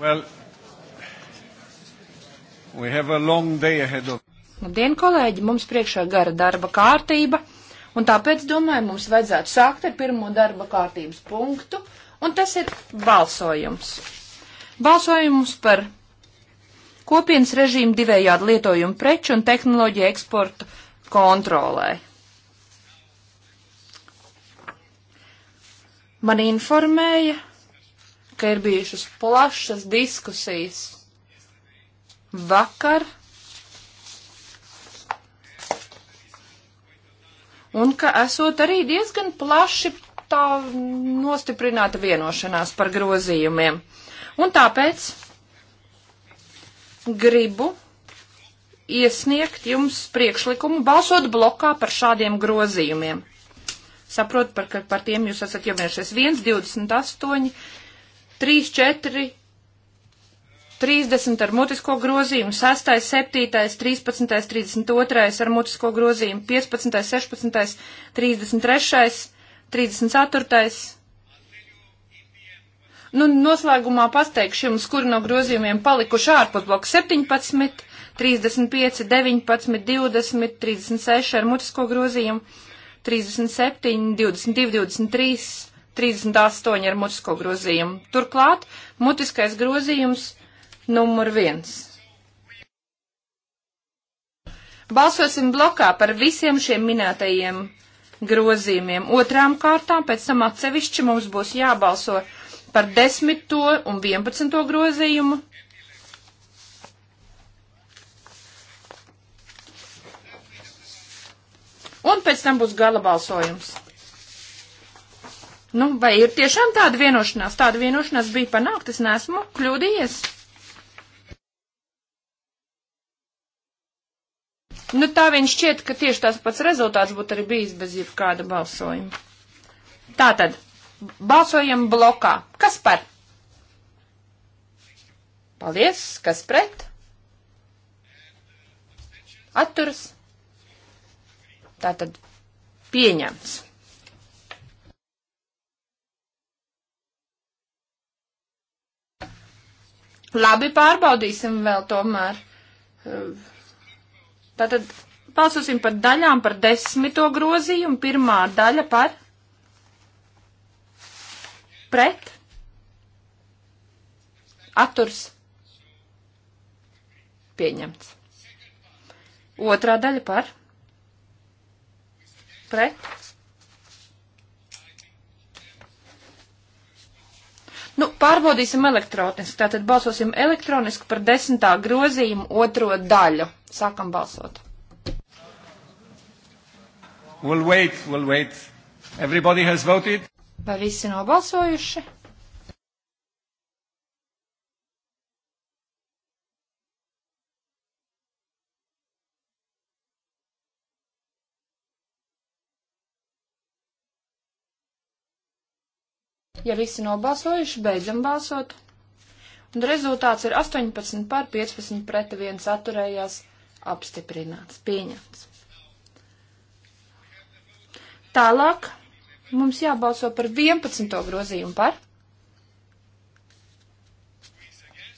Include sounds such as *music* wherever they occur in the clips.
Well, we have a long day ahead of. Labdien, kolēģi! Mums priekšā gara darba kārtība, un tāpēc, domāju, mums vajadzētu sākt ar pirmo darba kārtības punktu, un tas ir balsojums. Balsojums par kopienas režīmu divējādi lietojumu preču un tehnoloģiju eksportu kontrolē. Man informēja, ka ir bijušas plašas diskusijas vakar. Un ka esot arī diezgan plaši tā nostiprināta vienošanās par grozījumiem. Un tāpēc gribu iesniegt jums priekšlikumu balsot blokā par šādiem grozījumiem. Saprotu, par, par tiem jūs esat jau vienšies 1, 28, 3, 4, 30 ar mutisko grozījumu, 6, 7, 13, 32 ar mutisko grozījumu, 15, 16, 33, 34. Nu, noslēgumā pasteikšu jums, kur no grozījumiem palikuši ārpus bloka 17, 35, 19, 20, 36 ar mutisko grozījumu, 37, 22, 23, 38 ar mutisko grozījumu. Turklāt mutiskais grozījums numur 1. Balsosim blokā par visiem šiem minētajiem grozījumiem. Otrām kārtām pēc tam atsevišķi mums būs jābalso par 10. un 11. grozījumu. Un pēc tam būs gala balsojums. Nu, vai ir tiešām tāda vienošanās? Tāda vienošanās bija panākt, es neesmu kļūdījies. Nu, tā viņš šķiet, ka tieši tās pats rezultāts būtu arī bijis bez jebkāda balsojuma. Tātad, balsojam blokā. Kas par? Paldies, kas pret? Atturs. Tātad, pieņemts. Labi, pārbaudīsim vēl tomēr. Tātad balsosim par daļām, par desmito grozījumu. Pirmā daļa par pret atturs pieņemts. Otrā daļa par pret Nu, pārbaudīsim elektroniski. Tātad balsosim elektroniski par desmitā grozījumu otro daļu. Sākam balsot. We'll wait, we'll wait. Everybody has voted. Vai visi nobalsojuši? Ja visi nobalsojuši, beidzam balsot. Un rezultāts ir 18 pār 15 pret 1 atturējās apstiprināts, pieņemts. Tālāk mums jābalso par 11. grozījumu par.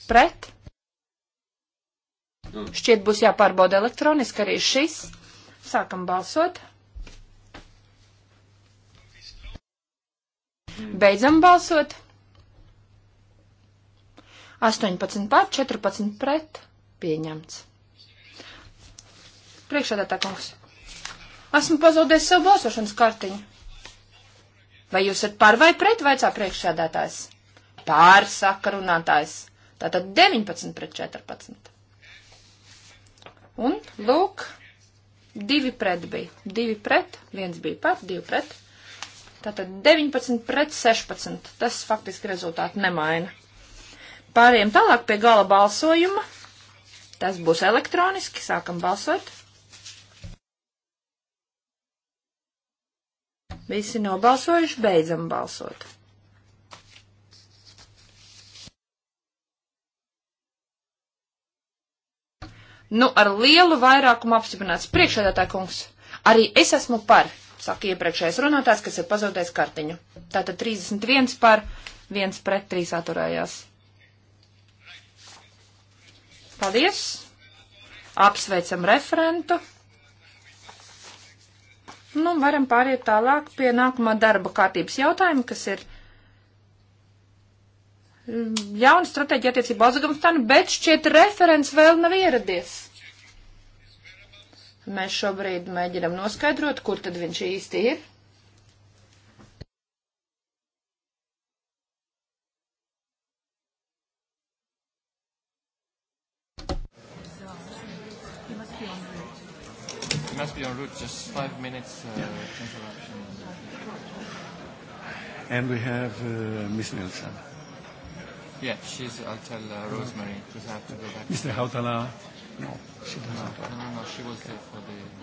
Pret. Šķiet būs jāpārbauda elektroniski arī šis. Sākam balsot. Beidzam balsot. 18 pār 14 pret pieņemts. Priekšādātā kungs. Esmu pazaudējis savu balsošanas kartiņu. Vai jūs esat par vai pret, vaicā priekšādātājs? Pār, saka runātājs. Tātad 19 pret 14. Un, lūk, divi pret bija. Divi pret, viens bija par, divi pret. Tātad 19 pret 16. Tas faktiski rezultātu nemaina. Pāriem tālāk pie gala balsojuma. Tas būs elektroniski. Sākam balsot. Visi nobalsojuši, beidzam balsot. Nu, ar lielu vairākumu apstiprināts priekšēdētāj kungs. Arī es esmu par saka iepriekšējais runātājs, kas ir pazaudējis kartiņu. Tātad 31 par 1 pret 3 atturējās. Paldies! Apsveicam referentu. Nu, varam pāriet tālāk pie nākamā darba kārtības jautājuma, kas ir mm, jauna stratēģija attiecībā uz Afganistānu, bet šķiet referents vēl nav ieradies. Mēs šobrīd mēģinam noskaidrot, kur tad viņš īsti ir. must be en route, just five minutes uh, yeah. interruption. And we have uh, Miss Nielsen. Yeah, she's, I'll tell uh, Rosemary, because I have to go back. Mr. Hautala, No, she doesn't. No, no, no, she was there for the.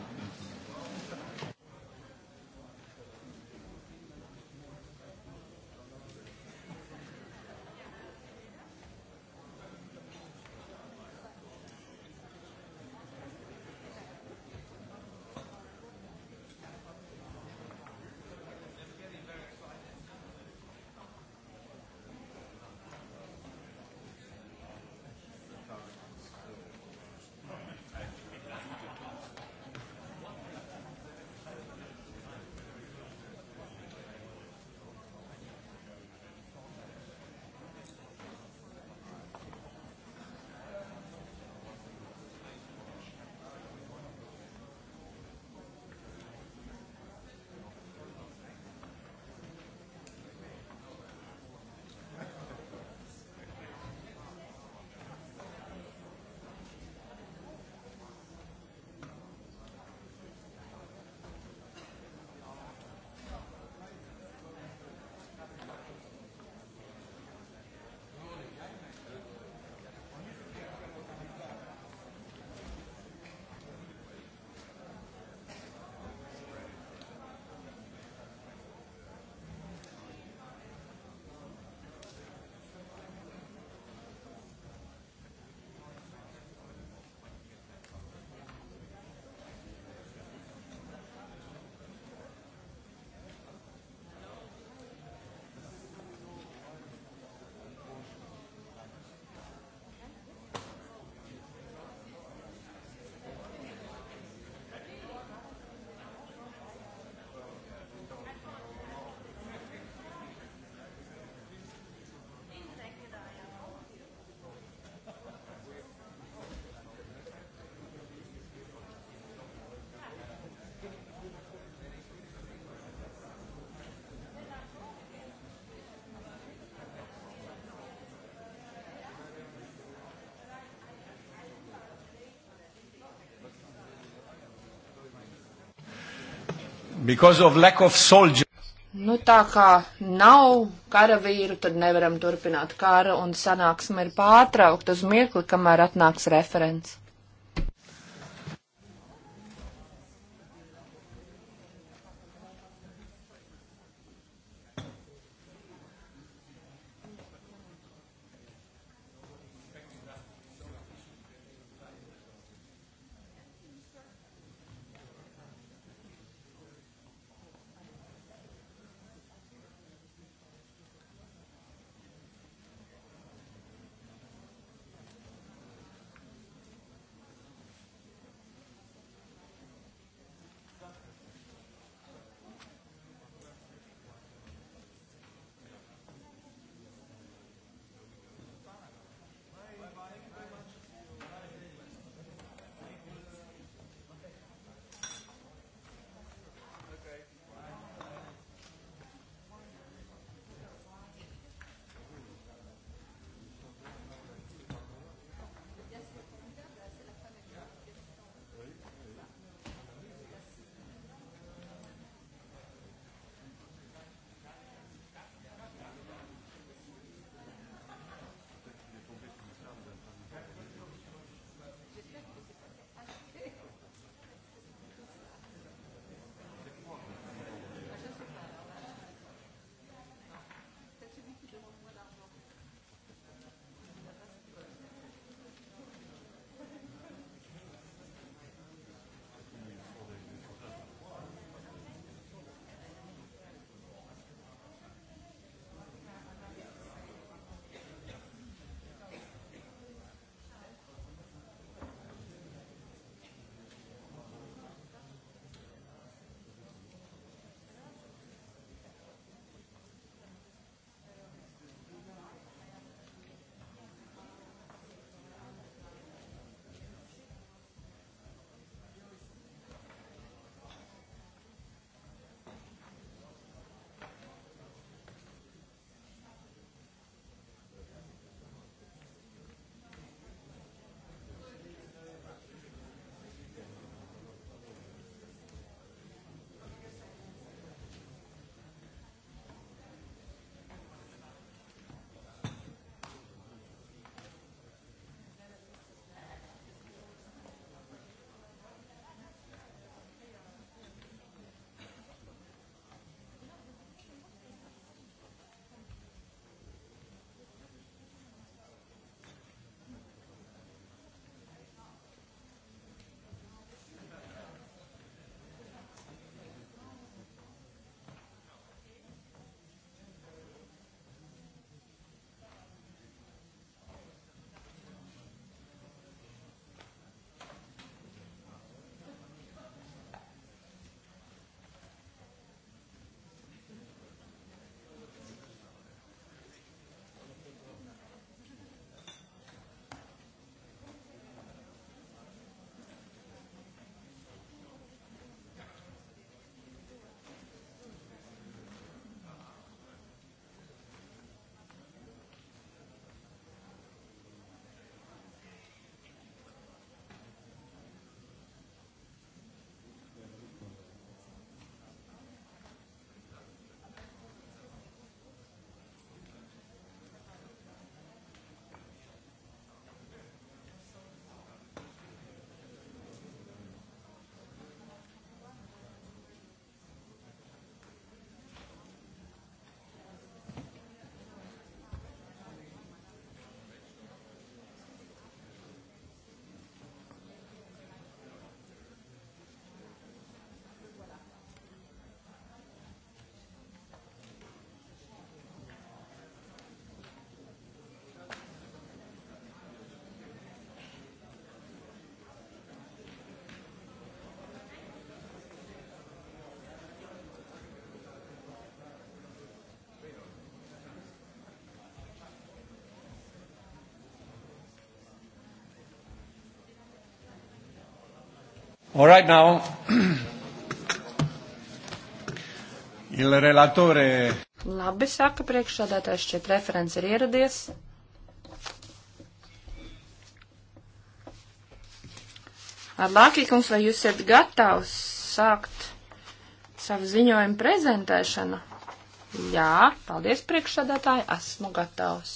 Of nu, tā kā nav karavīru, tad nevaram turpināt kara, un sanāksme ir pārtraukta uz mirkli, kamēr atnāks referents. All right now. Il relatore. Labi, saka priekšsādātājs, šķiet referents ir ieradies. Labākie kungs, vai jūs esat gatavs sākt savu ziņojumu prezentēšanu? Jā, paldies priekšsādātāji, esmu gatavs.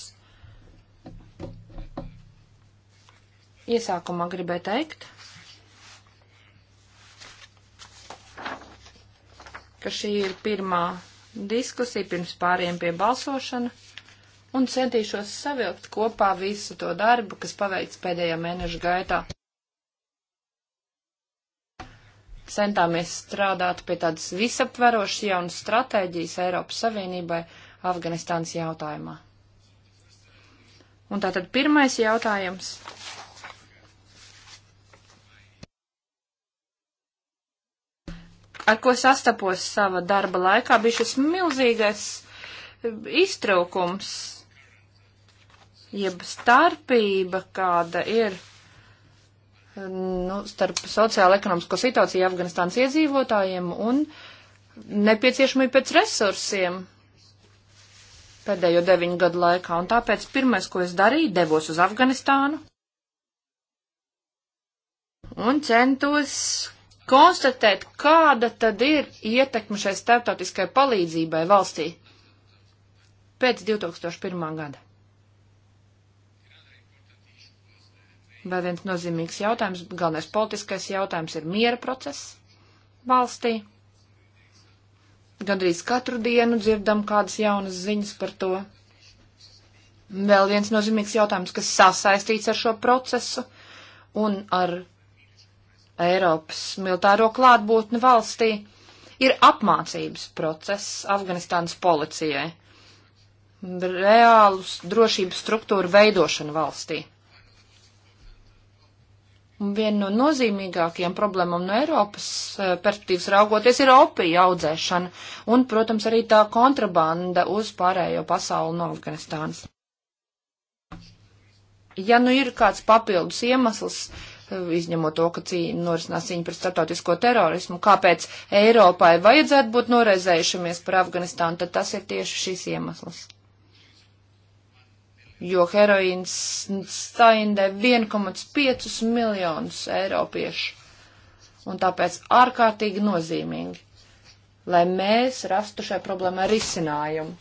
Iesākumā gribēju teikt, ka šī ir pirmā diskusija pirms pāriem pie balsošana un centīšos savilkt kopā visu to darbu, kas paveikts pēdējā mēneša gaitā. Centāmies strādāt pie tādas visaptverošas jaunas stratēģijas Eiropas Savienībai Afganistānas jautājumā. Un tātad pirmais jautājums ar ko sastapos sava darba laikā, bija šis milzīgais eh, iztraukums, jeb starpība, kāda ir eh, nu, starp sociāla-ekonomisko situāciju Afganistānas iedzīvotājiem un nepieciešamību pēc resursiem pēdējo deviņu gadu laikā. Un tāpēc pirmais, ko es darīju, devos uz Afganistānu un centos konstatēt, kāda tad ir ietekme šai starptautiskai palīdzībai valstī pēc 2001. gada. Vēl viens nozīmīgs jautājums, galvenais politiskais jautājums ir miera process valstī. Gandrīz katru dienu dzirdam kādas jaunas ziņas par to. Vēl viens nozīmīgs jautājums, kas sasaistīts ar šo procesu un ar Eiropas militāro klātbūtni valstī, ir apmācības process Afganistānas policijai, reālus drošības struktūru veidošana valstī. Un viena no nozīmīgākajām problēmām no Eiropas eh, perspektīvas raugoties ir opija audzēšana un, protams, arī tā kontrabanda uz pārējo pasauli no Afganistānas. Ja nu ir kāds papildus iemesls, uh, izņemot to, ka cīņa norisinās cīņa pret starptautisko terorismu. Kāpēc Eiropai vajadzētu būt noraizējušamies par Afganistānu, tad tas ir tieši šis iemesls. Jo heroīns staindē 1,5 miljonus eiropiešu. Un tāpēc ārkārtīgi nozīmīgi, lai mēs rastu šai problēmai risinājumu.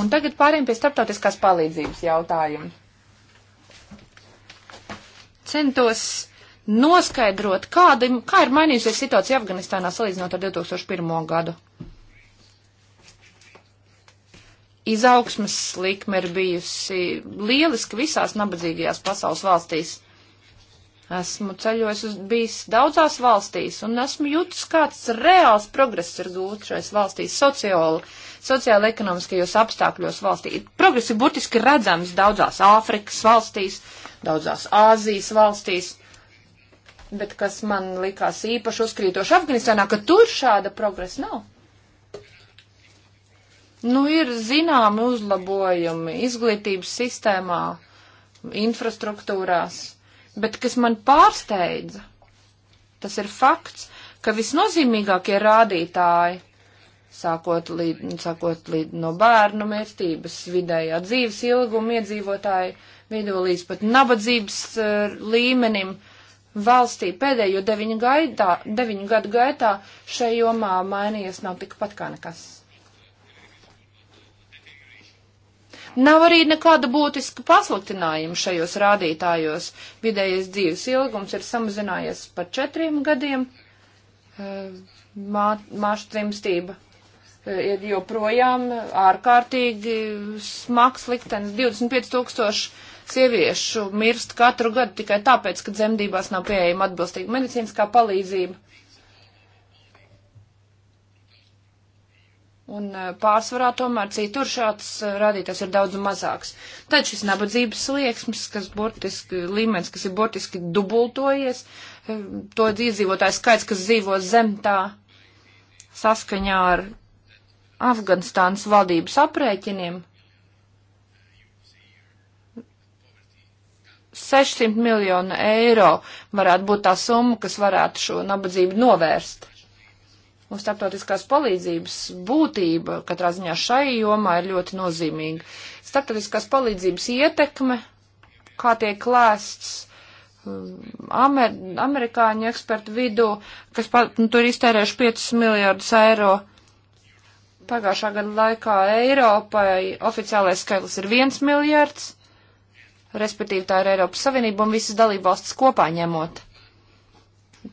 Un tagad pāriem pie starptautiskās palīdzības jautājumu centos noskaidrot, kāda, kā ir mainījusies situācija Afganistānā salīdzinot ar 2001. gadu. Izaugsmes likme ir bijusi lieliska visās nabadzīgajās pasaules valstīs. Esmu ceļojis uz bijis daudzās valstīs un esmu jūtis, kāds reāls progress ir gūts šais valstīs sociāli, sociāli ekonomiskajos apstākļos valstī. Progress ir burtiski redzams daudzās Āfrikas valstīs, uh, daudzās Āzijas valstīs. Bet kas man likās īpaši uzkrītoši Afganistānā, ka tur šāda progresa nav. Nu, ir zināmi uzlabojumi izglītības sistēmā, infrastruktūrās, bet kas man pārsteidza, tas ir fakts, ka visnozīmīgākie rādītāji sākot, līd, sākot līd no bērnu mērķtības, vidējā dzīves ilguma iedzīvotāji vidū līdz pat nabadzības uh, līmenim valstī pēdējo deviņu, gaidā, deviņu gadu gaitā šai jomā mainījies nav tikpat kā nekas. Nav arī nekāda būtiska pasliktinājuma šajos rādītājos. Vidējais dzīves ilgums ir samazinājies par četriem gadiem. Eh, mā, māšu dzimstība eh, ir joprojām ārkārtīgi smags liktenis. 25 tūkstoši sieviešu mirst katru gadu tikai tāpēc, ka dzemdībās nav pieejama atbilstīga medicīniskā palīdzība. Un e, pārsvarā tomēr citur šāds e, rādītājs ir daudz mazāks. Tad šis nabadzības slieksnis, kas burtiski līmenis, kas ir burtiski dubultojies, e, to iedzīvotāju skaits, kas dzīvo zem tā saskaņā ar Afganistānas valdības aprēķiniem, 600 miljonu eiro varētu būt tā summa, kas varētu šo nabadzību novērst. Un starptautiskās palīdzības būtība katrā ziņā šai jomā ir ļoti nozīmīga. Starptautiskās palīdzības ietekme, kā tiek lēsts um, amer, amerikāņu ekspertu vidū, kas pat, nu, tur iztērējuši 5 miljardus eiro pagājušā gada laikā Eiropai oficiālais skaitlis ir 1 miljards, respektīvi tā ir Eiropas Savienība un visas dalībvalstis kopā ņemot.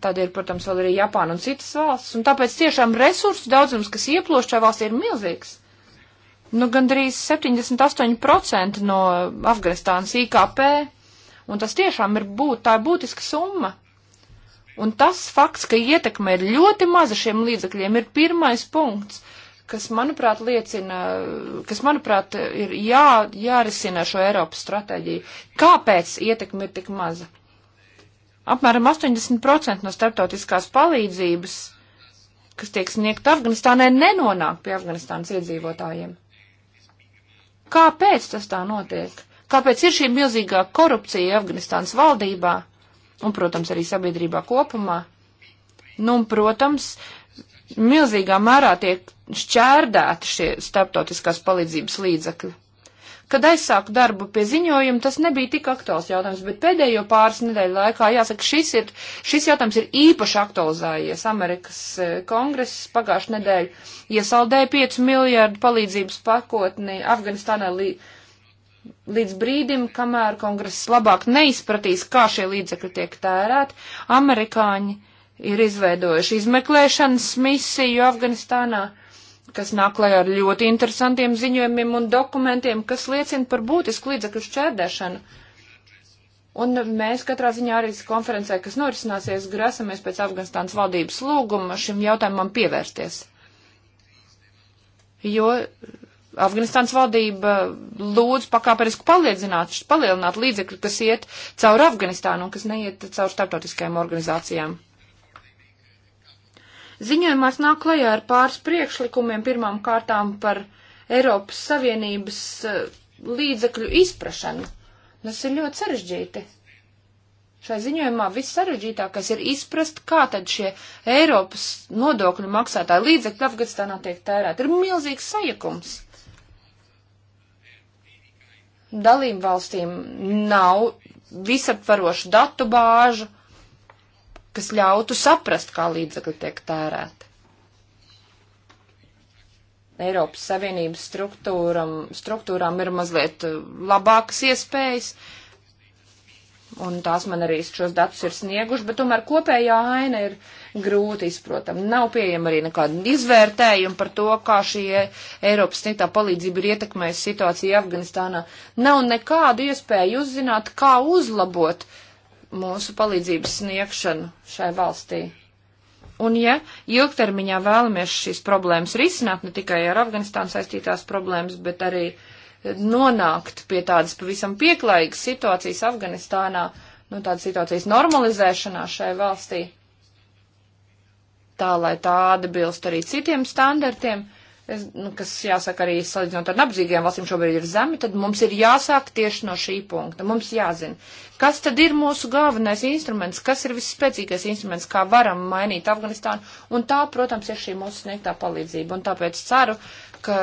Tad ir, protams, vēl arī Japāna un citas valsts, un tāpēc tiešām resursu daudzums, kas ieplūst šajā valstī, ir milzīgs. Nu, gandrīz 78% no Afganistānas IKP, un tas tiešām ir būt, tā ir būtiska summa. Un tas fakts, ka ietekme ir ļoti maza šiem līdzekļiem, ir pirmais punkts, kas, manuprāt, liecina, kas, manuprāt, ir jā, jārisina šo Eiropas stratēģiju. Kāpēc ietekme ir tik maza? Apmēram 80% no starptautiskās palīdzības, kas tiek sniegta Afganistānai, nenonāk pie Afganistānas iedzīvotājiem. Kāpēc tas tā notiek? Kāpēc ir šī milzīgā korupcija Afganistānas valdībā un, protams, arī sabiedrībā kopumā? Nu, un, protams, milzīgā mērā tiek šķērdēti šie starptautiskās palīdzības līdzekļi. Kad aizsāku darbu pie ziņojuma, tas nebija tik aktuāls jautājums, bet pēdējo pāris nedēļu laikā, jāsaka, šis, ir, šis jautājums ir īpaši aktualizējies. Amerikas eh, kongress pagājušajā nedēļā iesaldēja 5 miljārdu palīdzības pakotni Afganistānai līdz brīdim, kamēr kongress labāk neizpratīs, kā šie līdzekļi tiek tērēti. Amerikāņi ir izveidojuši izmeklēšanas misiju Afganistānā, kas nāk klajā ar ļoti interesantiem ziņojumiem un dokumentiem, kas liecina par būtisku līdzekļu šķērdēšanu. Un mēs katrā ziņā arī konferencē, kas norisināsies, grasamies pēc Afganistānas valdības lūguma šim jautājumam pievērsties. Jo Afganistānas valdība lūdz pakāpenisku palielināt līdzekļu, kas iet cauri Afganistānu un kas neiet cauri starptautiskajām organizācijām. Ziņojumās nāk klajā ar pāris priekšlikumiem pirmām kārtām par Eiropas Savienības eh, līdzekļu izprašanu. Tas ir ļoti sarežģīti. Šai ziņojumā viss sarežģītākais ir izprast, kā tad šie Eiropas nodokļu maksātāji līdzekļi Afganistānā tiek tērēti. Ir milzīgs sajukums. Dalību valstīm nav visaptvarošu datu bāžu, kas ļautu saprast, kā līdzekļi tiek tērēti. Eiropas Savienības struktūrām ir mazliet uh, labākas iespējas, un tās man arī šos datus ir snieguši, bet tomēr kopējā aina ir grūti izprotama. Nav pieejama arī nekāda izvērtējuma par to, kā šī Eiropas sniegtā palīdzība ir ietekmējusi situāciju Afganistānā. Nav nekādu iespēju uzzināt, kā uzlabot uh, mūsu palīdzības sniegšanu šai valstī. Un ja ilgtermiņā vēlamies šīs problēmas risināt, ne tikai ar Afganistānu saistītās problēmas, bet arī nonākt pie tādas pavisam pieklājīgas situācijas Afganistānā, nu tādas situācijas normalizēšanā šai valstī, tā lai tā atbilst arī citiem standartiem, es, nu, kas jāsaka arī salīdzinot ar nabadzīgajām valstīm šobrīd ir zemi, tad mums ir jāsāk tieši no šī punkta. Mums jāzina, kas tad ir mūsu galvenais instruments, kas ir visspēcīgais instruments, kā varam mainīt Afganistānu. Un tā, protams, ir šī mūsu sniegtā palīdzība. Un tāpēc ceru, ka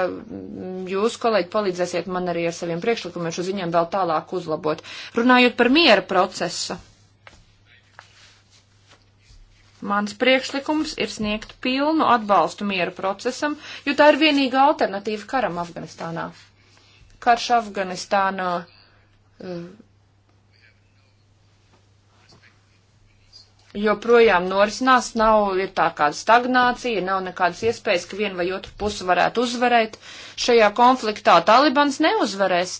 jūs, kolēģi, palīdzēsiet man arī ar saviem priekšlikumiem šo ziņām vēl tālāk uzlabot. Runājot par miera procesu. Mans priekšlikums ir sniegt pilnu atbalstu miera procesam, jo tā ir vienīgā alternatīva karam Afganistānā. Karš Afganistānā eh, joprojām norisinās, nav ir tā kāda stagnācija, nav nekādas iespējas, ka viena vai otra puse varētu uzvarēt. Šajā konfliktā Talibans neuzvarēs,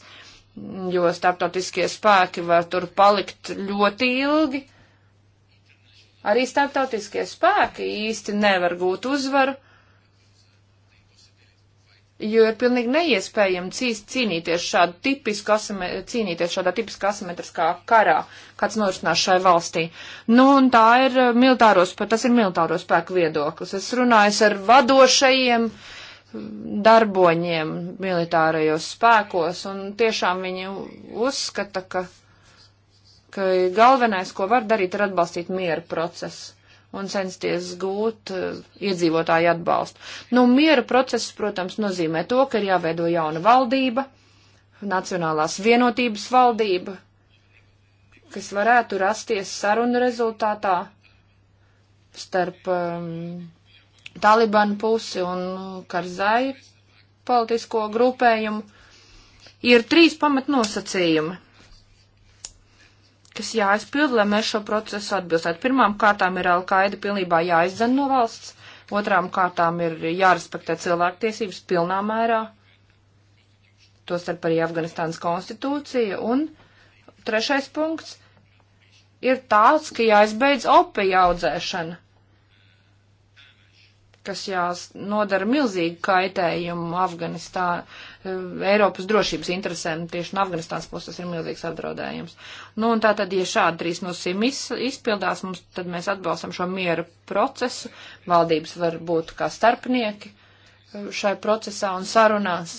jo starptautiskie spēki var tur palikt ļoti ilgi. Arī starptautiskie spēki īsti nevar gūt uzvaru, jo ir pilnīgi neiespējami cīs, cīnīties, šādu tipisku asime, cīnīties šādā tipiskā asimetriskā karā, kāds norisinās šai valstī. Nu, un tā ir eh, militāros, tas ir militāro spēku viedoklis. Es runāju ar vadošajiem mm, darboņiem militārajos spēkos, un tiešām viņi uzskata, ka ka galvenais, ko var darīt, ir atbalstīt miera procesu un censties gūt uh, iedzīvotāju atbalstu. Nu, miera process, protams, nozīmē to, ka ir jāveido jauna valdība, Nacionālās vienotības valdība, kas varētu rasties sarunu rezultātā starp um, ehm, Talibanu pusi un Karzai politisko grupējumu. Ir trīs pamatnosacījumi kas jāizpild, lai mēs šo procesu atbilstētu. Pirmām kārtām ir Alkaida pilnībā jāizdzen no valsts, otrām kārtām ir jārespektē cilvēktiesības pilnā mērā, tostarp arī Afganistānas konstitūcija, un trešais punkts ir tāds, ka jāizbeidz opija audzēšana, kas jās nodara milzīgu kaitējumu Afganistānu Eiropas drošības interesēm tieši no Afganistānas puses ir milzīgs apdraudējums. Nu, un tā tad, ja šādi trīs no simt izpildās, mums, tad mēs atbalstam šo miera procesu. Valdības var būt kā starpnieki šai procesā un sarunās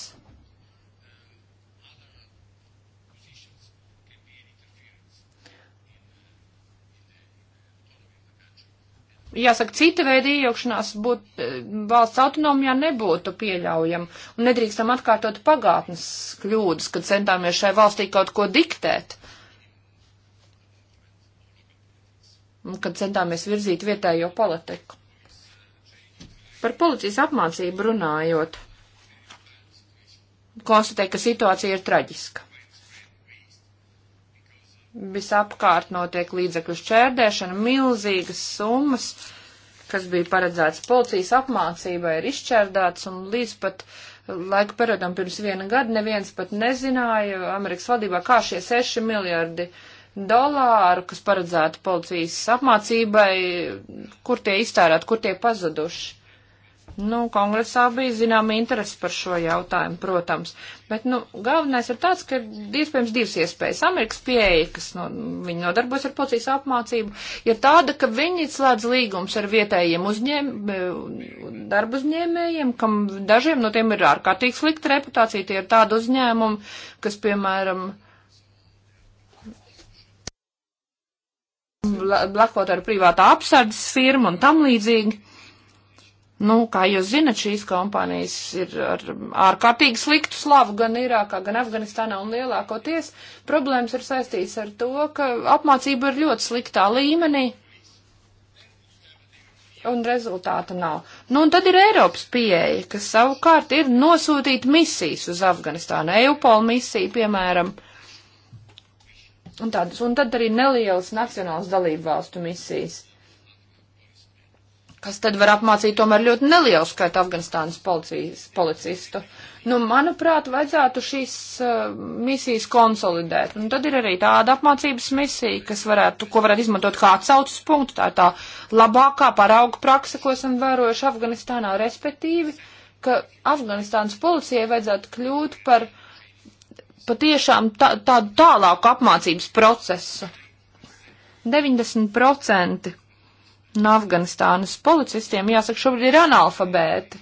jāsaka, cita veida iejaukšanās būt, eh, valsts autonomijā nebūtu pieļaujama. Un nedrīkstam atkārtot pagātnes kļūdas, kad centāmies šai valstī kaut ko diktēt. Un kad centāmies virzīt vietējo politiku. Par policijas apmācību runājot, konstatēja, ka situācija ir traģiska visapkārt notiek līdzekļu šķērdēšana, milzīgas summas, kas bija paredzētas policijas apmācībai, ir izšķērdētas un līdz pat laika periodam pirms viena gada neviens pat nezināja Amerikas valdībā, kā šie 6 miljardi dolāru, kas paredzēti policijas apmācībai, kur tie iztērēt, kur tie pazuduši. Nu, kongresā bija zinām interesi par šo jautājumu, protams. Bet, nu, galvenais ir tāds, ka ir iespējams divas iespējas. Amerikas pieeja, kas no, viņi nodarbojas ar policijas apmācību, ir tāda, ka viņi slēdz līgums ar vietējiem uzņēm, darba uzņēmējiem, kam dažiem no tiem ir ārkārtīgi slikta reputācija. Tie ir tādi uzņēmumi, kas, piemēram, blakot ar privātā apsardzes firmu un tam līdzīgi. Nu, kā jūs zinat, šīs kompānijas ir ar ārkārtīgi sliktu slavu gan Irākā, gan Afganistānā un lielākoties. Problēmas ir saistīts ar to, ka apmācība ir ļoti sliktā līmenī un rezultāta nav. Nu, un tad ir Eiropas pieeja, kas savukārt ir nosūtīt misijas uz Afganistānu. Eupol misija, piemēram. Un, tādas, un tad arī nelielas nacionālas dalību valstu misijas kas tad var apmācīt tomēr ļoti nelielu skaitu Afganistānas policijas, policistu. Nu, manuprāt, vajadzētu šīs uh, misijas konsolidēt. Un tad ir arī tāda apmācības misija, kas varētu, ko varētu izmantot kā atsaucas punktu. Tā ir tā labākā parauga praksa, ko esam vērojuši Afganistānā, respektīvi, ka Afganistānas policijai vajadzētu kļūt par patiešām tā, tādu tālāku apmācības procesu. 90% no Afganistānas policistiem, jāsaka, šobrīd ir analfabēti.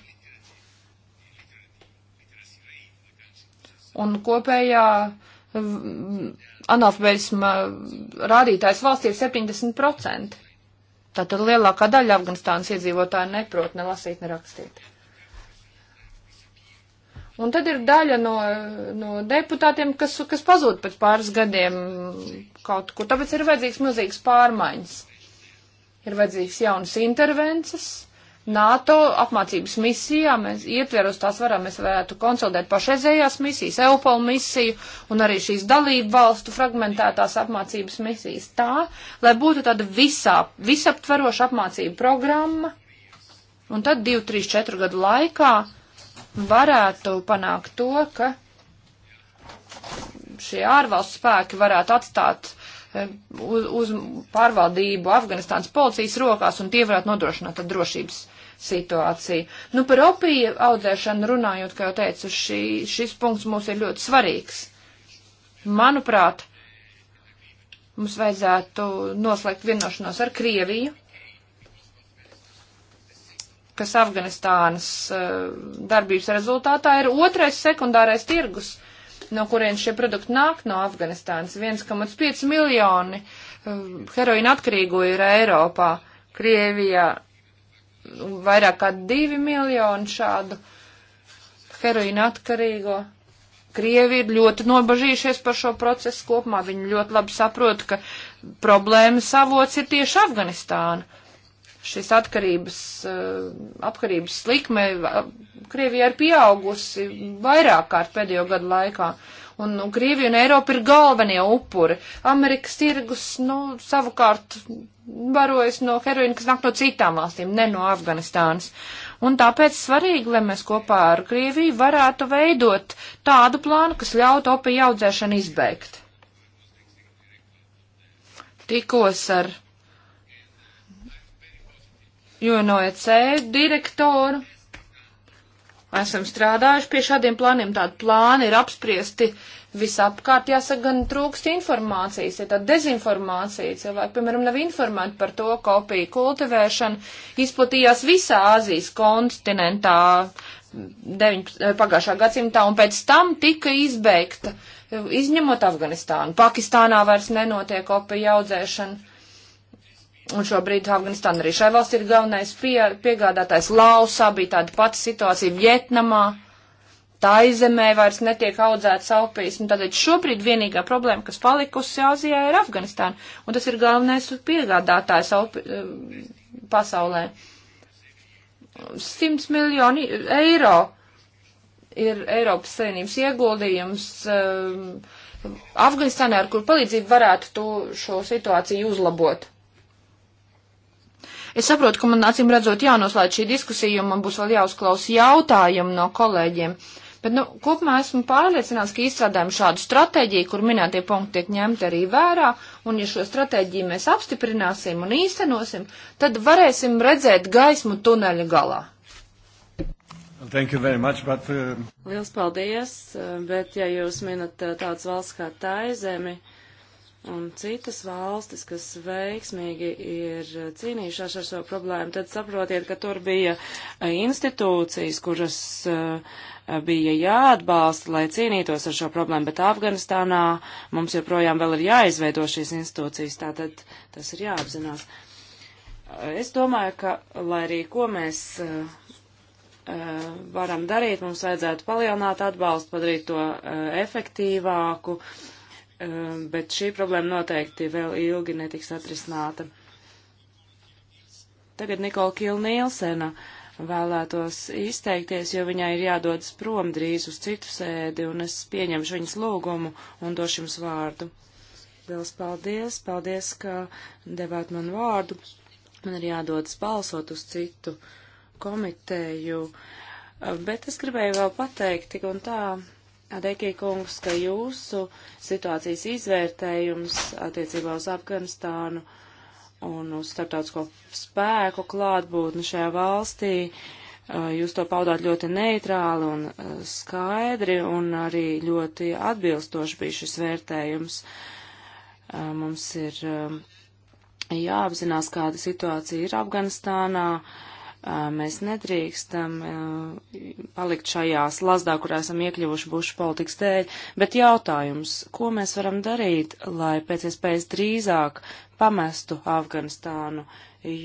Un kopējā analfabētisma rādītājs valstī ir 70%. Tātad lielākā daļa Afganistānas iedzīvotāja neprot ne lasīt, ne rakstīt. Un tad ir daļa no, no deputātiem, kas, kas pazūd pēc pāris gadiem kaut kur. Tāpēc ir vajadzīgs milzīgs pārmaiņas ir vajadzīgs jaunas intervences. NATO apmācības misijā mēs ietveros tās varam, mēs varētu konsolidēt pašreizējās misijas, EUPOL misiju un arī šīs dalību valstu fragmentētās apmācības misijas tā, lai būtu tāda visā, visaptveroša apmācība programma. Un tad 2, 3, 4 gadu laikā varētu panākt to, ka šie ārvalstu spēki varētu atstāt uh, Um, uz, uz pārvaldību Afganistānas policijas rokās, un tie varētu nodrošināt drošības situāciju. Nu, par opiju audzēšanu runājot, kā jau teicu, šī, šis punkts mums ir ļoti svarīgs. Manuprāt, mums vajadzētu noslēgt vienošanos ar Krieviju, kas Afganistānas uh, darbības rezultātā ir otrais sekundārais tirgus. Uh, no kurien šie produkti nāk no Afganistānas. 1,5 miljoni um, heroīna atkarīgo ir Eiropā, Krievijā nu, vairāk kā 2 miljoni šādu heroīna atkarīgo. Krievi ir ļoti nobažījušies par šo procesu kopumā. Viņi ļoti labi saprot, ka problēmas avots ir tieši Afganistāna šis atkarības, eh, apkarības slikme Krievijā ir pieaugusi vairāk kārt pēdējo gadu laikā. Un, un nu, Krievija un Eiropa ir galvenie upuri. Amerikas tirgus, nu, savukārt barojas no heroīna, kas nāk no citām valstīm, ne no Afganistānas. Un tāpēc svarīgi, lai mēs kopā ar Krieviju varētu veidot tādu plānu, kas ļautu opija audzēšanu izbeigt. Tikos ar jo no EC direktoru esam strādājuši pie šādiem plāniem. Tādi plāni ir apspriesti visapkārt, jāsaka, gan trūkst informācijas, ir tāda dezinformācija. Cilvēki, piemēram, nav informēti par to, ka opija kultivēšana izplatījās visā Āzijas kontinentā 19, pagājušā gadsimtā un pēc tam tika izbeigta, izņemot Afganistānu. Pakistānā vairs nenotiek opija audzēšana Un šobrīd Afganistāna arī šai valsts ir galvenais pie, piegādātājs. Lausā bija tāda pati situācija Vietnamā. Tā izemē vairs netiek audzēts aupijas. Un tādēļ šobrīd vienīgā problēma, kas palikusi Āzijā, ir Afganistāna. Un tas ir galvenais piegādātājs aupi, eh, pasaulē. 100 miljoni eiro ir Eiropas Savienības ieguldījums. Um, Afganistānā, ar kur palīdzību varētu to, šo situāciju uzlabot. Es saprotu, ka man acīm redzot jānoslēdz šī diskusija, jo man būs vēl jāuzklaus jautājumu no kolēģiem. Bet, nu, kopumā esmu pārliecināts, ka izstrādājam šādu stratēģiju, kur minētie punkti tiek ņemti arī vērā, un ja šo stratēģiju mēs apstiprināsim un īstenosim, tad varēsim redzēt gaismu tuneļa galā. Thank you very much, but... Uh... Liels paldies, uh, bet ja jūs minat uh, tāds valsts kā Taizemi, uh, un citas valstis, kas veiksmīgi ir cīnījušās ar šo problēmu, tad saprotiet, ka tur bija eh, institūcijas, kuras eh, bija jāatbalsta, lai cīnītos ar šo problēmu, bet Afganistānā mums joprojām vēl ir jāizveido šīs institūcijas, tātad tas ir jāapzinās. Eh, es domāju, ka, lai arī ko mēs varam darīt, mums vajadzētu palielināt atbalstu, padarīt to efektīvāku, Um, bet šī problēma noteikti vēl ilgi netiks atrisināta. Tagad Nikola Kilnīlsena vēlētos izteikties, jo viņai ir jādodas prom drīz uz citu sēdi, un es pieņemšu viņas lūgumu un došu jums vārdu. Liels paldies, paldies, ka devāt man vārdu. Man ir jādodas balsot uz citu komiteju, uh, bet es gribēju vēl pateikt tik un tā Adekī kungs, ka jūsu situācijas izvērtējums attiecībā uz Afganistānu un uz starptautisko spēku klātbūtni šajā valstī, jūs to paudāt ļoti neitrāli un skaidri, un arī ļoti atbilstoši bija šis vērtējums. Mums ir jāapzinās, kāda situācija ir Afganistānā Mēs nedrīkstam palikt šajā slazdā, kurā esam iekļuvuši bušu politikas dēļ, bet jautājums, ko mēs varam darīt, lai pēc iespējas drīzāk pamestu Afganistānu,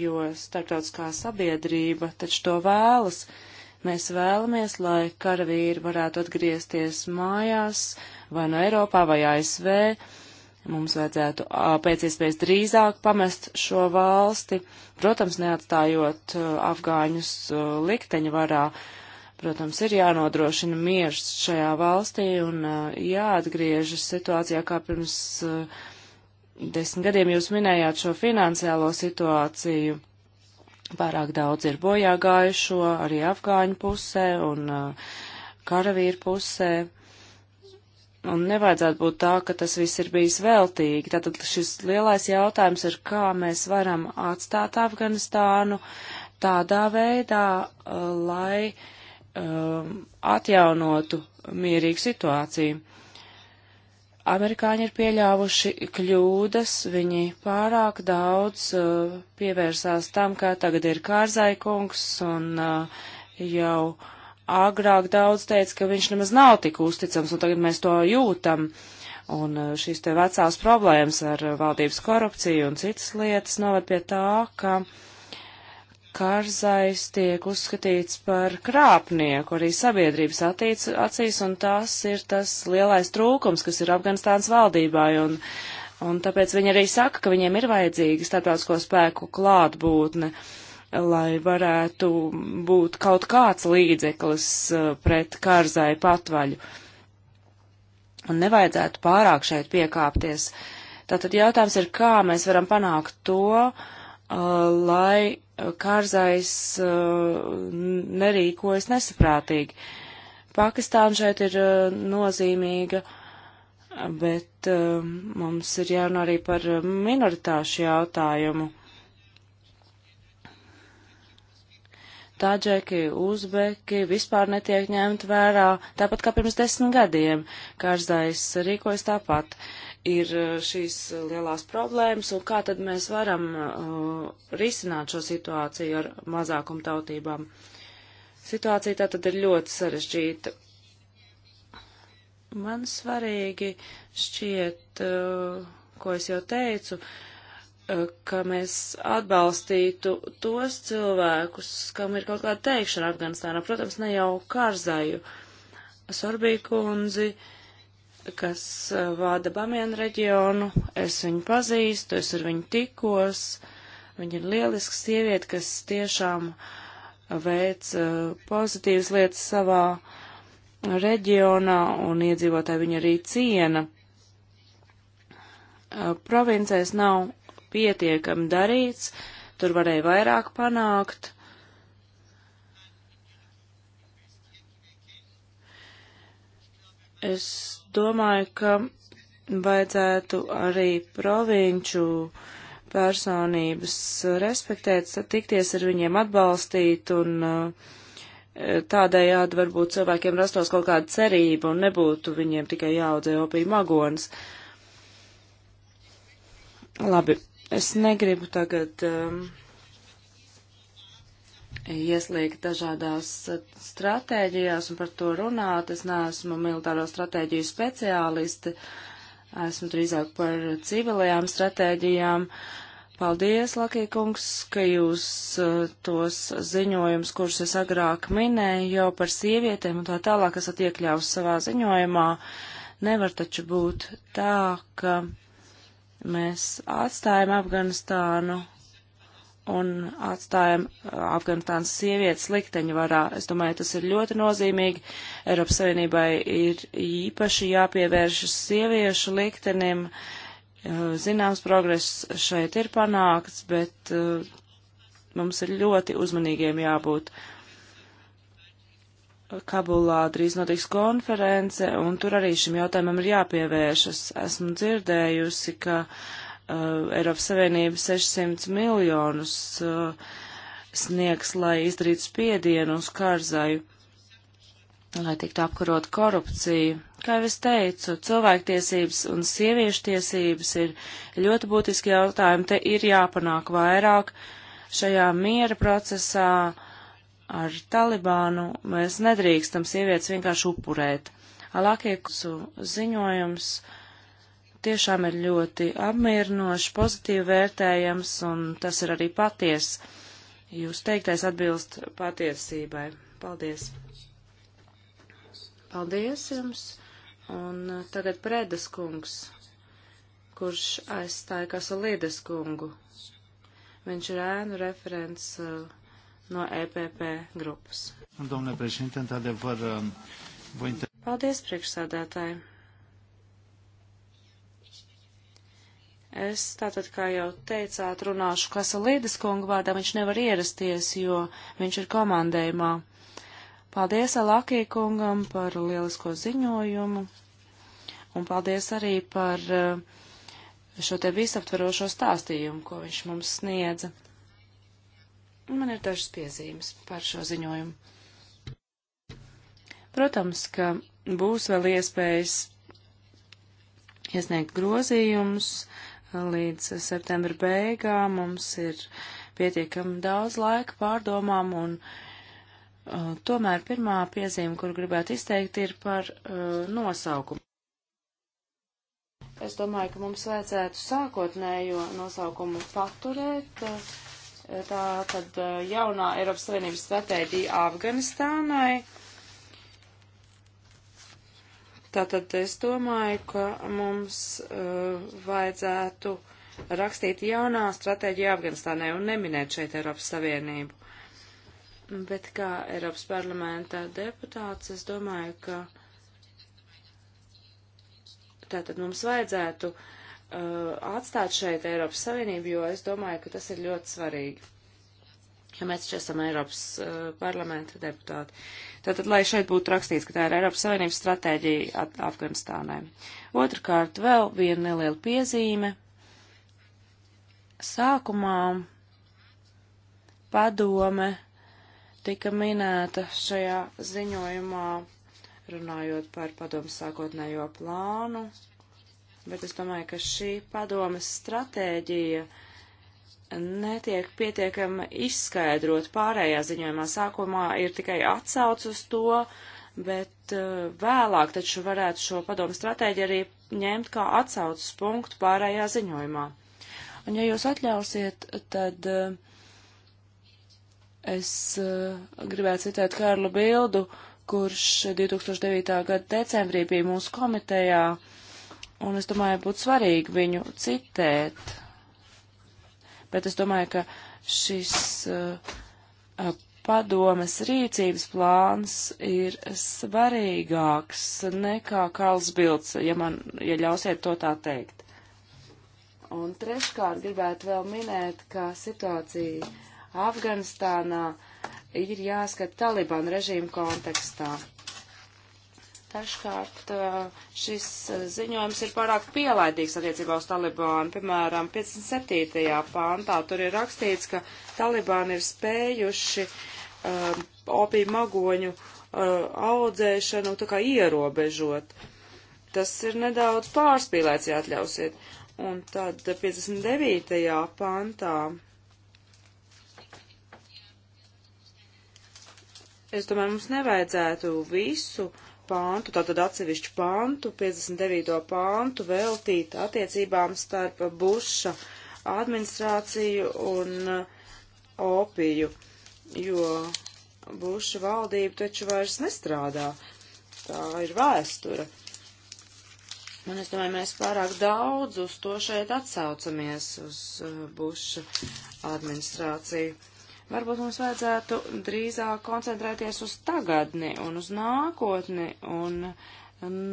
jo starptautiskā sabiedrība taču to vēlas. Mēs vēlamies, lai karavīri varētu atgriezties mājās vai no Eiropā vai ASV Mums vajadzētu pēc iespējas drīzāk pamest šo valsti, protams, neatstājot afgāņus likteņu varā. Protams, ir jānodrošina miers šajā valstī un jāatgriežas situācijā, kā pirms desmit gadiem jūs minējāt šo finansiālo situāciju. Pārāk daudz ir bojā gājušo arī afgāņu pusē un karavīru pusē. Un nevajadzētu būt tā, ka tas viss ir bijis veltīgi. Tātad šis lielais jautājums ir, kā mēs varam atstāt Afganistānu tādā veidā, uh, lai um, atjaunotu mierīgu situāciju. Amerikāņi ir pieļāvuši kļūdas, viņi pārāk daudz uh, pievērsās tam, kā tagad ir kārzaikungs un uh, jau uh, agrāk daudz teica, ka viņš nemaz nav tik uzticams, un tagad mēs to jūtam. Un eh, šīs te vecās problēmas ar eh, valdības korupciju un citas lietas noved pie tā, ka Karzais tiek uzskatīts par krāpnieku arī sabiedrības attīc, acīs, un tas ir tas lielais trūkums, kas ir Afganistāns valdībai. Un, un tāpēc viņi arī saka, ka viņiem ir vajadzīga starptautisko spēku klātbūtne. Uh, lai varētu būt kaut kāds līdzeklis uh, pret kārzai patvaļu. Un nevajadzētu pārāk šeit piekāpties. Tātad jautājums ir, kā mēs varam panākt to, uh, lai kārzais uh, nerīkojas nesaprātīgi. Pakistāna šeit ir nozīmīga, bet mums ir jārunā arī par minoritāšu jautājumu Tāģeki, Uzbeki vispār netiek ņemti vērā, tāpat kā pirms desmit gadiem. Kārzais rīkojas tāpat. Ir uh, šīs uh, lielās problēmas, un kā tad mēs varam uh, risināt šo situāciju ar mazākumtautībām? Situācija tā tad ir ļoti sarežģīta. Man svarīgi šķiet, uh, ko es jau teicu, uh, Eh, ka mēs atbalstītu tos cilvēkus, kam ir kaut kāda teikšana Afganistānā. Protams, ne jau Kārzaju Sorbija kundzi, kas eh, vada Bamienu reģionu. Es viņu pazīstu, es ar viņu tikos. Viņa ir lieliska sieviete, kas tiešām veic eh, pozitīvas lietas savā reģionā un iedzīvotāji viņu arī ciena provincēs nav pietiekami darīts, tur varēja vairāk panākt. Es domāju, ka vajadzētu arī provinču personības respektēt, tikties ar viņiem atbalstīt un uh, tādējādi varbūt cilvēkiem rastos kaut kāda cerība un nebūtu viņiem tikai jāaudzē opija magonas. Labi, Es negribu tagad um, ieslīgt dažādās uh, stratēģijās un par to runāt. Es neesmu militāro stratēģiju speciālisti, esmu drīzāk par civilajām stratēģijām. Uh, Paldies, Lakīkungs, ka jūs uh, tos ziņojums, kurus es agrāk minēju, jau par sievietēm un tā tālāk esat iekļāvusi savā ziņojumā. Nevar taču būt tā, ka Mēs atstājam Afganistānu un atstājam uh, Afganistānas sievietes likteņu varā. Es domāju, tas ir ļoti nozīmīgi. Eiropas Savienībai ir īpaši jāpievēršas sieviešu liktenim. Uh, zināms, progress šeit ir panākts, bet uh, mums ir ļoti uzmanīgiem jābūt. Kabulā drīz notiks konference, un tur arī šim jautājumam ir jāpievēršas. Esmu dzirdējusi, ka uh, Eiropas Savienība 600 miljonus uh, sniegs, lai izdarītu spiedienu uz Kārzaju, lai tiktu apkarot korupciju. Kā jau es teicu, cilvēktiesības un sieviešu tiesības ir ļoti būtiski jautājumi. Te ir jāpanāk vairāk šajā miera procesā. Uh, ar Talibānu mēs nedrīkstam sievietes vienkārši upurēt. Alakieku ziņojums tiešām ir ļoti apmierinošs, pozitīvi vērtējams, un tas ir arī paties. Jūs teiktais atbilst patiesībai. Paldies! Paldies jums! Un tagad Predes kungs, kurš aizstāja Kasalīdes kungu. Viņš ir ēnu referents uh, no EPP grupas. Domnule președinte, într-adevăr, voi inter... Paldies, priekšsādātāji. Es tātad, kā jau teicāt, runāšu Kasalīdas kungu vārdā, viņš nevar ierasties, jo viņš ir komandējumā. Paldies Alakī kungam par lielisko ziņojumu, un paldies arī par eh, šo te visaptverošo stāstījumu, ko viņš mums sniedza. Man ir dažas piezīmes par šo ziņojumu. Protams, ka būs vēl iespējas iesniegt grozījumus līdz septembra beigām. Mums ir pietiekami daudz laika pārdomām un uh, tomēr pirmā piezīme, kur gribētu izteikt, ir par uh, nosaukumu. Es domāju, ka mums vajadzētu sākotnējo nosaukumu paturēt. Uh, Tā tad jaunā Eiropas Savienības stratēģija Afganistānai. Tātad es domāju, ka mums uh, vajadzētu rakstīt jaunā stratēģija Afganistānai un neminēt šeit Eiropas Savienību. Bet kā Eiropas parlamenta deputāts, es domāju, ka tātad mums vajadzētu uh, Uh, atstāt šeit Eiropas Savienību, jo es domāju, ka tas ir ļoti svarīgi, ja mēs taču esam Eiropas uh, parlamenta deputāti. Tātad, lai šeit būtu rakstīts, ka tā ir Eiropas Savienības stratēģija Afganistānai. Otrakārt, vēl viena neliela piezīme. Sākumā padome tika minēta šajā ziņojumā, runājot par padomu sākotnējo plānu bet es domāju, ka šī padomas stratēģija netiek pietiekami izskaidrot pārējā ziņojumā. Sākumā ir tikai atsauc uz to, bet uh, vēlāk taču varētu šo padomu stratēģiju arī ņemt kā atsaucas punktu pārējā ziņojumā. Un ja jūs atļausiet, tad uh, es uh, gribētu citēt Kārlu Bildu, kurš 2009. gada decembrī bija mūsu komitejā Un es domāju, būtu svarīgi viņu citēt. Bet es domāju, ka šis uh, uh, padomes rīcības plāns ir svarīgāks nekā Karls Bilds, ja man, ja ļausiet to tā teikt. Un treškārt gribētu vēl minēt, ka situācija Afganistānā ir jāskat Taliban režīmu kontekstā. Dažkārt uh, šis uh, ziņojums ir pārāk pielaidīgs attiecībā uz Talibānu. Piemēram, 57. pāntā tur ir rakstīts, ka Talibāni ir spējuši um, opiju magoņu uh, audzēšanu tā kā ierobežot. Tas ir nedaudz pārspīlēts, ja atļausiet. Un tad 59. pāntā Es domāju, mums nevajadzētu visu pāntu, tātad atsevišķu pāntu, 59. pāntu veltīt attiecībām starp Buša administrāciju un uh, opiju, jo Buša valdība taču vairs nestrādā. Tā ir vēstura. Un es domāju, mēs pārāk daudz uz to šeit atsaucamies, uz uh, Buša administrāciju. Varbūt mums vajadzētu drīzāk koncentrēties uz tagadni un uz nākotni un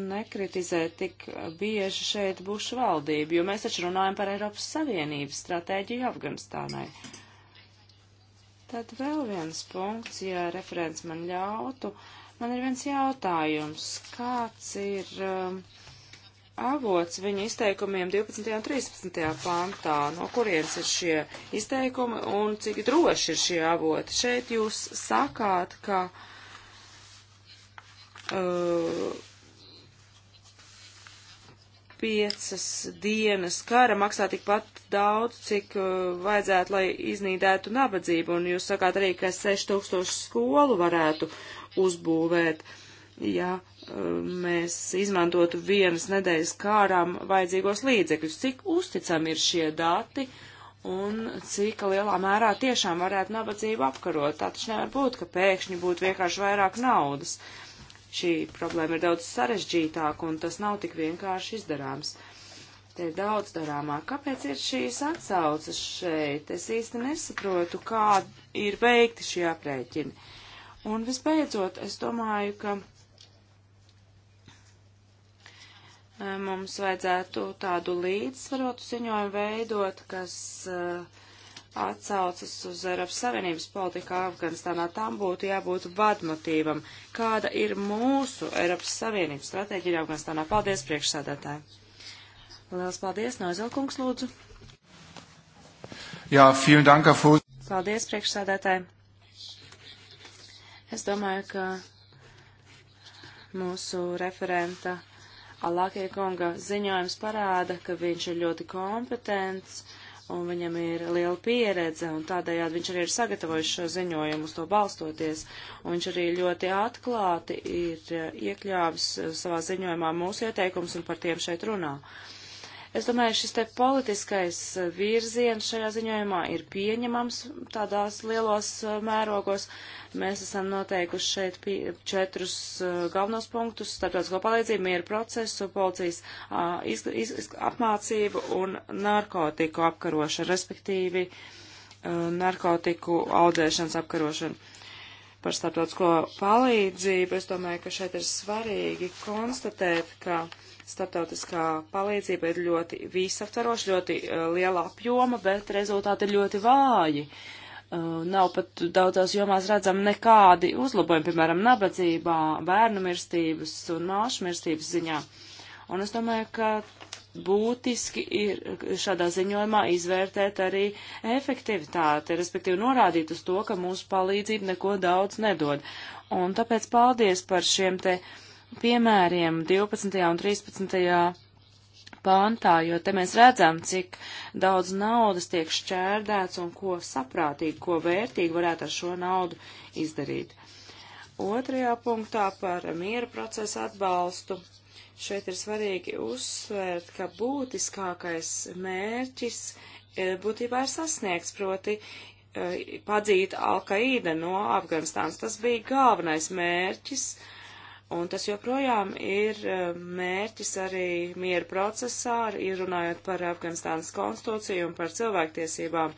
nekritizēt tik bieži šeit bušu valdību, jo mēs taču runājam par Eiropas Savienības stratēģiju Afganistānai. Tad vēl viens punkts, ja referents man ļautu. Man ir viens jautājums. Kāds ir uh, avots viņa izteikumiem 12. un 13. pantā, no kurienes ir šie izteikumi un cik droši ir šie avoti. Šeit jūs sakāt, ka uh, piecas dienas kara maksā tikpat daudz, cik uh, vajadzētu, lai iznīdētu nabadzību, un jūs sakāt arī, ka 6000 skolu varētu uzbūvēt, ja mēs izmantotu vienas nedēļas kārām vajadzīgos līdzekļus. Cik uzticami ir šie dati un cik lielā mērā tiešām varētu nabadzību apkarot. Tā taču nevar būt, ka pēkšņi būtu vienkārši vairāk naudas. Šī problēma ir daudz sarežģītāka un tas nav tik vienkārši izdarāms. Te ir daudz darāmā. Kāpēc ir šīs atsauces šeit? Es īsti nesaprotu, kā ir veikti šie aprēķini. Un visbeidzot, es domāju, ka mums vajadzētu tādu līdzsvarotu ziņojumu veidot, kas atsaucas uz Eiropas Savienības politiku Afganistānā. Tam būtu jābūt vadmotīvam. Kāda ir mūsu Eiropas Savienības stratēģija Afganistānā? Paldies, priekšsādātāji! Lielas paldies, Noizelkungs, lūdzu! Jā, vielen dank, Fūs! Paldies, priekšsādātāji! Es domāju, ka mūsu referenta Alākie kunga ziņojums parāda, ka viņš ir ļoti kompetents un viņam ir liela pieredze, un tādējādi viņš arī ir sagatavojis šo ziņojumu uz to balstoties, un viņš arī ļoti atklāti ir iekļāvis savā ziņojumā mūsu ieteikums un par tiem šeit runā. Uh, Es domāju, šis te politiskais e, virziens šajā ziņojumā ir pieņemams tādās lielos e, mērogos. Mēs esam noteikuši šeit četrus e, galvenos punktus - starptautisko palīdzību, mieru procesu, policijas iz, iz, iz, apmācību un narkotiku apkarošanu, respektīvi narkotiku audzēšanas apkarošanu par starptautisko palīdzību. Es domāju, ka šeit ir svarīgi konstatēt, ka uh, Startautiskā palīdzība ir ļoti visaptvaroša, ļoti eh, liela apjoma, bet rezultāti ir ļoti vāji. Eh, nav pat daudzās jomās redzami nekādi uzlabojumi, piemēram, nabadzībā, bērnu mirstības un māšu mirstības ziņā. Un es domāju, ka būtiski ir šādā ziņojumā izvērtēt arī efektivitāti, respektīvi norādīt uz to, ka mūsu palīdzība neko daudz nedod. Un tāpēc paldies par šiem te uh, piemēriem 12. un 13. pāntā, jo te mēs redzam, cik daudz naudas tiek šķērdēts un ko saprātīgi, ko vērtīgi varētu ar šo naudu izdarīt. Otrajā punktā par miera procesu atbalstu. Šeit ir svarīgi uzsvērt, ka būtiskākais mērķis e, būtībā ir sasniegts, proti e, padzīt Alkaīda no Afganistānas. Tas bija galvenais mērķis, uh, Un tas joprojām ir eh, mērķis arī miera procesā, ir runājot par Afganistānas konstitūciju un par cilvēktiesībām.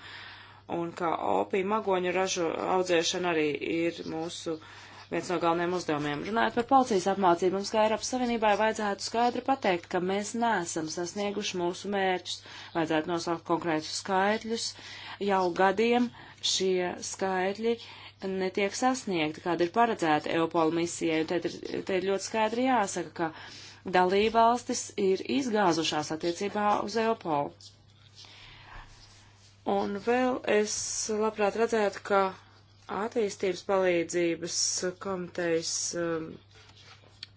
Un kā opija magoņu ražu audzēšana arī ir mūsu viens no galvenajiem uzdevumiem. Runājot par policijas apmācību, mums kā Eiropas Savienībai vajadzētu skaidri pateikt, ka mēs neesam sasnieguši mūsu mērķus, vajadzētu nosaukt konkrētus skaitļus jau gadiem šie skaitļi. Uh, netiek sasniegti, kāda ir paredzēta Eopola misijai. Te ir, te ir ļoti skaidri jāsaka, ka dalībvalstis ir izgāzušās attiecībā uz Eopolu. Un vēl es labprāt redzētu, ka attīstības palīdzības komitejas um,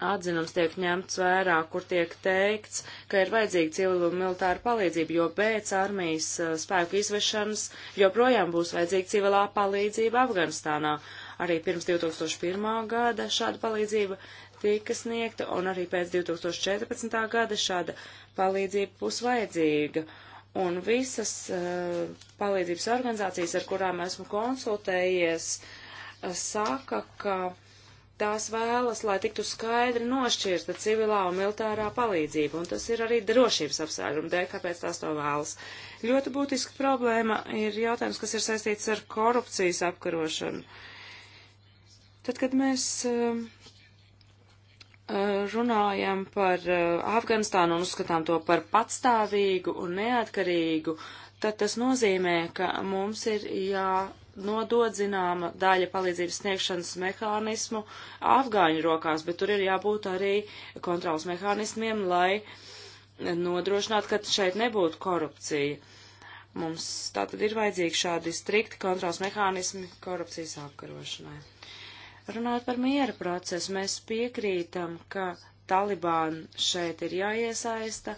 atzinums tiek ņemts vērā, kur tiek teikts, ka ir vajadzīga civilu un militāra palīdzība, jo pēc armijas eh, spēku izvešanas joprojām būs vajadzīga civilā palīdzība Afganistānā. Arī pirms 2001. gada šāda palīdzība tika sniegta, un arī pēc 2014. gada šāda palīdzība būs vajadzīga. Un visas uh, palīdzības organizācijas, ar kurām esmu konsultējies, uh, saka, ka uh, tās vēlas, lai tiktu skaidri nošķirta civilā un militārā palīdzība, un tas ir arī drošības apsvērumu dēļ, kāpēc tās to vēlas. Ļoti būtiska problēma ir jautājums, kas ir saistīts ar korupcijas apkarošanu. Tad, kad mēs uh, runājam par eh, Afganistānu un uzskatām to par patstāvīgu un neatkarīgu, tad tas nozīmē, ka mums ir jā nodot zināma daļa palīdzības sniegšanas mehānismu afgāņu rokās, bet tur ir jābūt arī kontrols mehānismiem, lai nodrošinātu, ka šeit nebūtu korupcija. Mums tātad ir vajadzīgi šādi strikti kontrols mehānismi korupcijas apkarošanai. Runājot par miera procesu, mēs piekrītam, ka Talibāni šeit ir jāiesaista,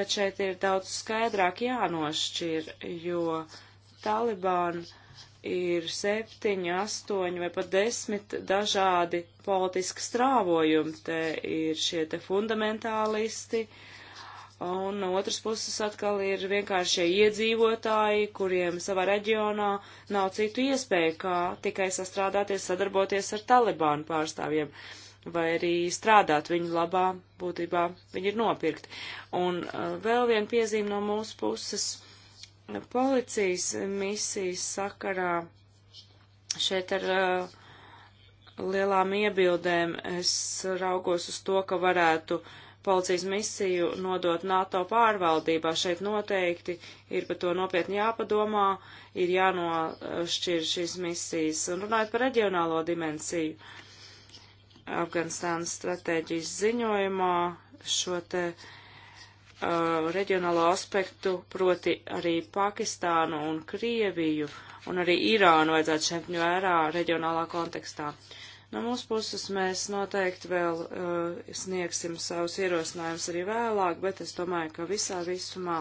bet šeit ir daudz skaidrāk jānošķir, jo Talibāni ir septiņi, astoņi vai pat desmit dažādi politiski strāvojumi. Te ir šie te fundamentālisti, un no otras puses atkal ir vienkāršie iedzīvotāji, kuriem savā reģionā nav citu iespēju, kā tikai sastrādāties, sadarboties ar Talibānu pārstāvjiem vai arī strādāt viņu labā, būtībā viņi ir nopirkti. Un uh, vēl viena piezīme no mūsu puses. Uh, policijas misijas sakarā šeit ar uh, lielām iebildēm es raugos uz to, ka varētu policijas misiju nodot NATO pārvaldībā. Šeit noteikti ir par to nopietni jāpadomā, ir jānošķir šīs misijas. Un runājot par reģionālo dimensiju, Afganistānas stratēģijas ziņojumā šo te uh, uh, reģionālo aspektu, proti arī Pakistānu un Krieviju un arī Irānu vajadzētu šeit vērā reģionālā kontekstā. No mūsu puses mēs noteikti vēl uh, sniegsim savus ierosinājumus arī vēlāk, bet es domāju, ka visā visumā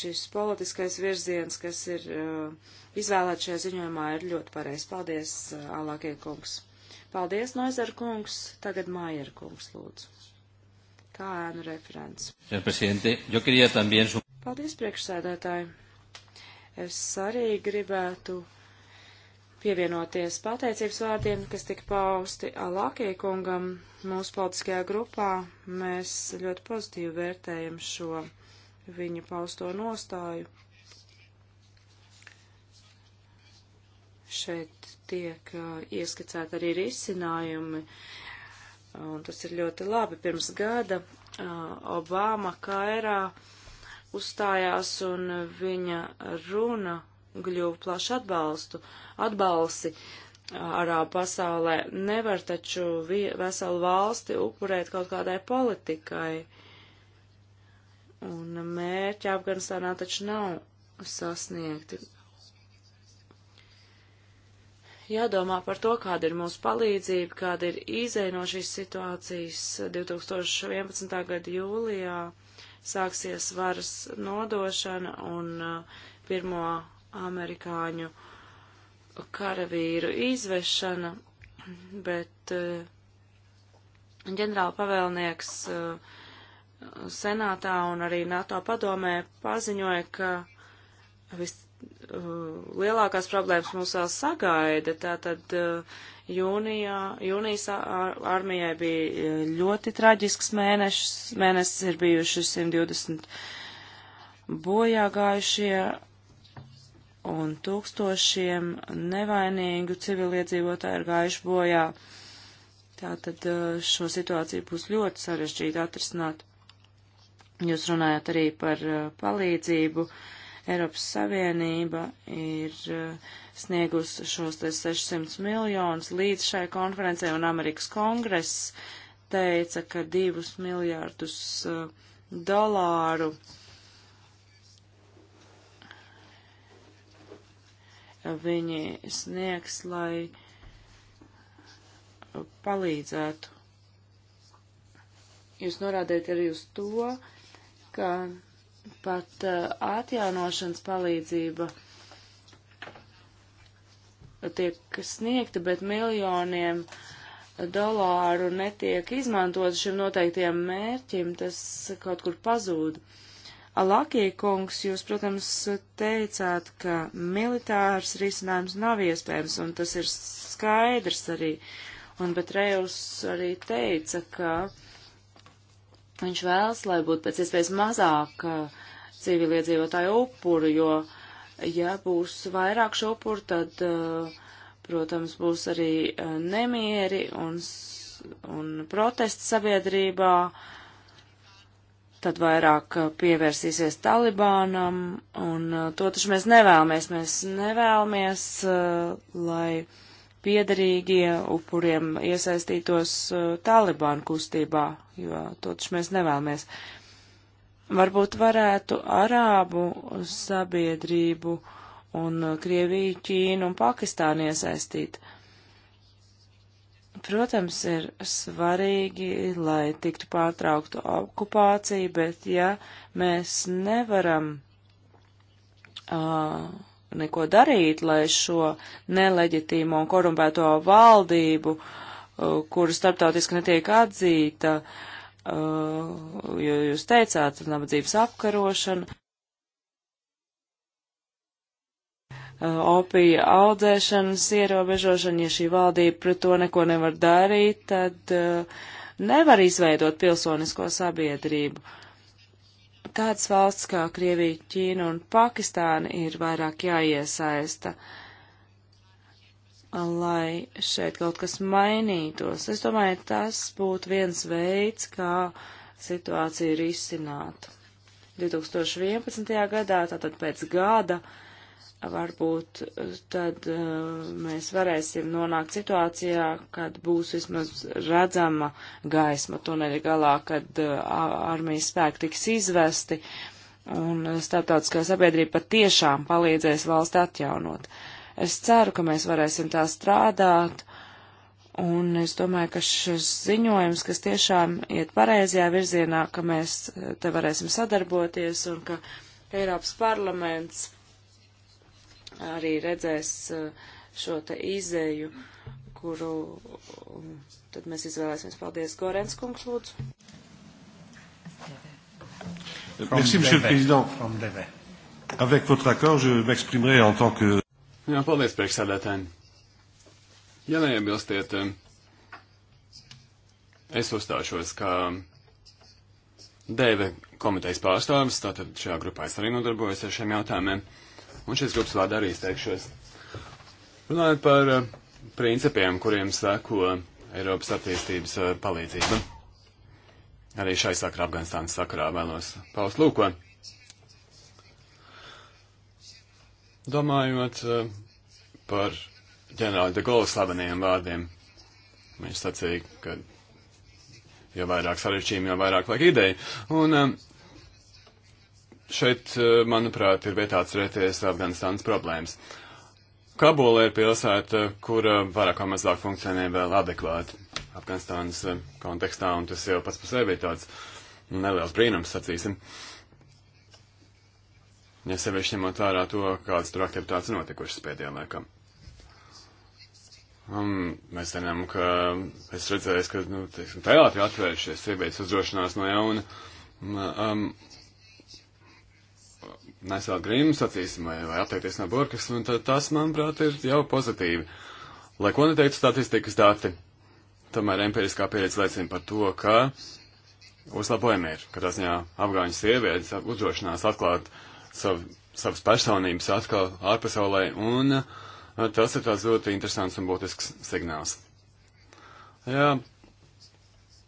šis politiskais virziens, kas ir uh, izvēlēts šajā ziņojumā, ir ļoti pareizs. Paldies, uh, Alākie kungs! Paldies, Noizer kungs! Tagad Mājer kungs, lūdzu! kā ēnu referents. Paldies, priekšsēdētāji. Es arī gribētu pievienoties pateicības vārdiem, kas tika pausti Alākie kungam mūsu politiskajā grupā. Mēs ļoti pozitīvi vērtējam šo viņa pausto nostāju. Šeit tiek uh, ieskicēti arī risinājumi uh, Un tas ir ļoti labi. Pirms gada Obama Kairā uzstājās un viņa runa kļuva plašu atbalstu, atbalsi arābu pasaulē. Nevar taču veselu valsti upurēt kaut kādai politikai. Un mērķi Afganistānā taču nav sasniegti jādomā par to, kāda ir mūsu palīdzība, kāda ir izēja no šīs situācijas. 2011. gada jūlijā sāksies varas nodošana un uh, pirmo amerikāņu karavīru izvešana, bet uh, ģenerāla pavēlnieks uh, senātā un arī NATO padomē paziņoja, ka viss Uh, lielākās problēmas mūs vēl sagaida. Tātad uh, jūnijā, jūnijas armijai bija uh, ļoti traģisks mēnešs. Mēnesis ir bijuši 120 bojā gājušie un tūkstošiem nevainīgu civiliedzīvotāju ir gājuši bojā. Tātad šo situāciju būs ļoti sarežģīti atrisināt. Jūs runājat arī par palīdzību. Uh, Eiropas Savienība ir eh, sniegus šos 600 miljonus līdz šai konferencē, un Amerikas kongress teica, ka 2 miljārdus eh, dolāru viņi sniegs, lai palīdzētu. Jūs norādījat arī uz to, ka pat uh, atjaunošanas palīdzība tiek sniegta, bet miljoniem dolāru netiek izmantot šim noteiktajam mērķim, tas kaut kur pazūd. Alakī kungs, jūs, protams, teicāt, ka militārs risinājums nav iespējams, un tas ir skaidrs arī, un Betreus arī teica, ka uh, Viņš vēlas, lai būtu pēc iespējas mazāk uh, civiliedzīvotāju upuru, jo, ja būs vairāk šo upuru, tad, uh, protams, būs arī uh, nemieri un, un protesti sabiedrībā, tad vairāk pievērsīsies Talibānam, un to taču mēs nevēlamies. Mēs nevēlamies, lai piederīgie upuriem iesaistītos uh, eh, Talibānu kustībā, jo to taču mēs nevēlamies. Varbūt varētu Arābu sabiedrību un eh, Krieviju, Ķīnu un Pakistānu iesaistīt. Protams, ir svarīgi, lai tiktu pārtrauktu okupācija, bet ja mēs nevaram uh, neko darīt, lai šo neleģitīmo un korumpēto valdību, uh, kuru starptautiski netiek atzīta, uh, jo jūs teicāt, nabadzības apkarošana, uh, opija audzēšanas ierobežošana, ja šī valdība pret to neko nevar darīt, tad nevar izveidot pilsonisko sabiedrību tādas valsts kā Krievija, Ķīna un Pakistāna ir vairāk jāiesaista, lai šeit kaut kas mainītos. Es domāju, tas būtu viens veids, kā situāciju risināt. 2011. gadā, tātad pēc gada, uh, varbūt eh, tad uh, mēs varēsim nonākt situācijā, kad būs vismaz redzama gaisma tuneļa galā, kad uh, armijas spēki tiks izvesti un starptautiskā sabiedrība patiešām palīdzēs valsts atjaunot. Es ceru, ka mēs varēsim tā strādāt, un es domāju, ka šis ziņojums, kas tiešām iet pareizajā virzienā, ka mēs te varēsim sadarboties un ka Eiropas parlaments arī redzēs eh, šo te izēju, kuru um, tad mēs izvēlēsimies. Paldies, Gorens kungs, lūdzu. Merci, Monsieur le Président. Avec votre accord, je m'exprimerai en tant que. Jā, paldies, priekšsēdētāji. Ja neiebilstiet, eh, es uzstāšos kā Dēve komitejas pārstāvis, tātad šajā grupā es arī nodarbojos ar šiem jautājumiem. Uh, un šīs grupas vārdā arī izteikšos. Runājot par eh, principiem, kuriem seko Eiropas attīstības eh, palīdzība. Arī šai sakarā Afganistānas sakarā vēlos paust lūko. Domājot eh, par ģenerāli de Gaulle slaveniem vārdiem, viņš sacīja, ka jo vairāk sarežģījumi, jo vairāk vajag ideju. Un Šeit, eh, manuprāt, ir vietā atcerēties Afganistānas problēmas. Kabula ir pilsēta, kura vairāk vai mazāk funkcionē vēl adekvāti Afganistānas eh, kontekstā, un tas jau pats par sevi ir tāds neliels brīnums, sacīsim. Ja sevišķi ņemot vērā to, kādas tur aktivitātes notikušas pēdējā laikā. Um, mēs zinām, ka es redzēju, ka, nu, teiksim, teātri atvēršies, sievietes uzdrošinās no jauna mm, um, nesāt grīmu, sacīsim, vai, vai atteikties no burkas, un tas, manuprāt, ir jau pozitīvi. Lai ko neteiktu statistikas dati, tomēr empiriskā pieredze liecina par to, ka uzlabojumi ir, ka tas, jā, afgāņu sievietes uzdrošinās atklāt savu, savas personības atkal ārpasaulē, un uh, tas ir tāds ļoti interesants un būtisks signāls. Jā,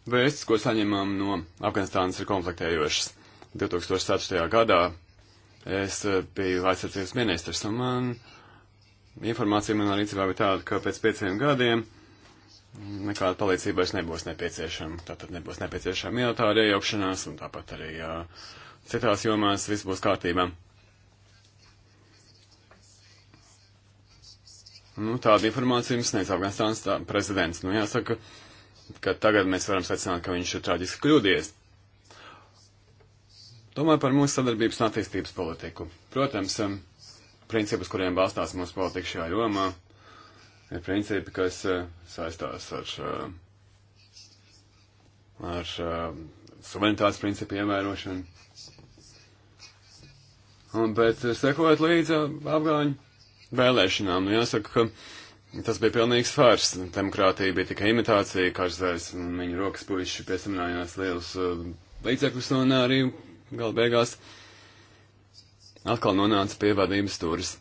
vēsts, ko saņemam no Afganistānas, ir konfliktējošas. 2004. gadā Es eh, biju aizsardzības ministrs, un man informācija manā rīcībā bija tāda, ka pēc pieciem gadiem nekāda palīdzība vairs nebūs nepieciešama. Tātad nebūs nepieciešama militāra iejaukšanās, un tāpat arī jā, citās jomās viss būs kārtībā. Nu, tādu informāciju mums sniedz Afganistānas prezidents. Nu, jāsaka, ka tagad mēs varam secināt, ka viņš ir traģiski kļūdies. Domāju par mūsu sadarbības un attīstības politiku. Protams, principus, kuriem balstās mūsu politika šajā jomā, ir principi, kas eh, saistās ar, eh, ar eh, suverenitātes principu ievērošanu. Un, bet sekot līdzi afgāņu vēlēšanām, nu jāsaka, ka tas bija pilnīgs fārs. Demokrātija bija tikai imitācija, kāds zais, un viņa rokas puiši piesaminājās lielus līdzekļus un arī gala beigās atkal nonāca pie vadības stūris.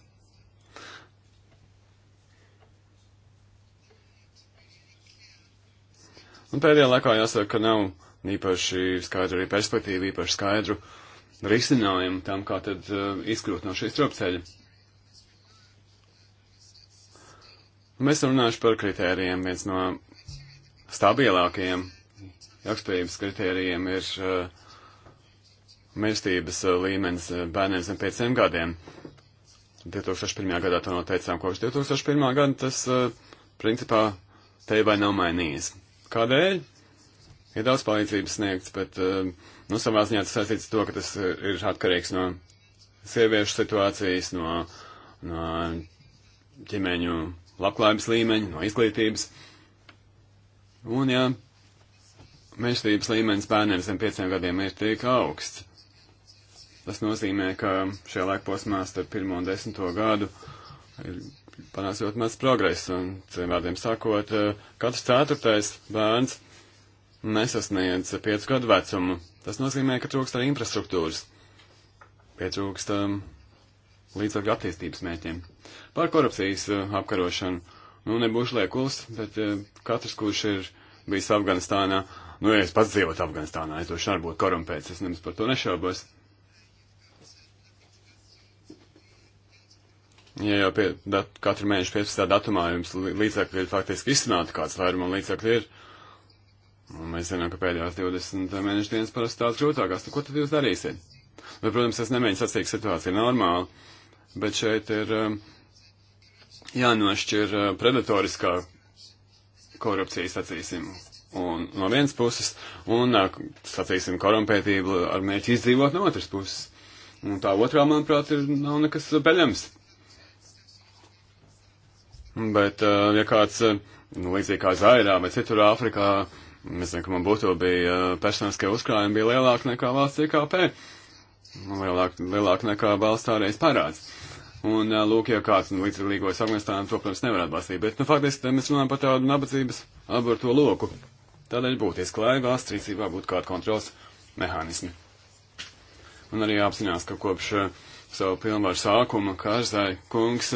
Un pēdējā laikā jāsaka, ka nav īpaši skaidra arī perspektīva, īpaši skaidru risinājumu tam, kā tad uh, izkļūt no šīs tropceļa. Mēs runājuši par kritērijiem. Viens no stabilākajiem ilgspējības kritērijiem ir uh, mirstības eh, līmenis eh, bērniem zem pieciem gadiem. 2001. gadā to noteicām, kopš 2001. gada tas eh, principā te vai nav mainījies. Kādēļ? Ir daudz palīdzības sniegts, bet, nu, savā ziņā tas saistīts to, ka tas ir atkarīgs no sieviešu situācijas, no, no ģimeņu labklājības līmeņa, no izglītības. Un, jā, mežtības līmenis bērniem zem pieciem gadiem ir tik augsts, Tas nozīmē, ka šajā laikposmā starp 1 un 10 gadu ir panāks ļoti maz progresa, un, citiem vārdiem sakot, katrs ceturtais bērns nesasniedz 5 gadu vecumu. Tas nozīmē, ka trūkst arī infrastruktūras, pietrūkst um, līdzekļu attīstības mērķiem. Par korupcijas uh, apkarošanu, nu, nebūšu liekuls, bet uh, katrs, kurš ir bijis Afganistānā, nu, ja es pats dzīvotu Afganistānā, es droši vien būtu korumpēts, es nemaz par to nešaubos. Ja jau pie, dat, katru mēnešu 15. datumā jums līdzekļi ir faktiski izsnāti, kāds vairumam līdzekļi ir, un mēs zinām, ka pēdējās 20 mēnešu dienas parasti tās grūtākās, tad nu, ko tad jūs darīsiet? Bet, nu, protams, es nemēģinu sacīt, ka situācija ir normāla, bet šeit ir um, jānošķir uh, predatoriskā korupcija, sacīsim, un no vienas puses, un, uh, sacīsim, korumpētība ar mērķi izdzīvot no otras puses. Un tā otrā, manuprāt, ir, nav nekas beļams. Bet, eh, ja kāds, eh, nu, līdzīgi kā Zairā vai citur Āfrikā, nezinu, ka man būtu bija eh, personiskie uzkrājumi, bija lielāki nekā valsts IKP, nu, lielāk, lielāk nekā valsts ārējais parāds. Un, lūk, ja kāds nu, līdzīgos Afganistānam, to, protams, nevar atbalstīt. Bet, nu, faktiski, mēs runājam par tādu nabadzības aborto loku. Tādēļ būtiski, lai valsts rīcībā būtu kāda kontrols mehānismi. Un arī apzinās, ka kopš savu pilnvaru sākuma Kārzai kungs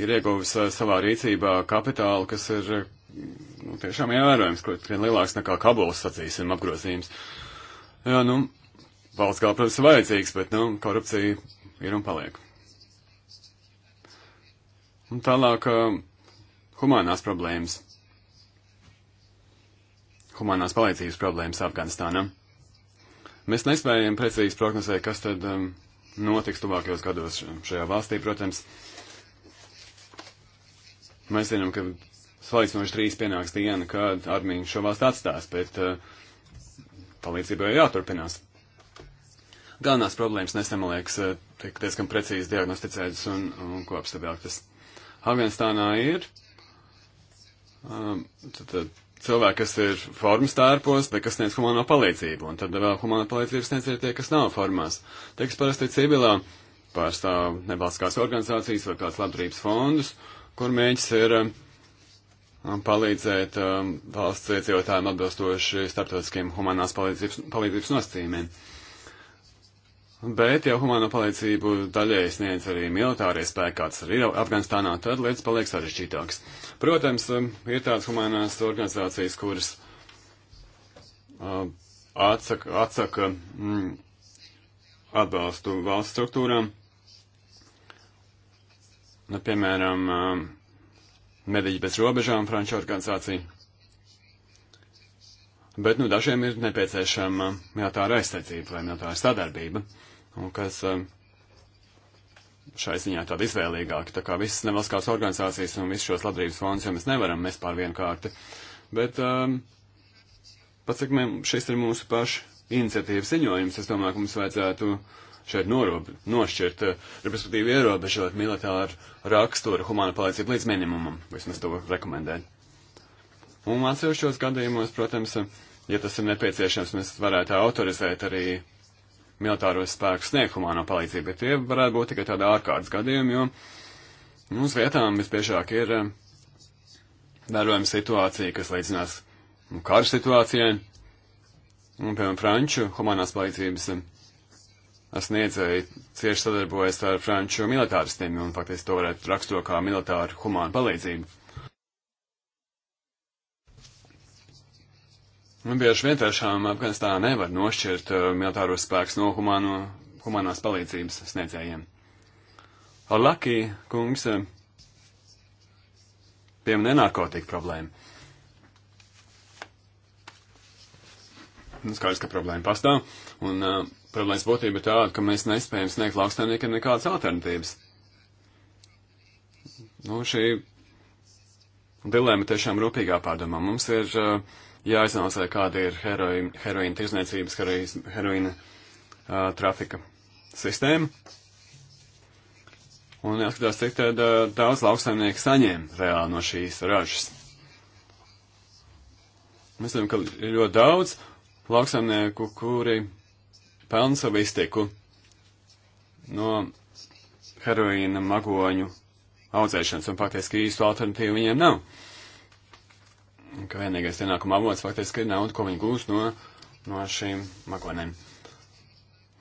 ir ieguvis eh, savā rīcībā kapitālu, kas ir eh, nu, tiešām ievērojams, kur ir lielāks nekā Kabulas, sacīsim, apgrozījums. Jā, nu, valsts kā, protams, ir vajadzīgs, bet, nu, korupcija ir un paliek. Un tālāk, eh, humānās problēmas. Humānās palīdzības problēmas Afganistānam. Mēs nespējam precīzi prognozēt, kas tad um, notiks tuvākajos gados šajā valstī, protams. Uh, Mēs zinām, ka salīdzinoši trīs pienāks diena, kad armija šo valstu atstās, bet uh, palīdzība jau jāturpinās. Galvenās problēmas nesamalieks uh, eh, tiek diezgan precīzi diagnosticētas un, un kopsavilktas. Afganistānā ir um, tad, tad, cilvēki, kas ir formas tērpos, bet kas sniedz humano palīdzību, un tad vēl humano palīdzību sniedz arī tie, kas nav formās. Tie, kas parasti ir civilā, pārstāv nevalstiskās organizācijas vai kāds labdarības fondus, uh, kur mēģis ir um, um, palīdzēt um, valsts iedzīvotājiem atbilstoši starptautiskiem humanās palīdzības, palīdzības nosacījumiem. Bet, ja humano palīdzību daļēji sniedz arī militārie spēki, kāds arī ir Afganistānā, tad lietas paliek sarežģītākas. Protams, ir tādas humanās organizācijas, kuras atsaka, atsaka mm, atbalstu valsts struktūrām, nu, piemēram, um, Mediķi bez robežām, franču organizācija. Bet, nu, dažiem ir nepieciešama militāra aizsardzība vai militāra sadarbība, un kas um, šai ziņā tāda izvēlīgāka. Tā kā visas nevalstiskās organizācijas un visus šos labdarības fondus jau mēs nevaram mest pār vienu kārti. Bet, um, pats, cik mēs, šis ir mūsu pašu iniciatīvas ziņojums, es domāju, ka mums vajadzētu uh, šeit norob, nošķirt, eh, respektīvi ierobežot militāru raksturu humānu palīdzību līdz minimumam, vismaz to rekomendēt. Un atsevišķos gadījumos, protams, eh, ja tas ir nepieciešams, mēs varētu autorizēt arī militāros spēkus sniegt humāno palīdzību, bet tie varētu būt tikai tādi ārkārtas gadījumi, jo mums vietām visbiežāk ir eh, vērojama situācija, kas līdzinās karu situācijai, un, piemēram, franču humanās palīdzības sniedzēji cieši sadarbojas ar franču militāristiem, un faktiski to varētu raksturo kā militāru humānu palīdzību. Un bieži vien tiešām Afganistānā nevar nošķirt uh, militāros spēkus no humāno, humanās palīdzības sniedzējiem. Alaki kungs eh, pieminē narkotika problēmu. Nu, skaidrs, ka problēma pastāv, un uh, Problēmas būtība ir tāda, ka mēs nespējam sniegt lauksaimniekiem nekādas alternatīvas. Nu, šī dilēma tiešām rūpīgā pārdomā. Mums ir uh, jāizanalizē, kāda ir heroīna, heroīna tirzniecības, heroīna uh, trafika sistēma. Un jāskatās, cik tad uh, daudz lauksaimnieku saņēma reāli no šīs ražas. Mēs zinām, ka ir ļoti daudz lauksaimnieku, kuri pelnu savu iztiku no heroīna magoņu audzēšanas, un faktiski īstu alternatīvu viņiem nav. Ka vienīgais ienākuma avots faktiski ir nauda, ko viņi gūs no, no šīm magonēm.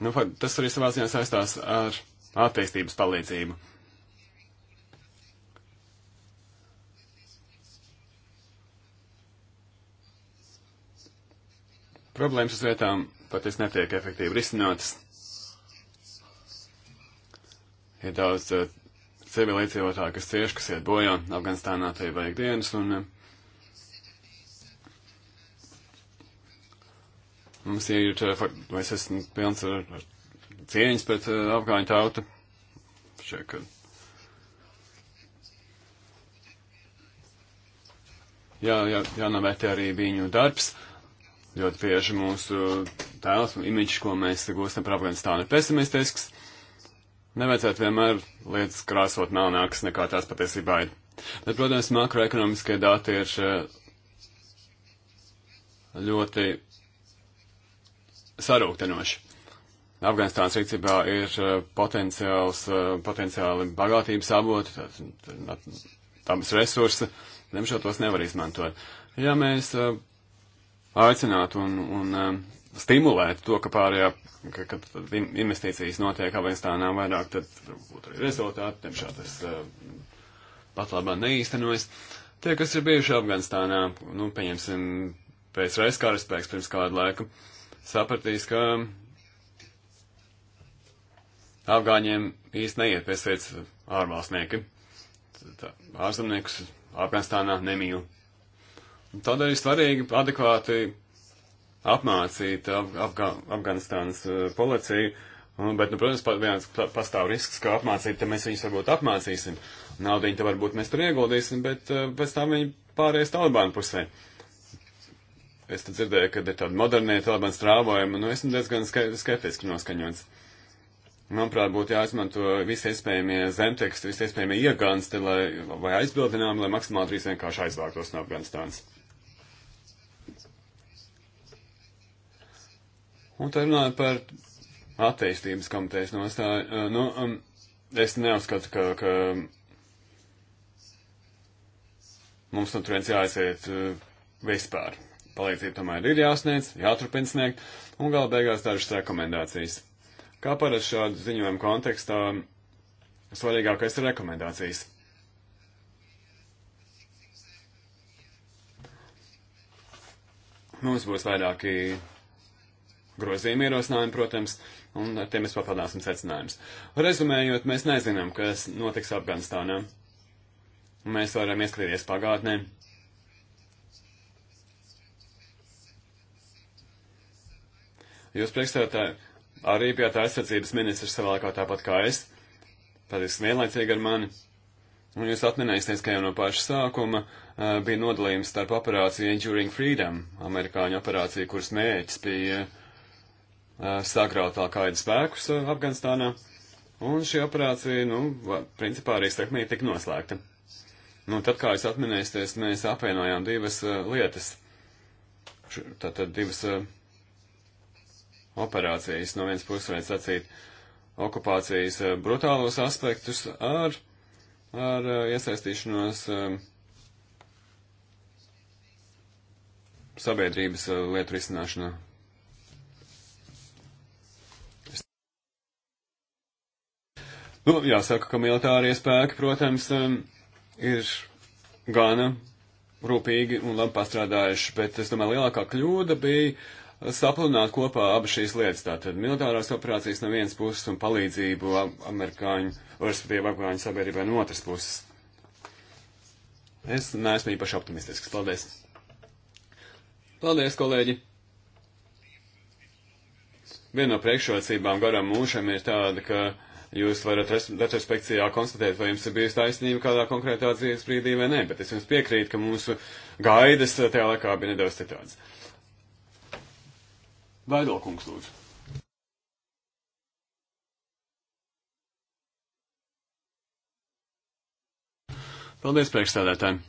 Nu, tas arī savā ziņā saistās ar attīstības palīdzību. Problēmas uz vietām patiesi netiek efektīvi risinātas. Ir daudz uh, eh, civiliedzīvotāji, kas cieši, kas iet bojā Afganistānā, tie vajag dienas, un uh, mums ir, uh, vai es esmu pilns ar, ar cieņas pret uh, afgāņu tautu, šeit, kad. Jā, jā, jānovērtē arī viņu darbs. Uh, Ļoti bieži mūsu tēls un imiņš, ko mēs gūstam par Afganistānu, ir pesimistisks. Nevajadzētu vienmēr lietas krāsot melnākas, nekā tās patiesībā ir. Bet, protams, makroekonomiskie dati ir ļoti sarūktinoši. Afganistānas rīcībā ir potenciāls, potenciāli bagātības avoti, tādas resursi, nemšot tos nevar izmantot. Ja mēs aicināt un, un um, stimulēt to, ka pārējā, ka, kad investīcijas notiek Afganistānā vairāk, tad būtu arī rezultāti, tiemžēl tas uh, pat labā neīstenojas. Tie, kas ir bijuši Afganistānā, nu, pieņemsim, pēc reizkara spēks pirms kādu laiku, sapratīs, ka afgāņiem īsti neiet pēc vietas ārvalstnieki. Tā, ārzemniekus Afganistānā nemīl. Tādēļ ir svarīgi adekvāti apmācīt Afga Afganistānas uh, policiju, bet, nu, protams, viens pastāv risks, ka apmācīt, te mēs viņus varbūt apmācīsim. Naudiņu te varbūt mēs tur ieguldīsim, bet uh, pēc tam viņi pārējais Talibānu pusē. Es tad dzirdēju, ka ir tāda modernie Talibāna strāvojuma, nu, esmu diezgan skeptiski noskaņots. Manuprāt, būtu jāizmanto visi iespējamie zemteksti, visi iespējamie iegansti, lai, vai aizbildinājumi, lai maksimāli drīz vienkārši aizvāktos no Afganistānas. Un tad runāju par attīstības komitejas nostāju. Uh, nu, um, es neuzskatu, ka, ka mums no nu turienes jāaiziet uh, vispār. Palīdzība tomēr ir jāsniedz, jāturpina sniegt, un gala beigās dažas rekomendācijas. Kā parasti šādu ziņojumu kontekstā, svarīgākais ir rekomendācijas. Mums būs vairāki grozījuma ierosinājumi, protams, un ar tiem mēs papildināsim secinājumus. Rezumējot, mēs nezinām, kas notiks Afganistānā. Mēs varam ieskatīties pagātnē. Jūs priekšstādātāji arī bijāt aizsardzības ministrs savā laikā tāpat kā es. Tad es vienlaicīgi ar mani. Un jūs atminēsieties, ka jau no paša sākuma uh, bija nodalījums starp operāciju Enduring Freedom, amerikāņu operāciju, kuras mērķis bija uh, sagraut Alkaida spēkus Afganistānā, un šī operācija, nu, principā arī sekmīgi tika noslēgta. Nu, tad, kā jūs atminēsieties, mēs apvienojām divas lietas. Tātad divas operācijas, no vienas puses varētu sacīt, okupācijas brutālos aspektus ar, ar iesaistīšanos sabiedrības lietu risināšanā. Nu, jāsaka, ka militārie spēki, protams, um, ir gana rūpīgi un labi pastrādājuši, bet es domāju, lielākā kļūda bija saplunāt kopā abas šīs lietas. Tātad militārās operācijas no vienas puses un palīdzību amerikāņu, respektīvi afgāņu sabiedrībai no otras puses. Es neesmu īpaši optimistisks. Paldies! Paldies, kolēģi! Viena no priekšrocībām garam mūšam ir tāda, ka Jūs varat retrospekcijā konstatēt, vai jums ir bijusi taisnība kādā konkrētā dzīves brīdī vai nē, bet es jums piekrītu, ka mūsu gaidas tajā laikā bija nedaudz citādas. Vaidokungs, lūdzu. Paldies priekšstādātājiem.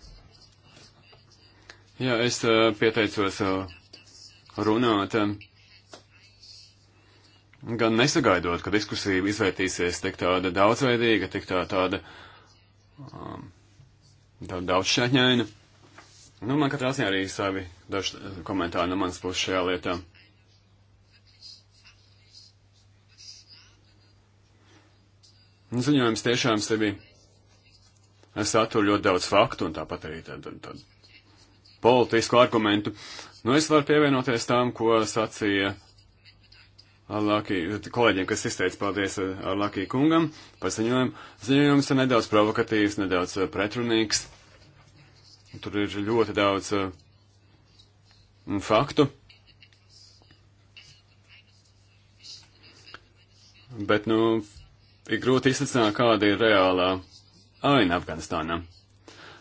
Jā, es uh, pieteicos uh, runāt. Uh, gan nesagaidot, ka diskusija izvērtīsies tik tāda daudzveidīga, tik tā tāda, um, tāda daudzšķaņaina. Nu, man katrā ziņā arī savi daži eh, komentāri no manas puses šajā lietā. Nu, ziņojums tiešām sevi eh, satur ļoti daudz faktu un tāpat arī tādu, tādu politisku argumentu. Nu, es varu pievienoties tām, ko sacīja Laki, kolēģiem, kas izteica paldies eh, Laki kungam par ziņojumu. Ziņojums ir nedaudz provokatīvs, nedaudz eh, pretrunīgs. Tur ir ļoti daudz eh, faktu. Bet, nu, ir grūti izsacīt, kāda ir reālā aina Afganistānā.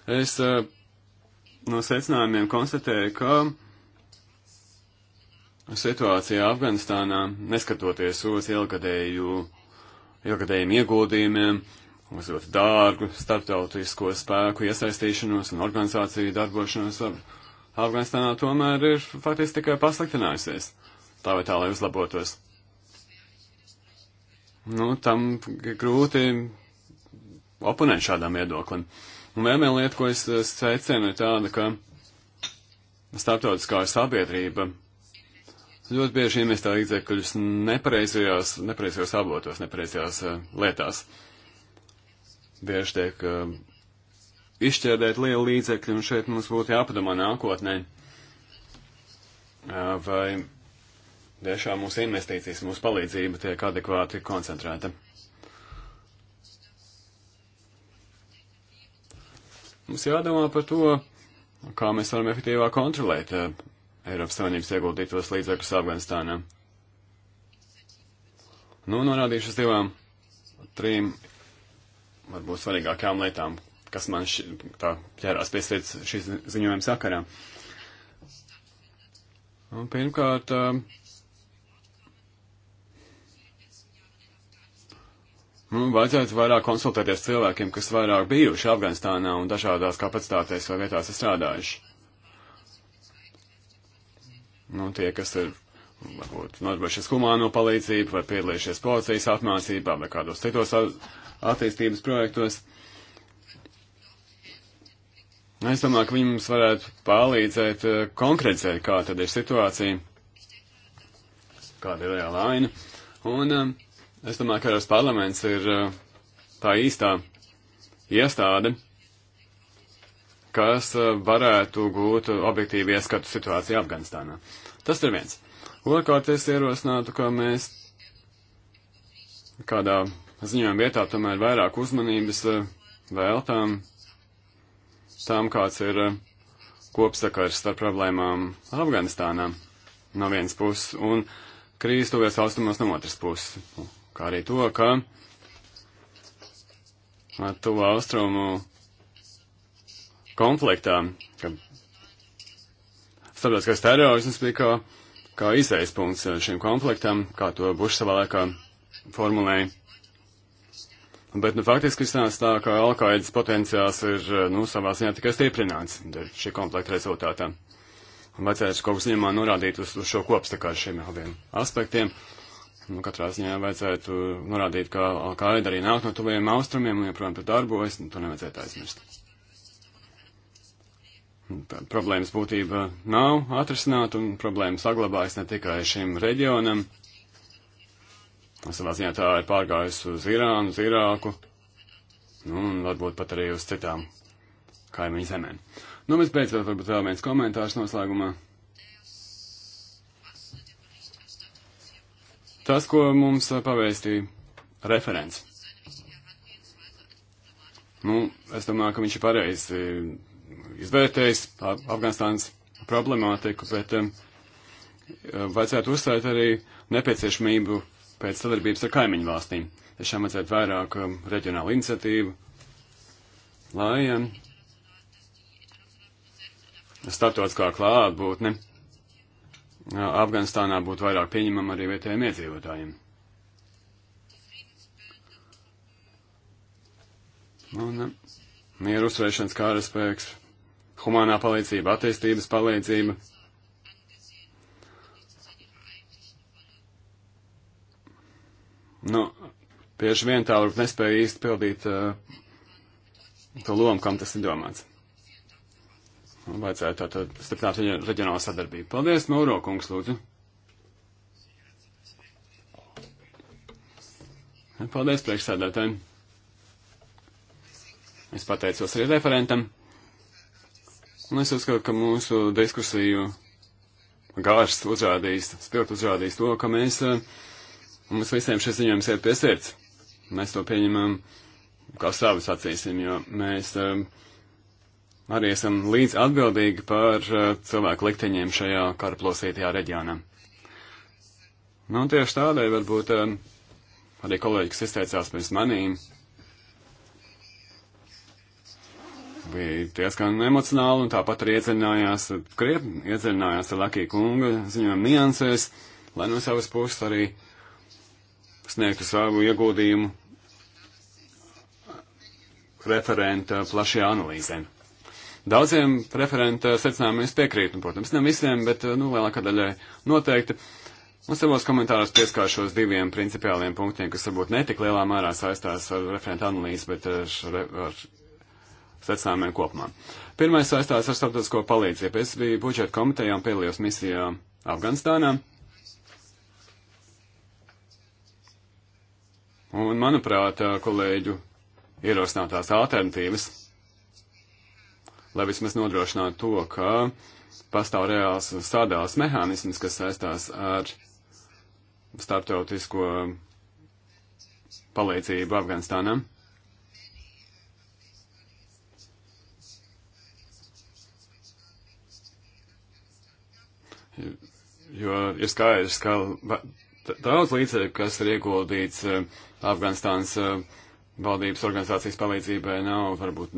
Es no secinājumiem konstatēju, ka situācijā Afganistānā, neskatoties uz ilgadēju, ilgadējiem ieguldījumiem, uz ļoti dārgu starptautisko spēku iesaistīšanos un organizāciju darbošanos, Afganistānā tomēr ir faktiski tikai pasliktinājusies. Tā vai tā, lai uzlabotos. Nu, tam grūti oponēt šādam viedoklim. Un vēl viena lieta, ko es secinu, ir tāda, ka starptautiskā sabiedrība Ļoti bieži investē līdzekļus nepareizajās, nepareizajos avotos, nepareizajās uh, lietās. Bieži tiek uh, izšķērdēt lielu līdzekļu, un šeit mums būtu jāpadomā nākotnē, uh, vai tiešām mūsu investīcijas, mūsu palīdzība tiek adekvāti koncentrēta. Mums jādomā par to, kā mēs varam efektīvāk kontrolēt Eiropas Savienības ieguldītos līdzekļus Afganistānā. Nu, norādīšu uz divām, trim, varbūt svarīgākām lietām, kas man ši, tā ķērās pie sirds šīs ziņojuma sakarā. Un nu, pirmkārt, nu, vajadzētu vairāk konsultēties cilvēkiem, kas vairāk bijuši Afganistānā un dažādās kapacitātēs vai vietās ir strādājuši. Nu, tie, kas ir varbūt nodarbojušies humāno palīdzību vai piedalījušies policijas apmācībā vai kādos citos attīstības projektos. Nu, es domāju, ka viņi mums varētu palīdzēt eh, konkretizēt, kā tad ir situācija, kāda ir reāla aina. Un eh, es domāju, ka Eiropas parlaments ir eh, tā īstā iestāde, kas eh, varētu gūt objektīvi ieskatu situāciju Afganistānā. Tas ir viens. Otrkārt, es ierosinātu, ka mēs kādā ziņojuma vietā tomēr vairāk uzmanības eh, veltām tām, kāds ir eh, kopsakars starp problēmām Afganistānā no vienas puses un krīzes tuvies austrumos no otras puses. Kā arī to, ka tuvu austrumu konfliktā, ka starptautiskais terorisms bija kā, kā izējas punkts eh, šim konfliktam, kā to Bušs savā laikā formulēja. Bet, nu, faktiski iznāca tā, ka Alkaidas potenciāls ir, eh, nu, savā ziņā tikai stiprināts šī konflikta rezultātā. Un vajadzētu kaut kas ņemā norādīt uz, uz šo kopstakāru šiem abiem aspektiem. Nu, katrā ziņā vajadzētu norādīt, ka Alkaida arī nāk no tuviem austrumiem un joprojām tur darbojas, un to nevajadzētu aizmirst. Tad problēmas būtība nav atrisināta un problēma saglabājas ne tikai šim reģionam. Savā ziņā tā ir pārgājusi uz Irānu, uz Irāku, nu, un varbūt pat arī uz citām kaimiņu zemēm. Nu, mēs beidzot varbūt vēl viens komentārs noslēgumā. Tas, ko mums pavēstīja referents. Nu, es domāju, ka viņš ir pareizi izvērtējis Afganistānas problemātiku, bet um, vajadzētu uzsvērt arī nepieciešamību pēc sadarbības ar kaimiņu valstīm. Tiešām vajadzētu vairāk um, reģionālu iniciatīvu, lai um, starptautiskā klātbūtne Afganistānā būtu vairāk pieņemama arī vietējiem iedzīvotājiem. Un um, mieru uzsvēršanas karaspēks humānā palīdzība, attīstības palīdzība. Nu, bieži vien tā varbūt nespēja īsti pildīt uh, to lomu, kam tas ir domāts. Un vajadzētu tātad stiprināt reģionālo sadarbību. Paldies, Mauro kungs, lūdzu. Paldies priekšsēdētājiem. Es pateicos arī referentam. Un es uzskatu, ka mūsu diskusiju gārs uzrādījis, spilt uzrādījis to, ka mēs, eh, mums visiem šis ziņojums iet pie sirds. Mēs to pieņemam kā savus acīsim, jo mēs eh, arī esam līdz atbildīgi par eh, cilvēku likteņiem šajā karplosītajā reģionā. Nu, tieši tādēļ varbūt arī kolēģis izteicās pirms manīm bija diezgan emocionāli un tāpat arī iedziļinājās, krietni iedziļinājās Lakija kunga ziņojuma niansēs, lai no savas puses arī sniegtu savu ieguldījumu referenta plašajā analīzē. Daudziem referenta secinājumiem es piekrītu, protams, ne visiem, bet nu, lielākā daļai noteikti. Un savos komentāros pieskāršos diviem principiāliem punktiem, kas varbūt netik lielā mērā saistās ar referentu analīzi, bet ar, ar secinājumiem kopumā. Pirmais saistās ar starptautisko palīdzību. Es biju budžeta komitejā un piedalījos misijā Afganistānā. Un, manuprāt, kolēģu ierosinātās alternatīvas, lai vismaz nodrošinātu to, ka pastāv reāls sādās mehānisms, kas saistās ar starptautisko palīdzību Afganistānam. jo ir skaidrs, ka daudz līdzekļu, kas ir ieguldīts eh, Afganistānas eh, valdības organizācijas palīdzībai, nav varbūt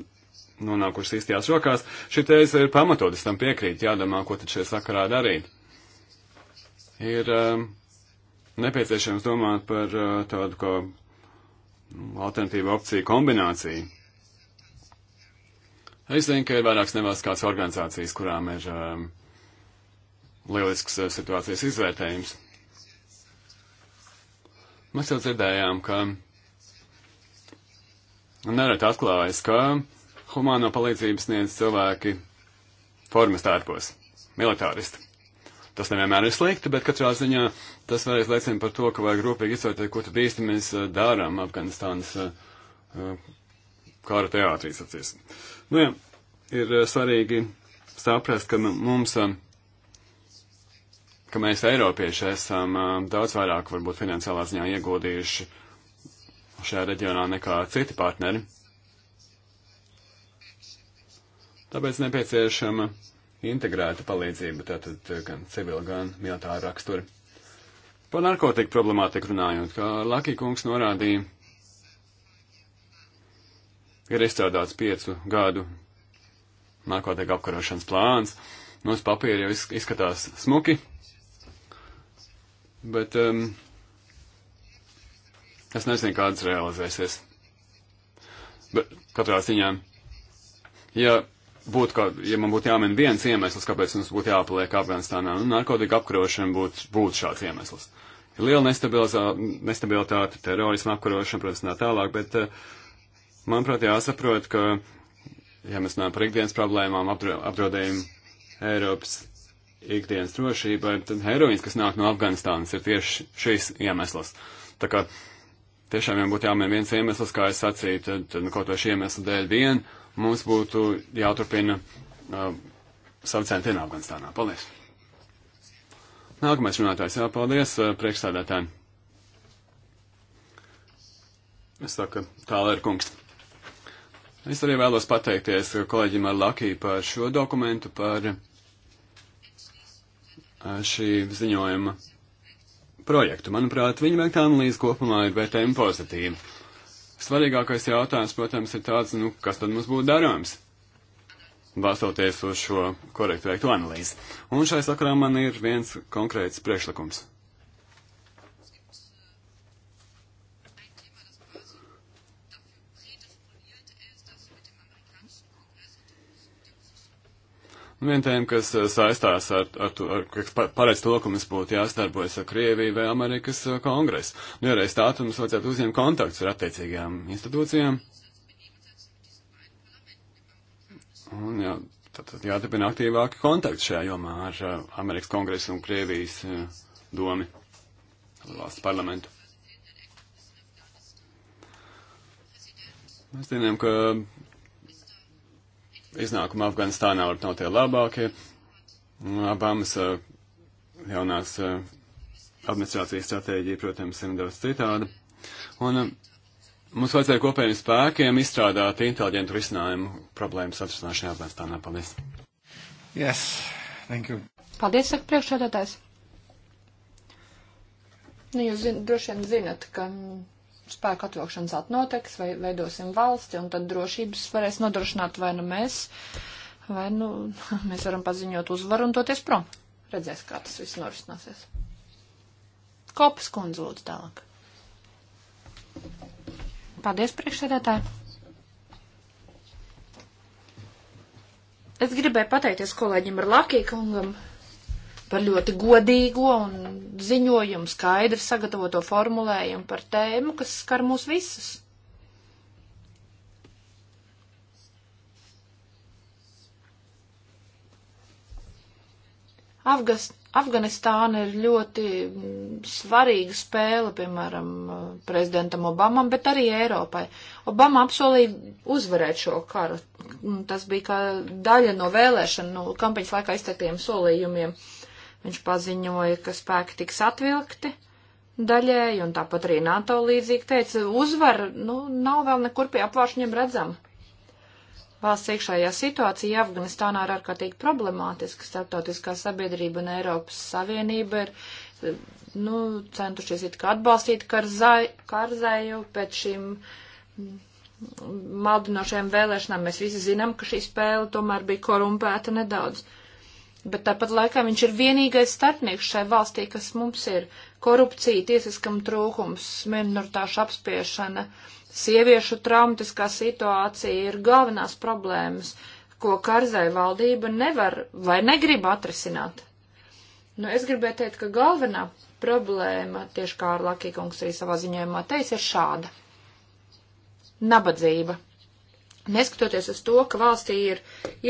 nonākušas īstajās rokās. Šī tēze ir pamatotas, tam piekrīt, jādomā, ko tad šajā sakarā darīt. Ir um, nepieciešams domāt par uh, tādu kā mm, alternatīvu opciju kombināciju. Es zinu, ka ir vairākas nevalstiskās organizācijas, kurām ir um, lielisks eh, situācijas izvērtējums. Mēs jau dzirdējām, ka nereti atklājas, ka humāno palīdzību sniedz cilvēki formas tērpos, militāristi. Tas nevienmēr ir slikti, bet katrā ziņā tas vēlreiz liecina par to, ka vajag rūpīgi izvērtēt, ko tad īsti mēs eh, darām Afganistānas eh, kara teātrī, sacīs. Nu jā, ir svarīgi saprast, ka mums. Uh, ka mēs Eiropieši esam daudz vairāk varbūt finansiālā ziņā ieguldījuši šajā reģionā nekā citi partneri. Tāpēc nepieciešama integrēta palīdzība, tātad gan civila, gan militāra rakstura. Par narkotiku problemātiku runājot, kā Lakī kungs norādīja, ir izstrādāts piecu gadu narkotiku apkarošanas plāns. Mums papīri jau izskatās smuki, Bet um, es nezinu, kādas realizēsies. Bet katrā ziņā, ja būtu, kā, ja man būtu jāmin viens iemesls, kāpēc mums būtu jāpaliek Afganistānā, un nu, narkotika apkarošana būtu būt šāds iemesls. Ir liela nestabilitāte, terorisma apkarošana, protams, tā tālāk, bet, eh, manuprāt, jāsaprot, ka, ja mēs runājam par ikdienas problēmām, apdraudējumu Eiropas ikdienas drošībai, tad heroīns, kas nāk no Afganistānas, ir tieši šīs iemesls. Tā kā tiešām jau būtu jāmēr viens iemesls, kā es sacīju, tad, tad nu, kaut vai šī iemesla dēļ vien mums būtu jāturpina uh, savu centienu Afganistānā. Paldies! Nākamais runātājs, jā, paldies uh, priekšstādātājiem. Es saku, tālēr kungs. Es arī vēlos pateikties kolēģim ar Lakiju par šo dokumentu, par uh, šī ziņojuma projektu. Manuprāt, viņa veikta analīze kopumā ir vērtējuma pozitīva. Svarīgākais jautājums, protams, ir tāds, nu, kas tad mums būtu darāms, balstoties uz šo korektu veiktu analīzi. Un šai sakarā man ir viens konkrēts priekšlikums. Viena tēma, kas eh, saistās ar, ar, to, ar kas paredz to, ka mums būtu jāstarbojas ar Krieviju vai Amerikas eh, kongresu. Nu, ja reiz tā, tad mums vajadzētu uzņemt kontaktus ar attiecīgajām institūcijām. Un jā, tad, tad jāturpina aktīvāki kontakti šajā jomā ar, ar eh, Amerikas kongresu un Krievijas domi valsts parlamentu. Mēs zinām, ka iznākumi Afganistānā var nav tie labākie. Obamas eh, jaunās eh, administrācijas stratēģija, protams, ir nedaudz citāda. Un eh, mums vajadzēja kopējiem spēkiem izstrādāt inteliģentu risinājumu problēmas atrisināšanai Afganistānā. Paldies! Yes, thank you. Paldies, saka priekšsēdētājs. Nu, jūs zin, droši vien zinat, ka spēku atvilkšanas atnotiks, vai veidosim valsti, un tad drošības varēs nodrošināt vai nu mēs, vai nu *laughs* mēs varam paziņot uzvaru un toties prom. Redzēs, kā tas viss norisināsies. Kopas kundze lūdzu tālāk. Paldies, priekšsēdētāji. Es gribēju pateikties kolēģim ar Lakī kungam par ļoti godīgo un ziņojumu skaidri sagatavoto formulējumu par tēmu, kas skar mūs visus. Afgas, Afganistāna ir ļoti svarīga spēle, piemēram, prezidentam Obamam, bet arī Eiropai. Obama apsolīja uzvarēt šo karu. Tas bija kā daļa no vēlēšanu no kampaņas laikā izteiktiem solījumiem. Uh, Viņš paziņoja, ka spēki tiks atvilkti daļēji, un tāpat arī NATO līdzīgi teica, uzvar, nu, nav vēl nekur pie apvāršņiem redzama. Valsts iekšējā situācija Afganistānā ir ārkārtīgi problemātiska. Starptautiskā sabiedrība un Eiropas Savienība ir nu, centušies it kā atbalstīt karzai, karzēju pēc šīm maldinošajām vēlēšanām. Mēs visi zinām, ka šī spēle tomēr bija korumpēta nedaudz bet tāpat laikā viņš ir vienīgais starpnieks šai valstī, kas mums ir korupcija, tiesiskam trūkums, minoritāšu apspiešana, sieviešu traumatiskā situācija ir galvenās problēmas, ko Karzai valdība nevar vai negrib atrisināt. Nu, es gribēju teikt, ka galvenā problēma, tieši kā ar Lakīkungs arī savā ziņojumā teica, ir šāda. Nabadzība Neskatoties uz to, ka valstī ir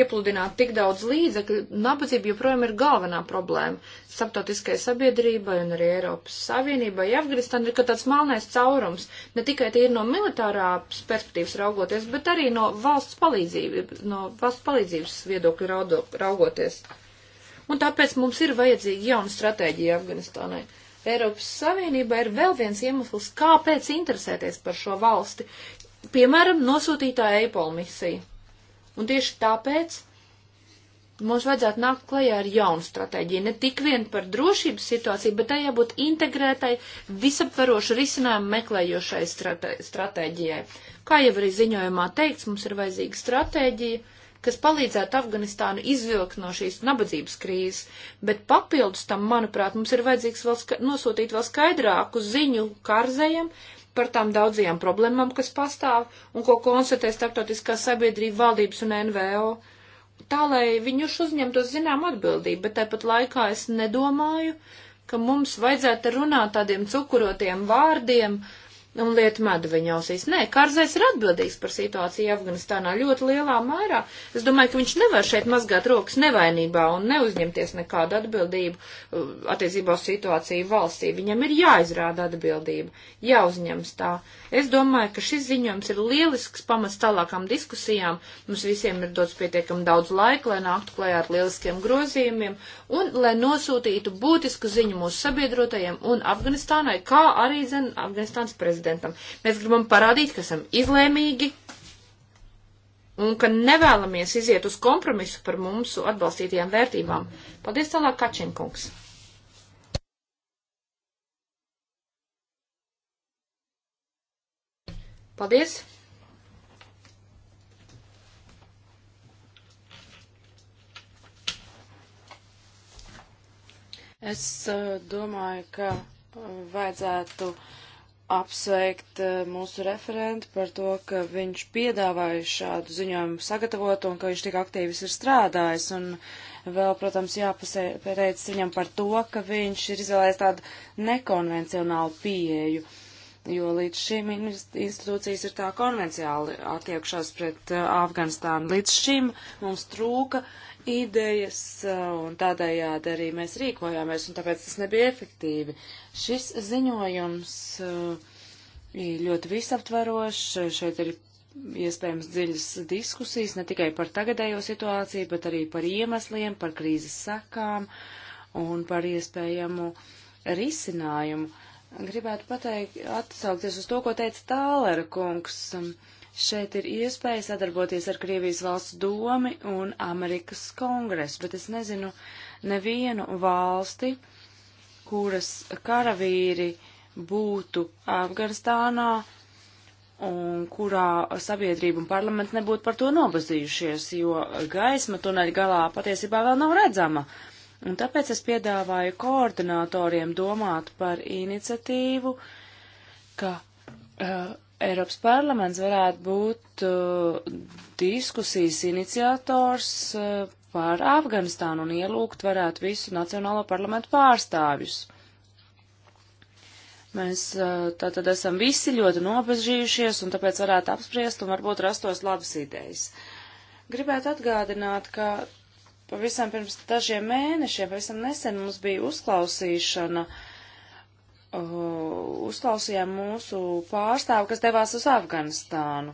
iepludināta tik daudz līdzekļu, nabadzība joprojām ir galvenā problēma. Starptautiskai sabiedrībai un arī Eiropas Savienībai Afganistāna ir kā tāds malnais caurums, ne tikai tīri no militārā perspektīvas raugoties, bet arī no valsts palīdzības, no valsts palīdzības viedokļa raugoties. Un tāpēc mums ir vajadzīga jauna stratēģija Afganistānai. Eiropas Savienība ir vēl viens iemesls, kāpēc interesēties par šo valsti, piemēram, nosūtītā EIPOL misija. Un tieši tāpēc mums vajadzētu nākt klajā ar jaunu stratēģiju, ne tik vien par drošības situāciju, bet tai jābūt integrētai, visaptverošu risinājumu meklējošai stratē, stratēģijai. Kā jau arī ziņojumā teikts, mums ir vajadzīga stratēģija, kas palīdzētu Afganistānu izvilkt no šīs nabadzības krīzes, bet papildus tam, manuprāt, mums ir vajadzīgs vēl nosūtīt vēl skaidrāku ziņu karzējiem, par tām daudzajām problēmām, kas pastāv un ko konstatē starptautiskā sabiedrība, valdības un NVO. Tā, lai viņi uzņemtos zinām atbildību, bet tāpat laikā es nedomāju, ka mums vajadzētu runāt tādiem cukurotiem vārdiem, uh, un lieta medu viņa ausīs. Nē, Kārzais ir atbildīgs par situāciju Afganistānā ļoti lielā mērā. Es domāju, ka viņš nevar šeit mazgāt rokas nevainībā un neuzņemties nekādu atbildību uh, attiecībā uz situāciju valstī. Viņam ir jāizrāda atbildība, jāuzņems tā. Es domāju, ka šis ziņojums ir lielisks pamats tālākām diskusijām. Mums visiem ir dots pietiekami daudz laika, lai nāktu klajā ar lieliskiem grozījumiem un lai nosūtītu būtisku ziņu mūsu sabiedrotajiem un Afganistānai, kā arī, zin, Afganistāns prezidents prezidentam. Mēs gribam parādīt, ka esam izlēmīgi un ka nevēlamies iziet uz kompromisu par mūsu atbalstītajām vērtībām. Paldies tālāk, Kačinkungs! Paldies! Es eh, domāju, ka eh, vajadzētu uh, apsveikt eh, mūsu referentu par to, ka viņš piedāvāja šādu ziņojumu sagatavot un ka viņš tik aktīvis ir strādājis. Un vēl, protams, jāpateic viņam par to, ka viņš ir izvēlējies tādu nekonvencionālu pieeju. Uh, jo līdz šim institūcijas ir tā konvenciāli attiekšās pret uh, Afganistānu. Līdz šim mums trūka idejas, uh, un tādējādi arī mēs rīkojāmies, un tāpēc tas nebija efektīvi. Šis ziņojums uh, ir ļoti visaptverošs, šeit ir iespējams dziļas diskusijas ne tikai par tagadējo situāciju, bet arī par iemesliem, par krīzes sekām un par iespējamu risinājumu. Uh, Gribētu pateikt, atsaukties uz to, ko teica Tālera kungs. Šeit ir iespēja sadarboties ar Krievijas valsts domi un Amerikas kongresu, bet es nezinu nevienu valsti, kuras karavīri būtu Afganistānā un kurā sabiedrība un parlamenti nebūtu par to nobazījušies, jo gaisma tuneļa galā patiesībā vēl nav redzama. Uh, Un tāpēc es piedāvāju koordinatoriem domāt par iniciatīvu, ka uh, Eiropas parlaments varētu būt uh, diskusijas iniciators uh, par Afganistānu un ielūgt varētu visu Nacionālo parlamentu pārstāvjus. Mēs uh, tātad esam visi ļoti nobežījušies un tāpēc varētu apspriest un varbūt rastos labas idejas. Gribētu atgādināt, ka Pavisam pirms dažiem mēnešiem, pavisam nesen mums bija uzklausīšana, uh, uzklausījām mūsu pārstāvu, kas devās uz Afganistānu.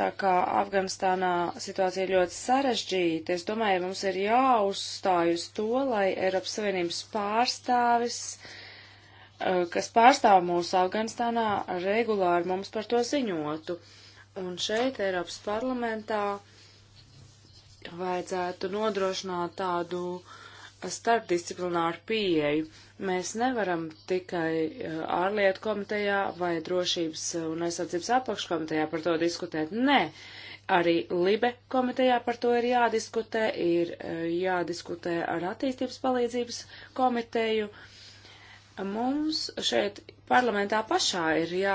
Tā kā Afganistānā situācija ir ļoti sarežģīta, es domāju, mums ir jāuzstāj uz to, lai Eiropas Savienības pārstāvis, uh, kas pārstāv mūsu Afganistānā, regulāri mums par to ziņotu. Un šeit Eiropas parlamentā vajadzētu nodrošināt tādu starpdisciplināru pieeju. Mēs nevaram tikai eh, ārlietu komitejā vai drošības eh, un aizsardzības apakškomitejā par to diskutēt. Nē, arī Libe komitejā par to ir jādiskutē, ir eh, jādiskutē ar attīstības palīdzības komiteju. Mums šeit parlamentā pašā ir jā,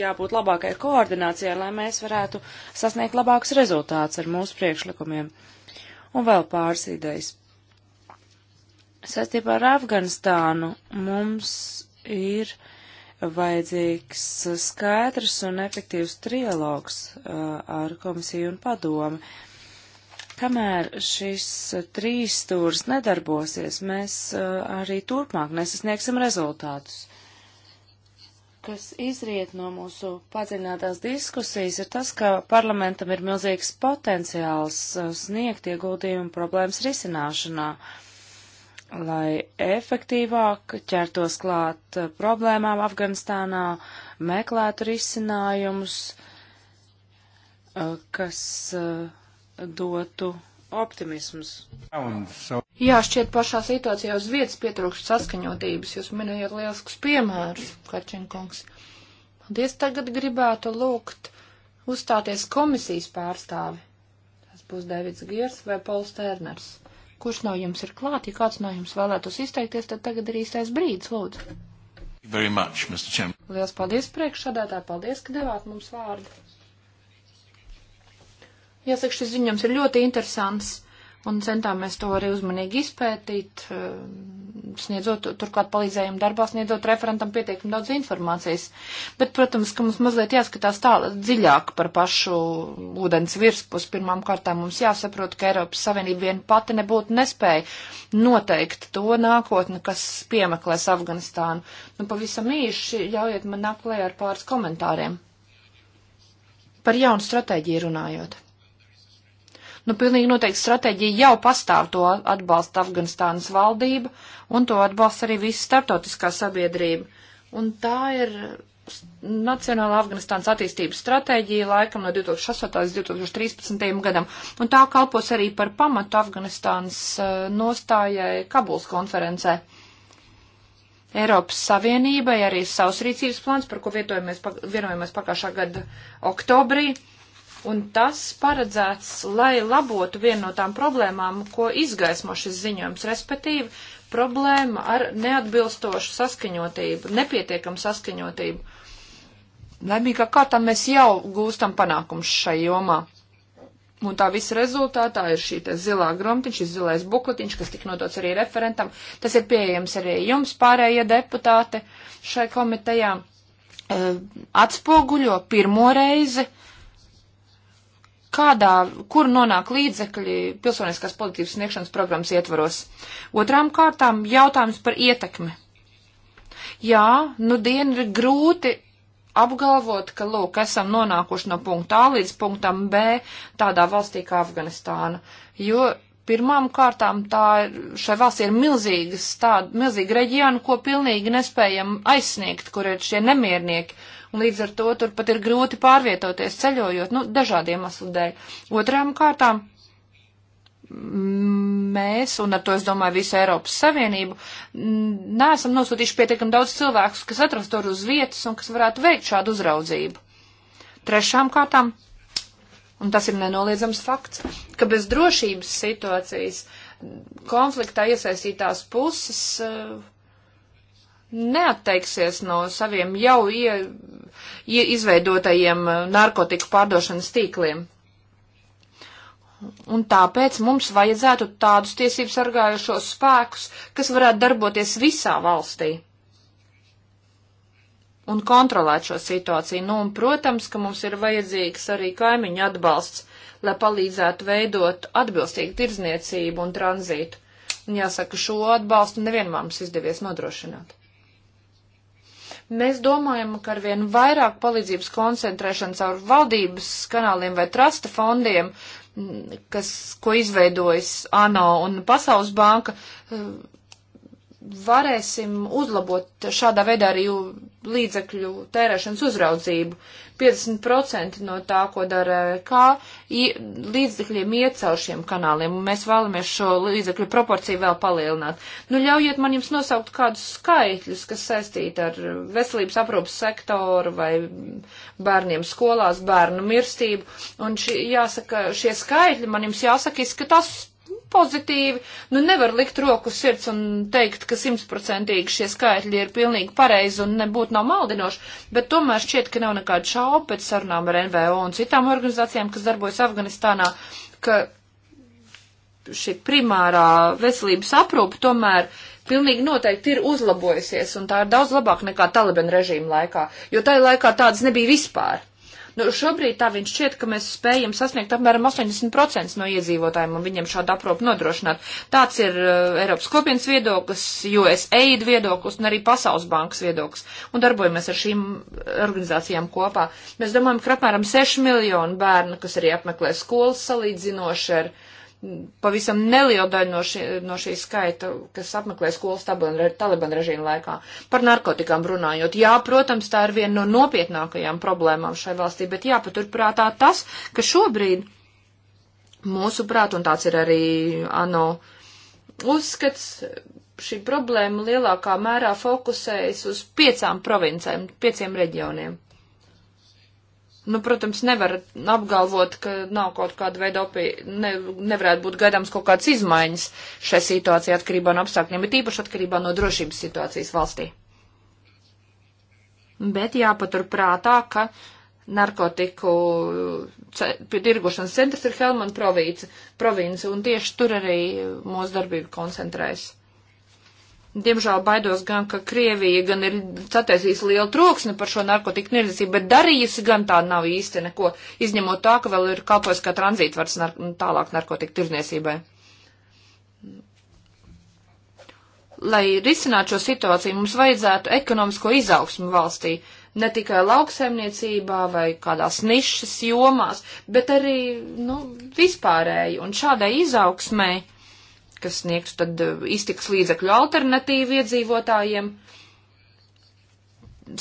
jābūt labākai koordinācijai, lai mēs varētu sasniegt labākus rezultātus ar mūsu priekšlikumiem. Un vēl pāris idejas. Sastībā ar Afganistānu mums ir vajadzīgs skaidrs un efektīvs trialogs ar komisiju un padomi. Kamēr šis trīs stūrs nedarbosies, mēs arī turpmāk nesasniegsim rezultātus kas izriet no mūsu padziļinātās diskusijas, ir tas, ka parlamentam ir milzīgs potenciāls uh, sniegt ieguldījumu problēmas risināšanā, lai efektīvāk ķertos klāt uh, problēmām Afganistānā, meklētu risinājumus, uh, kas dotu optimisms. Jā, šķiet pašā situācijā uz vietas pietrūkst saskaņotības. Jūs minējat lieliskus piemērus, Kačinkungs. Paldies, tagad gribētu lūgt uzstāties komisijas pārstāvi. Tas būs Davids Giers vai Pols Tērners. Kurš no jums ir klāt? Ja kāds no jums vēlētos izteikties, tad tagad ir īstais brīdis, lūdzu. Much, Lielas paldies priekšsādātā, paldies, ka devāt mums vārdu. Jāsaka, šis ziņojums ir ļoti interesants un centāmies to arī uzmanīgi izpētīt, eh, sniedzot, turklāt palīdzējām darbā, sniedzot referentam pietiekami daudz informācijas. Bet, protams, ka mums mazliet jāskatās tā dziļāk par pašu ūdens virspus. Pirmām kārtām mums jāsaprot, ka Eiropas Savienība vien pati nebūtu nespēja noteikt to nākotni, kas piemeklēs Afganistānu. Nu, pavisam īši ļaujiet man naklē ar pāris komentāriem. Par jaunu stratēģiju runājot. Nu, pilnīgi noteikti stratēģija jau pastāv to atbalsta Afganistānas valdība, un to atbalsta arī visa starptautiskā sabiedrība. Un tā ir Nacionāla Afganistānas attīstības stratēģija laikam no 2008. līdz 2013. gadam, un tā kalpos arī par pamatu Afganistānas eh, nostājai Kabuls konferencē. Eiropas Savienībai arī savs rīcības plāns, par ko vienojamies pagājušā gada oktobrī. Uh, un tas paredzēts, lai labotu vienu no tām problēmām, ko izgaismo šis ziņojums, respektīvi problēma ar neatbilstošu saskaņotību, nepietiekamu saskaņotību. Laimīgā kārtā mēs jau gūstam panākums šai jomā. Un tā visa rezultātā ir šī zilā gromtiņš, šis zilais bukletiņš, kas tik nodots arī referentam. Tas ir pieejams arī jums, pārējie deputāti šai komitejā. E, atspoguļo pirmo reizi uh, kādā, kur nonāk līdzekļi pilsoniskās politikas sniegšanas programmas ietvaros. Otrām kārtām jautājums par ietekmi. Jā, nu dien ir grūti apgalvot, ka, lūk, esam nonākuši no punkta A līdz punktam B tādā valstī kā Afganistāna, jo pirmām kārtām tā šai valstī ir milzīgas, tāda milzīga reģiona, ko pilnīgi nespējam aizsniegt, kur ir šie nemiernieki līdz ar to tur pat ir grūti pārvietoties ceļojot, nu, dažādiem aslu dēļ. Otrām kārtām mēs, un ar to es domāju visu Eiropas Savienību, neesam nosūtījuši pietiekam daudz cilvēkus, kas atrast tur uz vietas un kas varētu veikt šādu uzraudzību. Trešām kārtām, un tas ir nenoliedzams fakts, ka bez drošības situācijas konfliktā iesaistītās puses neatteiksies no saviem jau ie, izveidotajiem eh, narkotiku pārdošanas tīkliem. Un tāpēc mums vajadzētu tādus tiesību sargājušos spēkus, kas varētu darboties visā valstī un kontrolēt šo situāciju. Nu, un, protams, ka mums ir vajadzīgs arī kaimiņu atbalsts, lai palīdzētu veidot atbilstīgu tirzniecību un tranzītu. Un jāsaka, šo atbalstu nevienmēr mums izdevies nodrošināt. Mēs domājam, ka ar vien vairāk palīdzības koncentrēšana caur valdības kanāliem vai trasta fondiem, mm, kas, ko izveidojas ANO un Pasaules banka, varēsim uzlabot šādā veidā arī līdzekļu tērēšanas uzraudzību. 50% no tā, ko dara kā līdzekļiem iet caur šiem kanāliem, un mēs vēlamies šo līdzekļu proporciju vēl palielināt. Nu, ļaujiet man jums nosaukt kādus skaitļus, kas saistīti ar veselības aprūpas sektoru vai bērniem skolās, bērnu mirstību, un šī, jāsaka, šie skaitļi man jums jāsaka izskatās Nu, pozitīvi. Nu, nevar likt roku sirds un teikt, ka simtprocentīgi šie skaitļi ir pilnīgi pareizi un nebūtu nav maldinoši, bet tomēr šķiet, ka nav nekāda šauba pēc sarunām ar NVO un citām organizācijām, kas darbojas Afganistānā, ka šī primārā veselības aprūpa tomēr pilnīgi noteikti ir uzlabojusies, un tā ir daudz labāk nekā Taliban režīma laikā, jo tajā laikā tādas nebija vispār. Nu, šobrīd tā viņš šķiet, ka mēs spējam sasniegt apmēram 80% no iedzīvotājiem un viņiem šādu aprūpu nodrošināt. Tāds ir uh, Eiropas kopienas viedoklis, USAID viedoklis un arī Pasaules bankas viedoklis. Un darbojamies ar šīm uh, organizācijām kopā. Mēs domājam, ka apmēram 6 miljonu bērnu, kas arī apmeklē skolas salīdzinoši ar. Uh, pavisam neliela daļa no, šī, no šī skaita, kas apmeklē skolas Taliban režīmu laikā. Par narkotikām runājot, jā, protams, tā ir viena no nopietnākajām problēmām šai valstī, bet jāpaturprātā tas, ka šobrīd mūsuprāt, un tāds ir arī ANO uzskats, šī problēma lielākā mērā fokusējas uz piecām provincēm, pieciem reģioniem. Nu, protams, nevar apgalvot, ka nav kaut kāda veida opī, ne, nevarētu būt gaidāms kaut kādas izmaiņas šai situācijai atkarībā no apstākļiem, bet īpaši atkarībā no drošības situācijas valstī. Bet jāpatur prātā, ka narkotiku tirgošanas centrs ir Helman province, province, un tieši tur arī mūsu darbība koncentrējas. Diemžēl baidos gan, ka Krievija gan ir sataisījusi lielu troksni par šo narkotiku tirdzniecību, bet darījusi gan tā nav īsti neko, izņemot tā, ka vēl ir kalpojis kā tranzītvars nar tālāk narkotiku tirdzniecībai. Lai risinātu šo situāciju, mums vajadzētu ekonomisko izaugsmu valstī, ne tikai lauksaimniecībā vai kādās nišas jomās, bet arī, nu, vispārēji. Un šādai izaugsmai kas sniegtu tad eh, iztiks līdzekļu alternatīvu iedzīvotājiem,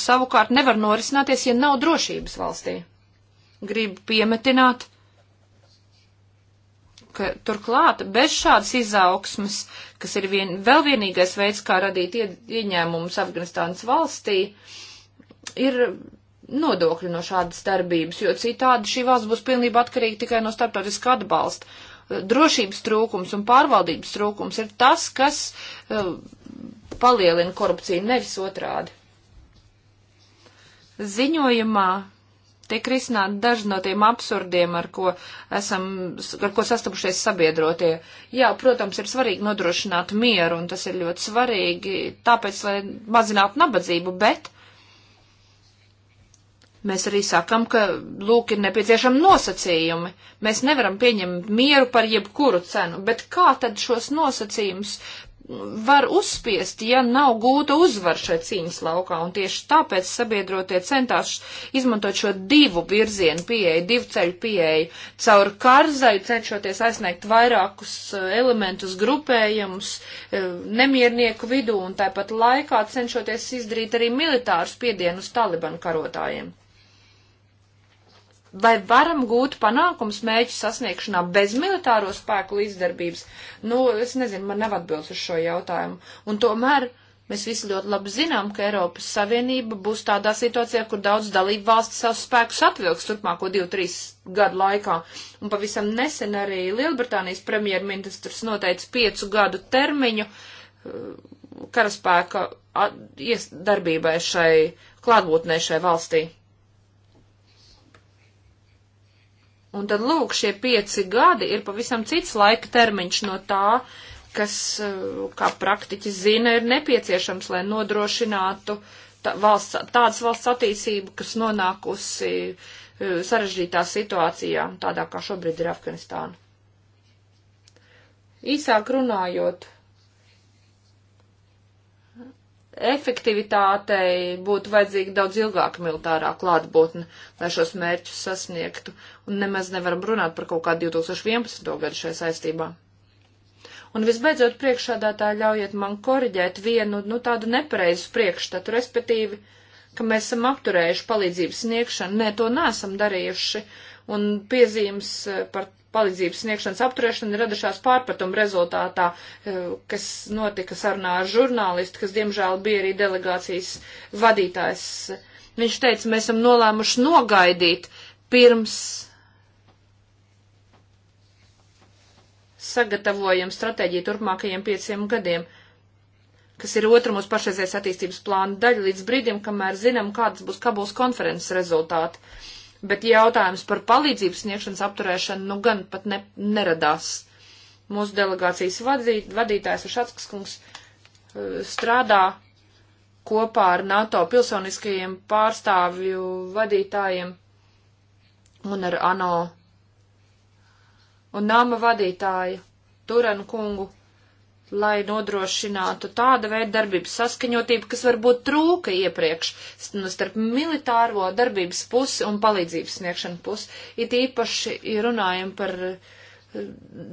savukārt nevar norisināties, ja nav drošības valstī. Gribu piemetināt, ka turklāt bez šādas izaugsmas, kas ir vien, vēl vienīgais veids, kā radīt ie, ieņēmumus Afganistānas valstī, ir nodokļu no šādas darbības, jo citādi šī valsts būs pilnībā atkarīga tikai no starptautiskā atbalsta. Drošības trūkums un pārvaldības trūkums ir tas, kas uh, palielina korupciju, nevis otrādi. Ziņojumā tiek risināti daži no tiem absurdiem, ar ko, esam, ar ko sastapušies sabiedrotie. Jā, protams, ir svarīgi nodrošināt mieru, un tas ir ļoti svarīgi, tāpēc, lai mazinātu nabadzību, bet Mēs arī sakam, ka, lūk, ir nepieciešami nosacījumi. Mēs nevaram pieņemt mieru par jebkuru cenu, bet kā tad šos nosacījumus var uzspiest, ja nav gūta uzvar šai cīņas laukā, un tieši tāpēc sabiedrotie centās izmantot šo divu virzienu pieeju, divu ceļu pieeju, caur karzai cenšoties aizsniegt vairākus eh, elementus grupējumus eh, nemiernieku vidū, un tāpat laikā cenšoties izdarīt arī militāru spiedienu uz Talibanu karotājiem vai varam gūt panākums mēģi sasniegšanā bez militāro spēku līdzdarbības? Nu, es nezinu, man nav atbildes uz šo jautājumu. Un tomēr mēs visi ļoti labi zinām, ka Eiropas Savienība būs tādā situācijā, kur daudz dalību valsts savus spēkus atvilks turpmāko 2-3 gadu laikā. Un pavisam nesen arī Lielbritānijas premjerministrs noteica piecu gadu termiņu eh, karaspēka darbībai šai klātbūtnē šai valstī. Un tad, lūk, šie pieci gadi ir pavisam cits laika termiņš no tā, kas, eh, kā praktiķis zina, ir nepieciešams, lai nodrošinātu tā, valsts, tādas valsts attīstību, kas nonākusi eh, sarežģītā situācijā, tādā kā šobrīd ir Afganistāna. Īsāk runājot, efektivitātei būtu vajadzīga daudz ilgāka militārā klātbūtne, lai šos mērķus sasniegtu, un nemaz nevaram runāt par kaut kādu 2011. gadu šai saistībā. Un visbeidzot, priekšādātāji ļaujiet man koriģēt vienu, nu, tādu nepareizu priekšstatu, respektīvi, ka mēs esam apturējuši palīdzības sniegšanu. Nē, to nesam darījuši, un piezīmes eh, par palīdzības sniegšanas apturēšana radušās pārpratuma rezultātā, e, kas notika sarunā ar žurnālistu, kas diemžēl bija arī delegācijas vadītājs. Viņš teica, mēs esam nolēmuši nogaidīt pirms sagatavojam stratēģiju turpmākajiem pieciem gadiem kas ir otra mūsu pašreizējais attīstības plāna daļa, līdz brīdim, kamēr zinām, kādas būs Kabuls konferences rezultāti bet jautājums par palīdzības sniegšanas apturēšanu nu gan pat ne, neradās. Mūsu delegācijas vadīt, vadītājs Ušatskas kungs e, strādā kopā ar NATO pilsoniskajiem pārstāvju vadītājiem un ar ANO un nama vadītāju Turanu kungu lai nodrošinātu tāda veida darbības saskaņotību, kas varbūt trūka iepriekš nu, starp militāro darbības pusi un palīdzības sniegšanu pusi. It īpaši runājam par uh,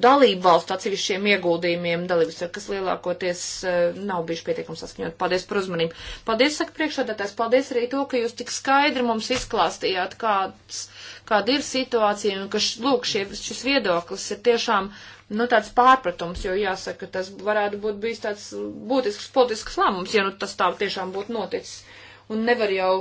dalību valstu atsevišķiem ieguldījumiem dalības, kas lielākoties eh, nav bijuši pietiekami saskaņot. Paldies par uzmanību. Paldies, saka priekšādātājs, paldies arī to, ka jūs tik skaidri mums izklāstījāt, kāds, kāda ir situācija un ka, š, lūk, šie, šis viedoklis ir tiešām, nu, tāds pārpratums, jo jāsaka, tas varētu būt bijis tāds būtisks politisks lēmums, ja nu tas tā tiešām būtu noticis. Un nevar jau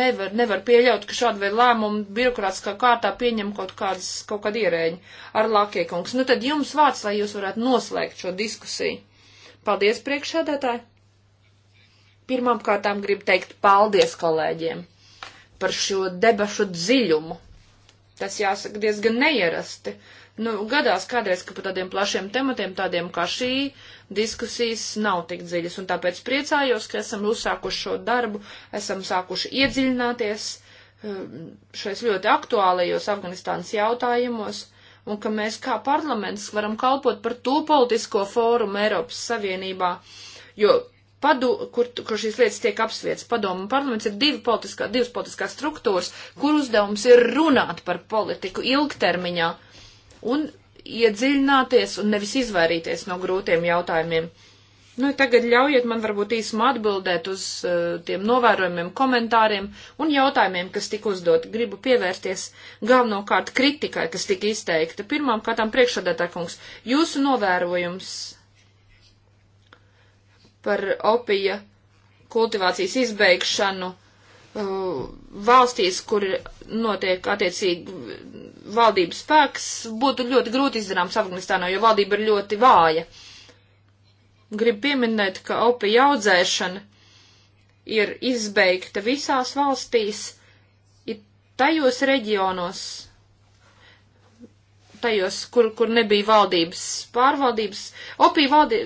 nevar, nevar pieļaut, ka šādu veidu lēmumu birokrātiskā kārtā pieņem kaut kādas, kaut kāda ierēģi ar lakiekungs. Nu tad jums vārds, lai jūs varētu noslēgt šo diskusiju. Paldies priekšsēdētāji! Pirmām kārtām gribu teikt paldies kolēģiem par šo debašu dziļumu. Tas jāsaka diezgan neierasti. Uh, Nu, gadās kādreiz, ka par tādiem plašiem tematiem, tādiem kā šī, diskusijas nav tik dziļas, un tāpēc priecājos, ka esam uzsākuši šo darbu, esam sākuši iedziļināties um, šais ļoti aktuālajos Afganistānas jautājumos un ka mēs kā parlaments varam kalpot par to politisko fórumu Eiropas Savienībā, jo padu, kur, kur šīs lietas tiek apsvietas padomu un parlaments ir divi politiskā, divas politiskās struktūras, kur uzdevums ir runāt par politiku ilgtermiņā un iedziļināties un nevis izvairīties no grūtiem jautājumiem. Nu, tagad ļaujiet man varbūt īsumā atbildēt uz uh, tiem novērojumiem, komentāriem un jautājumiem, kas tika uzdot. Gribu pievērsties galvenokārt kritikai, kas tika izteikta. Pirmām kārtām priekšsādātākungs, jūsu novērojums par opija kultivācijas izbeigšanu Uh, valstīs, kur notiek attiecīgi valdības spēks, būtu ļoti grūti izdarāms Afganistānā, jo valdība ir ļoti vāja. Gribu pieminēt, ka opija audzēšana ir izbeigta visās valstīs, ir tajos reģionos, tajos, kur, kur nebija valdības pārvaldības. Opija valdī,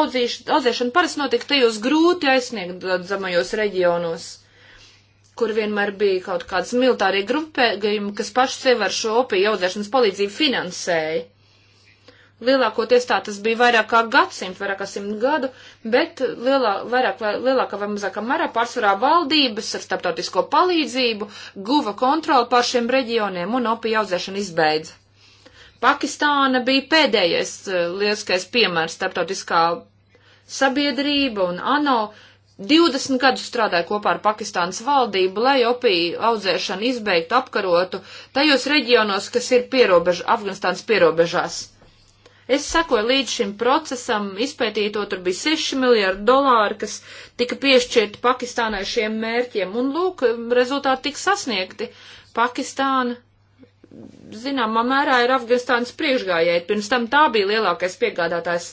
audzīšana, audzēšana parasti notika tajos grūti aizsniegtamos uh, reģionos kur vienmēr bija kaut kāds militārie grupējumi, kas paši sev ar šo opiju audzēšanas palīdzību finansēja. Lielākoties tā tas bija vairāk kā gadsimt, vairāk kā simt gadu, bet lielā, vairāk, vai, lielākā vai mazākā mērā pārsvarā valdības ar starptautisko palīdzību guva kontroli pār šiem reģioniem un opija audzēšana izbeidza. Pakistāna bija pēdējais eh, lieliskais piemērs starptautiskā sabiedrība un ANO 20 gadus strādāja kopā ar Pakistānas valdību, lai opiju audzēšanu izbeigtu, apkarotu tajos reģionos, kas ir pierobeža, Afganistānas pierobežās. Es sekoju līdz šim procesam, izpētīto tur bija 6 miljārdi dolāri, kas tika piešķirti Pakistānai šiem mērķiem, un lūk, rezultāti tika sasniegti. Pakistāna, zināmā mērā, ir Afganistānas priekšgājēji, pirms tam tā bija lielākais piegādātājs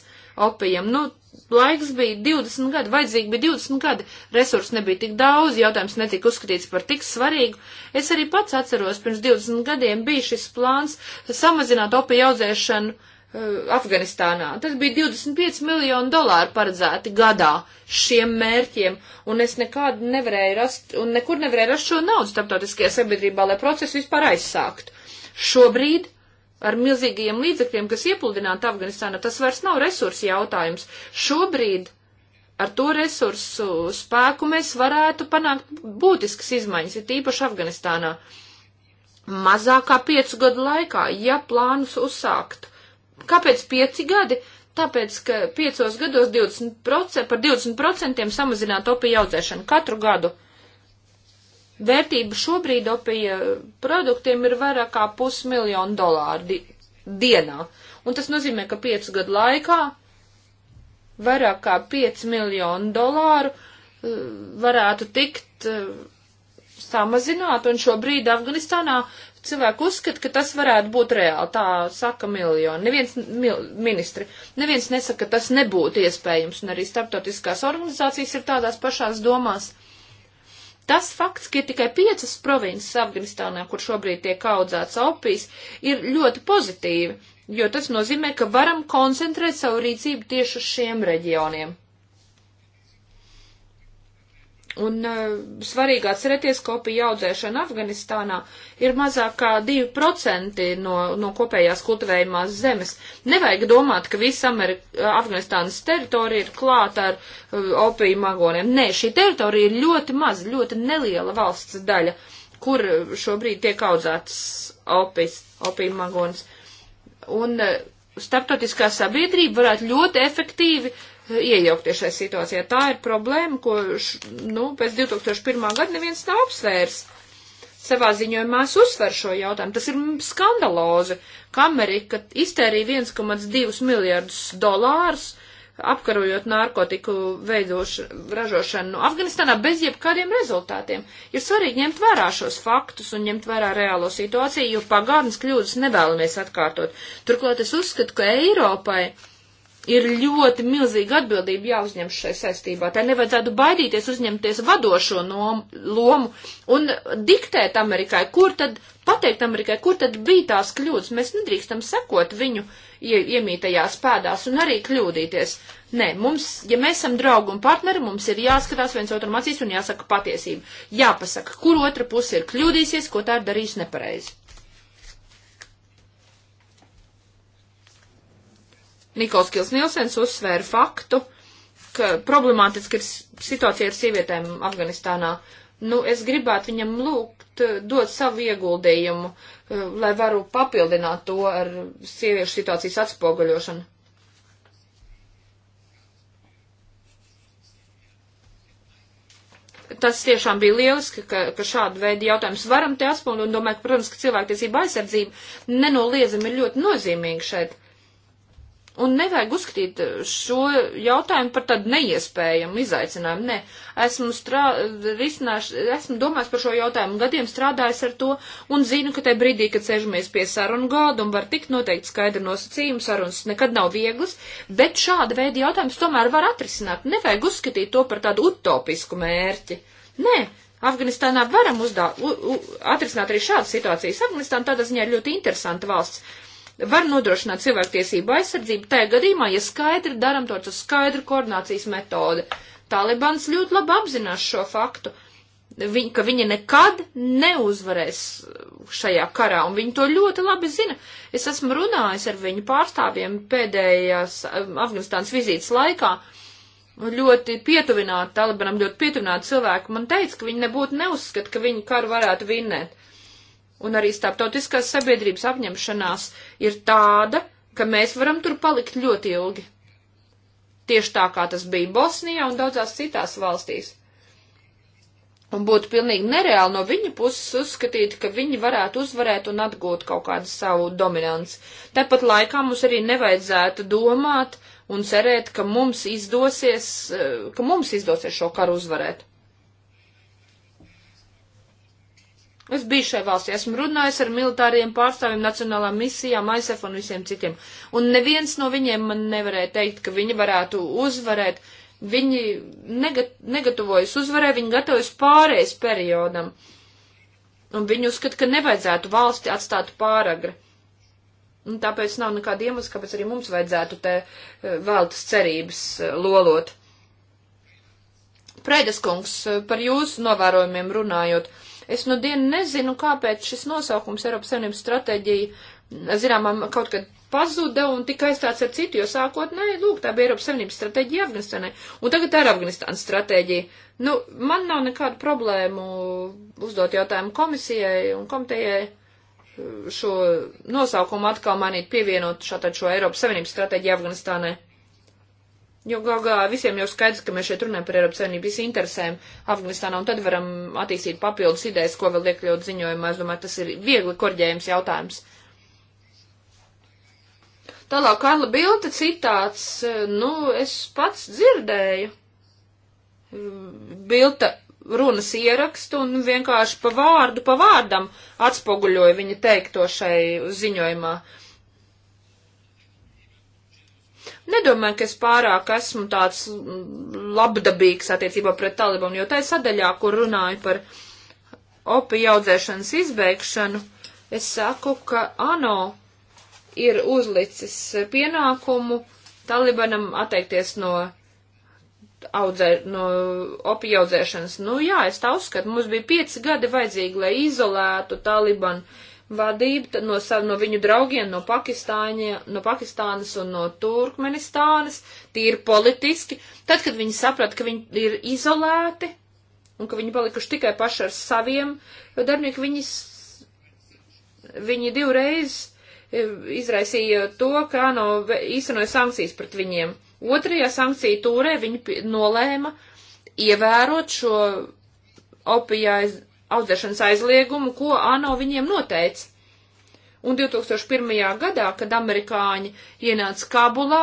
opijam. Nu, laiks bija 20 gadi, vajadzīgi bija 20 gadi, resursi nebija tik daudz, jautājums netika uzskatīts par tik svarīgu. Es arī pats atceros, pirms 20 gadiem bija šis plāns samazināt opiju audzēšanu uh, Afganistānā. Tad bija 25 miljoni dolāru paredzēti gadā šiem mērķiem, un es nekādu nevarēju rast, un nekur nevarēju rast šo naudu starptautiskajā sabiedrībā, lai procesu vispār aizsāktu. Šobrīd ar milzīgajiem līdzekļiem, kas iepludināti Afganistānā, tas vairs nav resursu jautājums. Šobrīd ar to resursu spēku mēs varētu panākt būtiskas izmaiņas, ir tīpaši Afganistānā. Mazākā piecu gadu laikā, ja plānus uzsāktu. Kāpēc pieci gadi? Tāpēc, ka piecos gados 20%, par 20% samazināt opiju audzēšanu katru gadu. Uh, Vērtība šobrīd opija produktiem ir vairāk kā pusmiljonu dolāru di dienā. Un tas nozīmē, ka piecu gadu laikā vairāk kā 5 miljonu dolāru uh, varētu tikt uh, samazināt, un šobrīd Afganistānā cilvēki uzskata, ka tas varētu būt reāli. Tā saka miljoni. Neviens mil, ministri, neviens nesaka, ka tas nebūtu iespējams, un arī starptautiskās organizācijas ir tādās pašās domās. Uh, Tas fakts, ka ir tikai piecas provinces Afganistānā, kur šobrīd tiek audzēts opijs, ir ļoti pozitīvi, jo tas nozīmē, ka varam koncentrēt savu rīcību tieši uz šiem reģioniem. Un uh, svarīgā cerēties kopija audzēšana Afganistānā ir mazāk kā 2% no, no kopējās kultivējumās zemes. Nevajag domāt, ka visa Afganistānas teritorija ir klāta ar uh, opiju magoniem. Nē, šī teritorija ir ļoti maza, ļoti neliela valsts daļa, kur uh, šobrīd tiek audzēts opijas, opiju magons. Un uh, starptautiskā sabiedrība varētu ļoti efektīvi uh, iejaukties šajā situācijā. Tā ir problēma, ko, š, nu, pēc 2001. gada neviens nav apsvērs. Savā ziņojumā es uzsveru šo jautājumu. Tas ir skandalozi, ka Amerika iztērīja 1,2 miljardus dolārus apkarojot narkotiku veidošu, ražošanu Afganistānā bez jebkādiem rezultātiem. Ir svarīgi ņemt vērā šos faktus un ņemt vērā reālo situāciju, jo pagātnes kļūdas nevēlamies atkārtot. Turklāt es uzskatu, ka Eiropai ir ļoti milzīga atbildība jāuzņem šai saistībā. Tā nevajadzētu baidīties uzņemties vadošo nom, lomu un diktēt Amerikai, kur tad, pateikt Amerikai, kur tad bija tās kļūdas. Mēs nedrīkstam sekot viņu ie, iemītajās pēdās un arī kļūdīties. Nē, mums, ja mēs esam draugi un partneri, mums ir jāskatās viens otram acīs un jāsaka patiesība. Jāpasaka, kur otra puse ir kļūdīsies, ko tā ir darījusi nepareizi. Nikols Kils Nilsens uzsvēra faktu, ka problemātiska ir situācija ar sievietēm Afganistānā. Nu, es gribētu viņam lūgt eh, dot savu ieguldījumu, eh, lai varu papildināt to ar sieviešu situācijas atspoguļošanu. tas tiešām bija lieliski, ka, ka šādu veidu jautājumus varam te atspoguļot un domāju, ka, protams, ka cilvēktiesība aizsardzība nenoliedzami ir ļoti nozīmīga šeit. Un nevajag uzskatīt šo jautājumu par tādu neiespējamu izaicinājumu. Nē, esmu, strā, esmu domājis par šo jautājumu, gadiem strādājis ar to un zinu, ka tajā brīdī, kad sēžamies pie sarunu gādu un var tikt noteikti skaidri nosacījumi, sarunas nekad nav vieglas, bet šāda veida jautājums tomēr var atrisināt. Nevajag uzskatīt to par tādu utopisku mērķi. Nē, Afganistānā varam uzdā, u, u, atrisināt arī šādas situācijas. Afganistāna tādā ziņā ir ļoti interesanta valsts var nodrošināt cilvēktiesību aizsardzību tajā gadījumā, ja skaidri daram to uz skaidru koordinācijas metodi. Talibans ļoti labi apzinās šo faktu, viņ, ka viņi nekad neuzvarēs šajā karā, un viņi to ļoti labi zina. Es esmu runājis ar viņu pārstāvjiem pēdējās um, Afganistānas vizītes laikā, ļoti pietuvināti Talibanam, ļoti pietuvināti cilvēki man teica, ka viņi nebūtu neuzskata, ka viņu karu varētu vinnēt un arī starptautiskās sabiedrības apņemšanās ir tāda, ka mēs varam tur palikt ļoti ilgi. Tieši tā kā tas bija Bosnijā un daudzās citās valstīs. Un būtu pilnīgi nereāli no viņa puses uzskatīt, ka viņi varētu uzvarēt un atgūt kaut kādu savu dominanci. Tāpat laikā mums arī nevajadzētu domāt un cerēt, ka mums izdosies, eh, ka mums izdosies šo karu uzvarēt. Es biju šai valstī, esmu runājis ar militāriem pārstāvjiem, nacionālām misijām, ISF un visiem citiem. Un neviens no viņiem man nevarēja teikt, ka viņi varētu uzvarēt. Viņi negat, negatavojas uzvarē, viņi gatavojas pārējais periodam. Un viņi uzskata, ka nevajadzētu valsti atstāt pāragri. Un tāpēc nav nekāda iemesla, kāpēc arī mums vajadzētu te eh, veltas cerības eh, lolot. Prēdeskungs, eh, par jūsu novērojumiem runājot. Uh, Es nu dienu nezinu, kāpēc šis nosaukums Eiropas Savienības stratēģija zināmām kaut kad pazuda un tika aizstāts ar citu, jo sākotnēji, lūk, tā bija Eiropas Savienības stratēģija Afganistānai, un tagad tā ir Afganistānas stratēģija. Nu, man nav nekādu problēmu uzdot jautājumu komisijai un komitejai uh, šo nosaukumu atkal mainīt, pievienot šātad šo Eiropas Savienības stratēģiju Afganistānai. Jo gal galā visiem jau skaidrs, ka mēs šeit runājam par Eiropas Savienības interesēm Afganistānā, un tad varam attīstīt papildus idejas, ko vēl iekļaut ziņojumā. Es domāju, tas ir viegli korģējums jautājums. Tālāk Karla Bilta citāts, nu, es pats dzirdēju. Bilta runas ierakstu un vienkārši pa vārdu, pa vārdam atspoguļoja viņa teikto šai ziņojumā. Uh, Nedomāju, ka es pārāk esmu tāds labdabīgs attiecībā pret Talibanu, jo tai sadaļā, kur runāju par opiju audzēšanas izbeigšanu, es saku, ka ANO ir uzlicis pienākumu Talibanam atteikties no, audzē, no opiju audzēšanas. Nu jā, es tā uzskatu, mums bija pieci gadi vajadzīgi, lai izolētu Talibanu vadību no, savu, no viņu draugiem no, no Pakistānas un no Turkmenistānas, tīri politiski, tad, kad viņi saprata, ka viņi ir izolēti un ka viņi palikuši tikai paši ar saviem darbiniekiem, viņi, viņi divreiz e, izraisīja to, kā no īstenoja sankcijas pret viņiem. Otrajā sankciju tūrē viņi nolēma ievērot šo opijais audzēšanas aizliegumu, ko ANO viņiem noteica. Un 2001. gadā, kad amerikāņi ienāca Kabulā,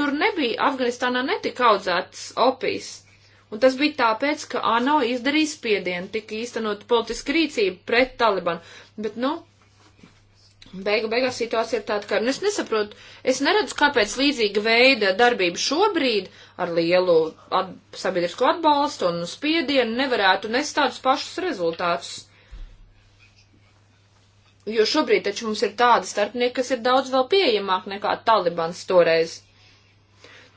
tur nebija, Afganistānā netika audzētas opijas. Un tas bija tāpēc, ka ANO izdarīja spiedienu, tika īstenot politiska rīcība pret Talibanu. Bet, nu, beigu beigās situācija ir tāda, ka nu, es nesaprotu, es neredzu, kāpēc līdzīga veida darbība šobrīd ar lielu at sabiedrisko atbalstu un spiedienu nevarētu nest tādus pašus rezultātus. Jo šobrīd taču mums ir tādi starpnieki, kas ir daudz vēl pieejamāk nekā Talibans toreiz.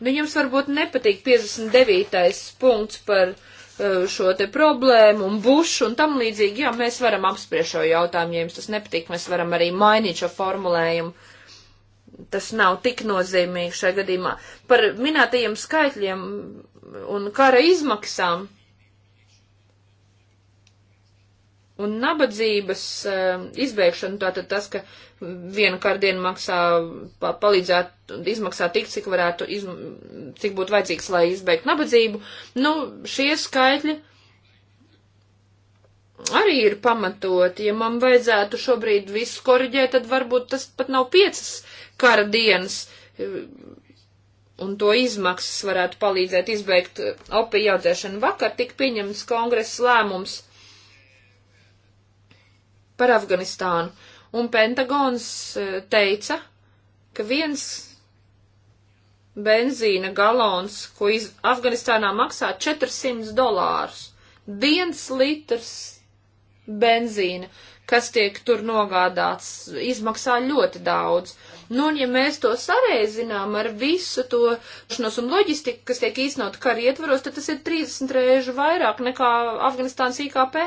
Nu, jums varbūt nepatīk 59. punkts par eh, šo te problēmu un bušu un tam līdzīgi. Jā, mēs varam apspriest šo jautājumu, ja jums tas nepatīk, mēs varam arī mainīt šo formulējumu tas nav tik nozīmīgi šajā gadījumā. Par minētajiem skaitļiem un kara izmaksām un nabadzības eh, izbēgšanu, tātad tas, ka vienu kardienu maksā palīdzēt izmaksāt tik, cik varētu, iz, cik būtu vajadzīgs, lai izbeigtu nabadzību, nu, šie skaitļi arī ir pamatoti. Ja man vajadzētu šobrīd visu koriģēt, tad varbūt tas pat nav piecas kara dienas un to izmaksas varētu palīdzēt izbeigt eh, opiju audzēšanu. Vakar tika pieņemts kongresa lēmums par Afganistānu, un Pentagons eh, teica, ka viens benzīna galons, ko iz Afganistānā maksā 400 dolārus, viens litrs benzīna, kas tiek tur nogādāts, izmaksā ļoti daudz. Nu, un ja mēs to sareizinām ar visu to šnos un loģistiku, kas tiek īstenot kara ietvaros, tad tas ir 30 reižu vairāk nekā Afganistāns IKP.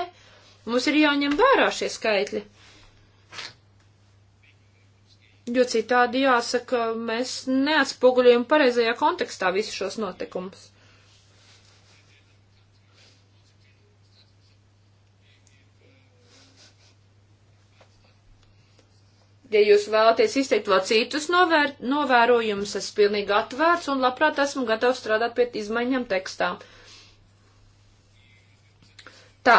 Mums ir jāņem vērā šie skaitļi. Jo citādi jāsaka, mēs neatspoguļojam pareizajā kontekstā visus šos notikumus. Ja jūs vēlaties izteikt vēl citus novēr novērojumus, es pilnīgi atvērts un labprāt esmu gatavs strādāt pie izmaiņām tekstā. Tā.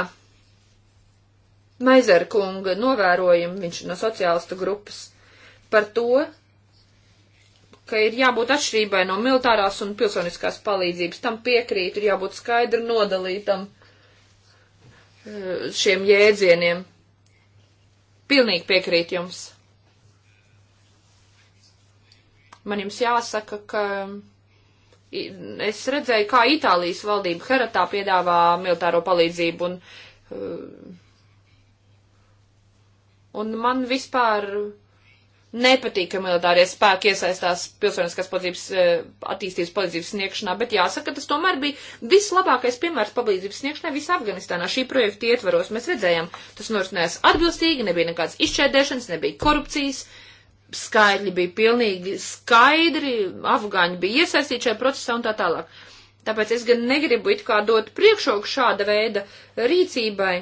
Maizera kunga novērojumi, viņš no sociālistu grupas, par to, ka ir jābūt atšķirībai no militārās un pilsoniskās palīdzības. Tam piekrīt, ir jābūt skaidri nodalītam eh, šiem jēdzieniem. Pilnīgi piekrīt jums. Man jums jāsaka, ka es redzēju, kā Itālijas valdība Heratā piedāvā militāro palīdzību un, uh, un man vispār nepatīk, ka militārie spēki iesaistās pilsoniskās palīdzības uh, attīstības palīdzības sniegšanā, bet jāsaka, tas tomēr bija vislabākais piemērs palīdzības sniegšanai visā Afganistānā. Šī projekta ietvaros mēs redzējām, tas norisinājās atbilstīgi, nebija nekādas izšķēdēšanas, nebija korupcijas, uh, skaidri bija pilnīgi skaidri, afgāņi bija iesaistīti šajā procesā un tā tālāk. Tāpēc es gan negribu it kā dot priekšroku šāda veida rīcībai.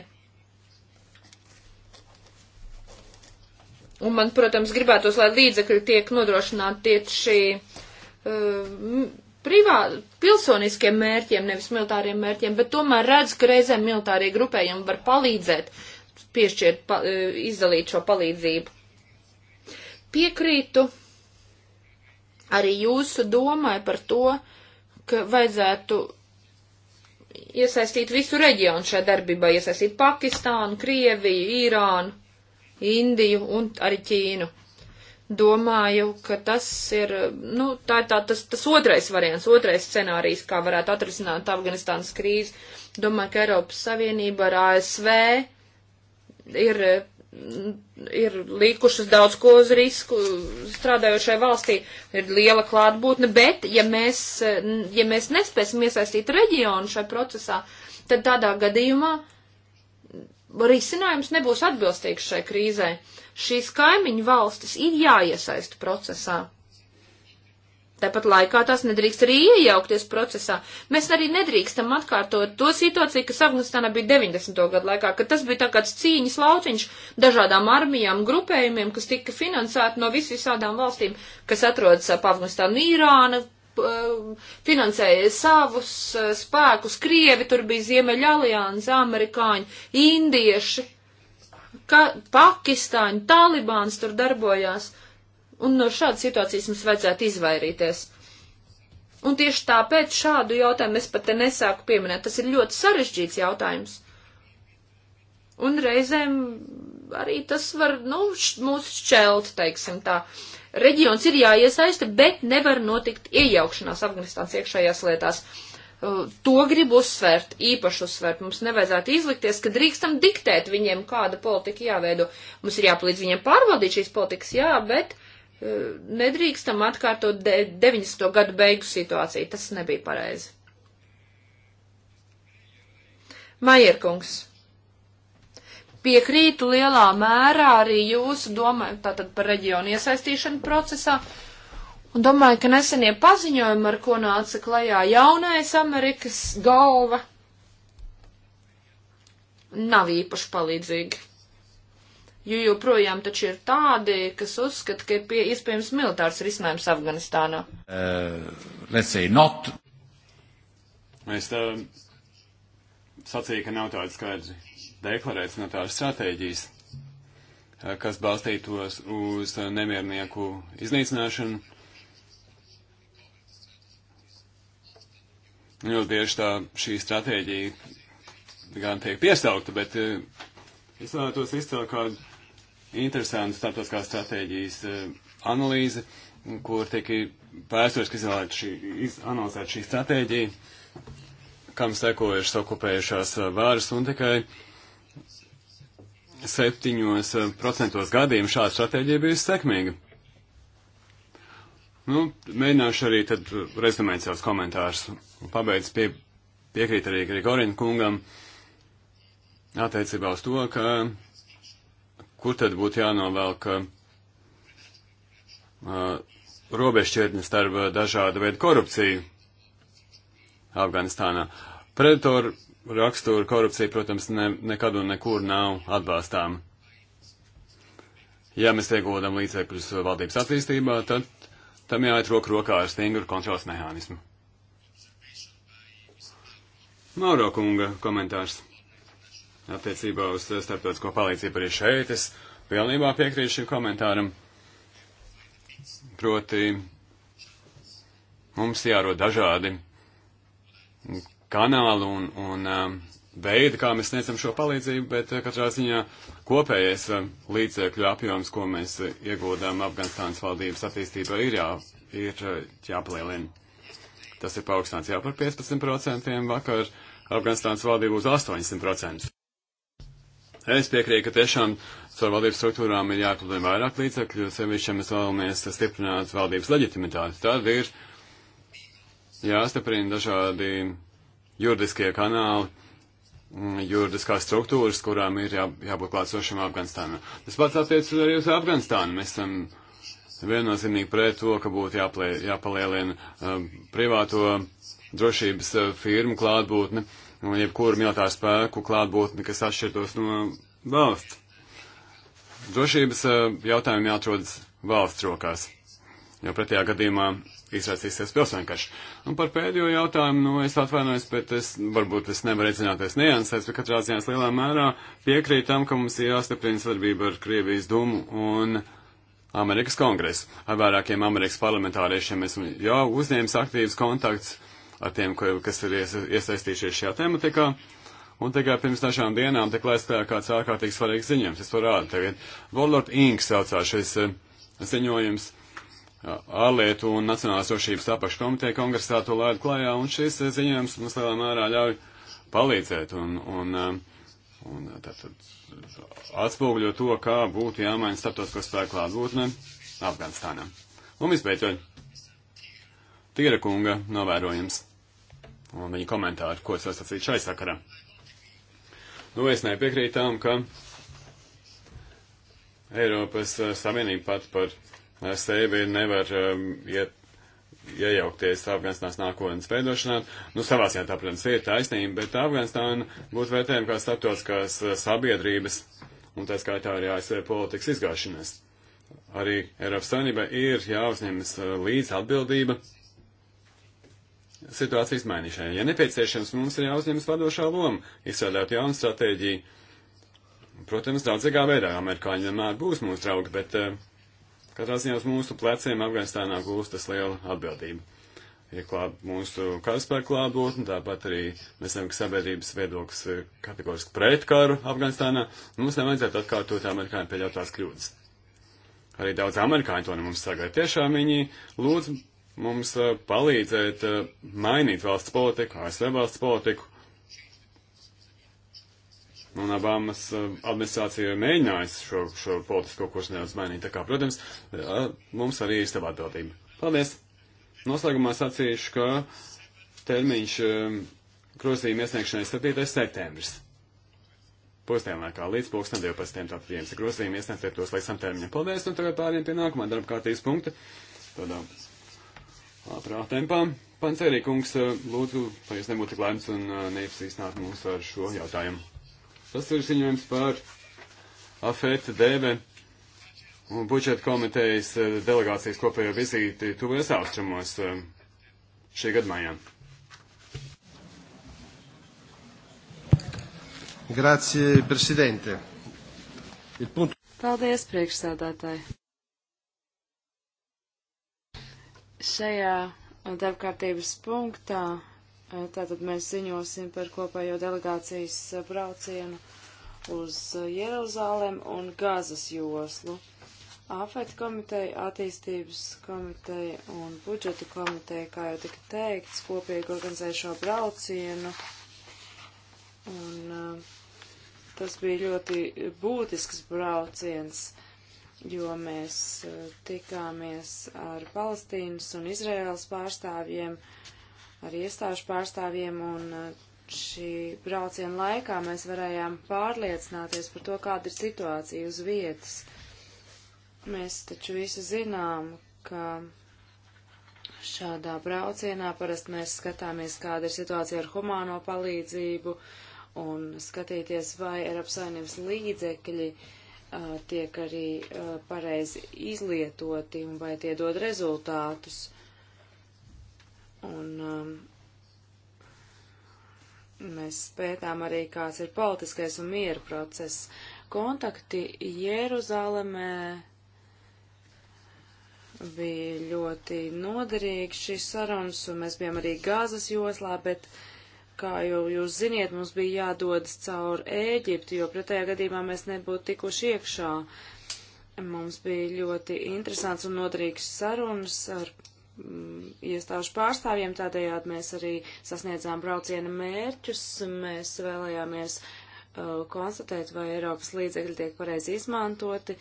Un man, protams, gribētos, lai līdzekļi tiek nodrošināti tieši uh, privā, pilsoniskiem mērķiem, nevis militāriem mērķiem, bet tomēr redz, ka reizēm militārie grupējumi var palīdzēt piešķirt, pa, uh, izdalīt šo palīdzību. Piekrītu arī jūsu domai par to, ka vajadzētu iesaistīt visu reģionu šajā darbībā, iesaistīt Pakistānu, Krieviju, Īrānu, Indiju un arī Ķīnu. Domāju, ka tas ir, nu, tā ir tā, tas, tas otrais variants, otrais scenārijs, kā varētu atrisināt Afganistānas krīzi. Domāju, ka Eiropas Savienība ar ASV ir ir likušas daudz ko uz risku strādājošai valstī, ir liela klātbūtne, bet ja mēs, ja mēs nespēsim iesaistīt reģionu šai procesā, tad tādā gadījumā risinājums nebūs atbilstīgs šai krīzē. Šīs kaimiņu valstis ir jāiesaista procesā. Tāpat laikā tās nedrīkst arī iejaukties procesā. Mēs arī nedrīkstam atkārtot to situāciju, kas Afganistānā bija 90. gadu laikā, kad tas bija tā kāds cīņas lauciņš dažādām armijām, grupējumiem, kas tika finansēti no vis visādām valstīm, kas atrodas ap Afganistānu, Irāna, finansēja savus eh, spēkus, Krievi, tur bija Ziemeļa alianses, Amerikāņi, Indieši, ka, Pakistāņi, Talibāns tur darbojās. Uh, Un no šādas situācijas mums vajadzētu izvairīties. Un tieši tāpēc šādu jautājumu es pat te nesāku pieminēt. Tas ir ļoti sarežģīts jautājums. Un reizēm arī tas var, nu, mūs šķelt, teiksim tā. Reģions ir jāiesaista, bet nevar notikt iejaukšanās Afganistāns iekšējās lietās. Uh, to grib uzsvērt, īpaši uzsvērt. Mums nevajadzētu izlikties, ka drīkstam diktēt viņiem, kāda politika jāveido. Mums ir jāpalīdz viņiem pārvaldīt šīs politikas, jā, bet nedrīkstam atkārtot 90. gadu beigu situāciju. Tas nebija pareizi. Maierkungs. Piekrītu lielā mērā arī jūsu domai tātad par reģionu iesaistīšanu procesā. Un domāju, ka nesenie paziņojumi, ar ko nāca klajā jaunais Amerikas galva, nav īpaši palīdzīgi jo joprojām taču ir tādi, kas uzskata, ka ir pie, iespējams militārs risinājums Afganistānā. Uh, Mēs tā sacīju, ka nav tādas skaidri deklarētas no tādas stratēģijas, uh, kas balstītos uz uh, nemiernieku iznīcināšanu. Nu, ļoti bieži tā šī stratēģija gan tiek piesaukta, bet uh, es vēlētos izcelt kādu interesanta starptautiskā stratēģijas eh, analīze, kur tiek vēsturiski šī, analizēta šī stratēģija, kam sekojušas okupējušās eh, vāras un tikai septiņos eh, procentos gadījumu šāda stratēģija bijusi sekmīga. Nu, mēģināšu arī tad rezumēt savus komentārus. Pabeidz pie, piekrīt arī Grigorina kungam attiecībā uz to, ka kur tad būtu jānovelk uh, uh robežšķietnes starp uh, dažāda veida korupciju Afganistānā. Predatoru raksturu korupcija, protams, ne, nekad un nekur nav atbalstāma. Ja mēs ieguldam līdzekļus valdības attīstībā, tad tam jāiet roku rokā ar stingru kontrols mehānismu. Mauro kunga komentārs attiecībā uz starptautisko palīdzību arī šeit. Es pilnībā piekrītu šim komentāram. Proti, mums jārod dažādi kanāli un, un um, veidi, kā mēs sniedzam šo palīdzību, bet uh, katrā ziņā kopējais um, līdzekļu apjoms, ko mēs uh, iegūdām Afganistānas valdības attīstībā, ir, jā, ir uh, jāpalielina. Tas ir paaugstināts jau par 15% vakar, Afganistānas valdība uz 800%. Es piekrītu, ka tiešām caur valdības struktūrām ir jāpludina vairāk līdzekļu, jo sevišķi mēs vēlamies stiprināt valdības leģitimitāti. Tad ir jāstiprina dažādi juridiskie kanāli, mm, juridiskās struktūras, kurām ir jā, jābūt klātsošam Afganistānam. Tas pats attiecas arī uz Afganistānu. Mēs esam viennozīmīgi pret to, ka būtu jāplē, jāpalielina uh, privāto drošības uh, firmu klātbūtne. Uh, Nu, un jebkuru militāru spēku klātbūtni, kas atšķirtos no valsts. Drošības eh, jautājumi jāatrodas valsts rokās, jo pretējā gadījumā izraisīsies pilsēnkaši. Un par pēdējo jautājumu, nu, es atvainojos, bet es varbūt es nevaru iedzināties niansēs, bet katrā ziņā lielā mērā piekrīt tam, ka mums ir jāstiprina sadarbība ar Krievijas domu un Amerikas kongresu. Ar vairākiem Amerikas parlamentāriešiem esmu jau uzņēmis aktīvas kontakts ar tiem, kas ir iesaistījušies šajā tematikā. Un tikai pirms dažām dienām tiek lēsts kāds ārkārtīgi svarīgs ziņojums. Es to rādu tagad. Warlord Inc. saucās šis eh, ziņojums eh, ārlietu un nacionālās drošības apakškomiteja kongresā to lēdu klājā, un šis eh, ziņojums mums lielā mērā ļauj palīdzēt un, un, un tātad atspūgļo to, kā būtu jāmaina starptautisko spēku klātbūtne Afganistānā. Un visbeidzot, Tīra kunga novērojums un viņa komentāru, ko es sacīju šai sakarā. Nu, es nepiekrītu tam, ka Eiropas eh, Savienība pat par eh, sevi nevar eh, iet, iejaukties Afganistānas nākotnes veidošanā. Nu, savā ziņā tā, protams, ir taisnība, bet Afganistāna būtu vērtējama kā starptautiskās sabiedrības un tā skaitā arī ASV politikas izgāšanās. Arī Eiropas Savienībai ir jāuzņemas līdz atbildība situācijas mainīšanai. Ja nepieciešams, mums ir jāuzņemas vadošā loma, izstrādāt jaunu stratēģiju. Protams, daudzīgā veidā amerikāņi vienmēr būs mūsu draugi, bet uh, katrā ziņā uz mūsu pleciem Afganistānā gūstas liela atbildība. Ir klāt mūsu karaspēku klātbūtne, tāpat arī mēs zinām, ka sabiedrības viedoklis ir kategoriski pret karu Afganistānā. Mums nevajadzētu atkārtot amerikāņu pieļautās kļūdas. Arī daudz amerikāņu to ne mums sagaida. Tiešām viņi lūdz mums eh, palīdzēt eh, mainīt valsts politiku, ASV valsts politiku. Un Obamas eh, administrācija ir mēģinājusi šo, šo politisko kursu nedaudz mainīt. Tā kā, protams, mums arī ir sava atbildība. Paldies! Noslēgumā sacīšu, ka termiņš grozījuma iesniegšanai 7. septembris. Pusdienlaikā līdz pulksten 12. tātad viens grozījuma iesniegsiet tos līdz tam termiņam. Paldies, un tagad pāriem pie nākamā darba kārtības punkta. Tādā. Um, ātrā tempā. Pancerī kungs, eh, lūdzu, lai jūs nebūtu tik lēms un eh, neiepazīstināt mūs ar šo jautājumu. Tas ir ziņojums par afēta dēve un budžeta komitejas eh, delegācijas kopējo vizīti tuvies austrumos šī gada mājā. Grazie, prezidente. Punkt... Paldies, priekšsēdētāji. Šajā uh, darbkārtības punktā uh, tātad mēs ziņosim par kopējo delegācijas uh, braucienu uz Jeruzālēm un Gazas joslu. Āfēta komiteja, attīstības komiteja un budžeta komiteja, kā jau tika teikts, kopīgi organizē šo braucienu. Un uh, tas bija ļoti būtisks brauciens. Uh, jo mēs e, tikāmies ar Palestīnas un Izraēlas pārstāvjiem, ar iestāžu pārstāvjiem, un e, šī brauciena laikā mēs varējām pārliecināties par to, kāda ir situācija uz vietas. Mēs taču visi zinām, ka šādā braucienā parasti mēs skatāmies, kāda ir situācija ar humāno palīdzību un skatīties, vai Eiropas Savienības līdzekļi uh, tiek arī pareizi izlietoti un vai tie dod rezultātus. Un um, mēs pētām arī, kāds ir politiskais un miera process. Kontakti Jeruzālēmē bija ļoti noderīgi šīs sarunas, un mēs bijām arī gāzes joslā, bet uh, kā jau jūs ziniet, mums bija jādodas caur Ēģipti, jo pretējā gadījumā mēs nebūtu tikuši iekšā. Mums bija ļoti interesants un noderīgs sarunas ar mm, iestāžu pārstāvjiem, tādējādi mēs arī sasniedzām brauciena mērķus. Mēs vēlējāmies uh, konstatēt, vai Eiropas līdzekļi tiek pareizi izmantoti,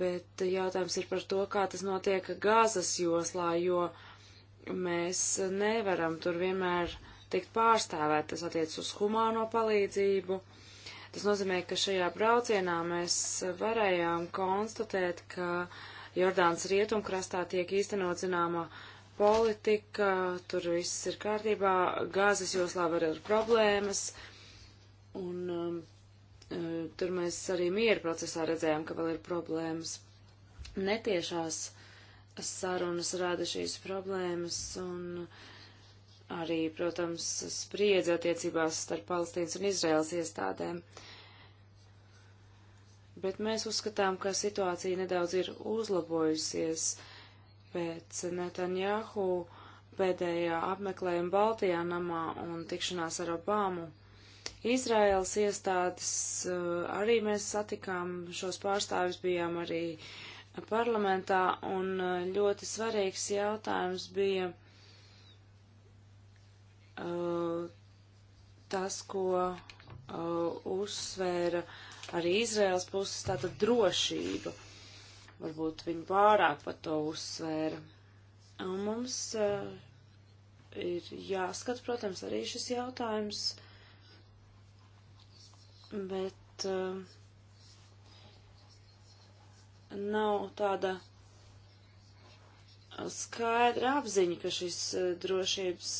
bet jautājums ir par to, kā tas notiek gazas joslā, jo mēs nevaram tur vienmēr uh, tikt pārstāvēt. Tas attiec uz humāno palīdzību. Tas nozīmē, ka šajā braucienā mēs varējām konstatēt, ka Jordāns rietumkrastā tiek īstenot zināma politika, tur viss ir kārtībā, gāzes joslā var ir problēmas, un um, eh, tur mēs arī miera procesā redzējām, ka vēl ir problēmas. Netiešās sarunas rada šīs problēmas, un uh, arī, protams, spriedze attiecībās starp Palestīnas un Izraels iestādēm. Bet mēs uzskatām, ka situācija nedaudz ir uzlabojusies pēc Netanjahu pēdējā apmeklējuma Baltijā namā un tikšanās ar Obamu. Izraels iestādes eh, arī mēs satikām, šos pārstāvis bijām arī parlamentā, un eh, ļoti svarīgs jautājums bija Eh, tas, ko eh, uzsvēra arī Izraels puses, tātad drošība. Varbūt viņi pārāk par to uzsvēra. Un mums eh, ir jāskat, protams, arī šis jautājums, bet nav tāda skaidra apziņa, ka šis drošības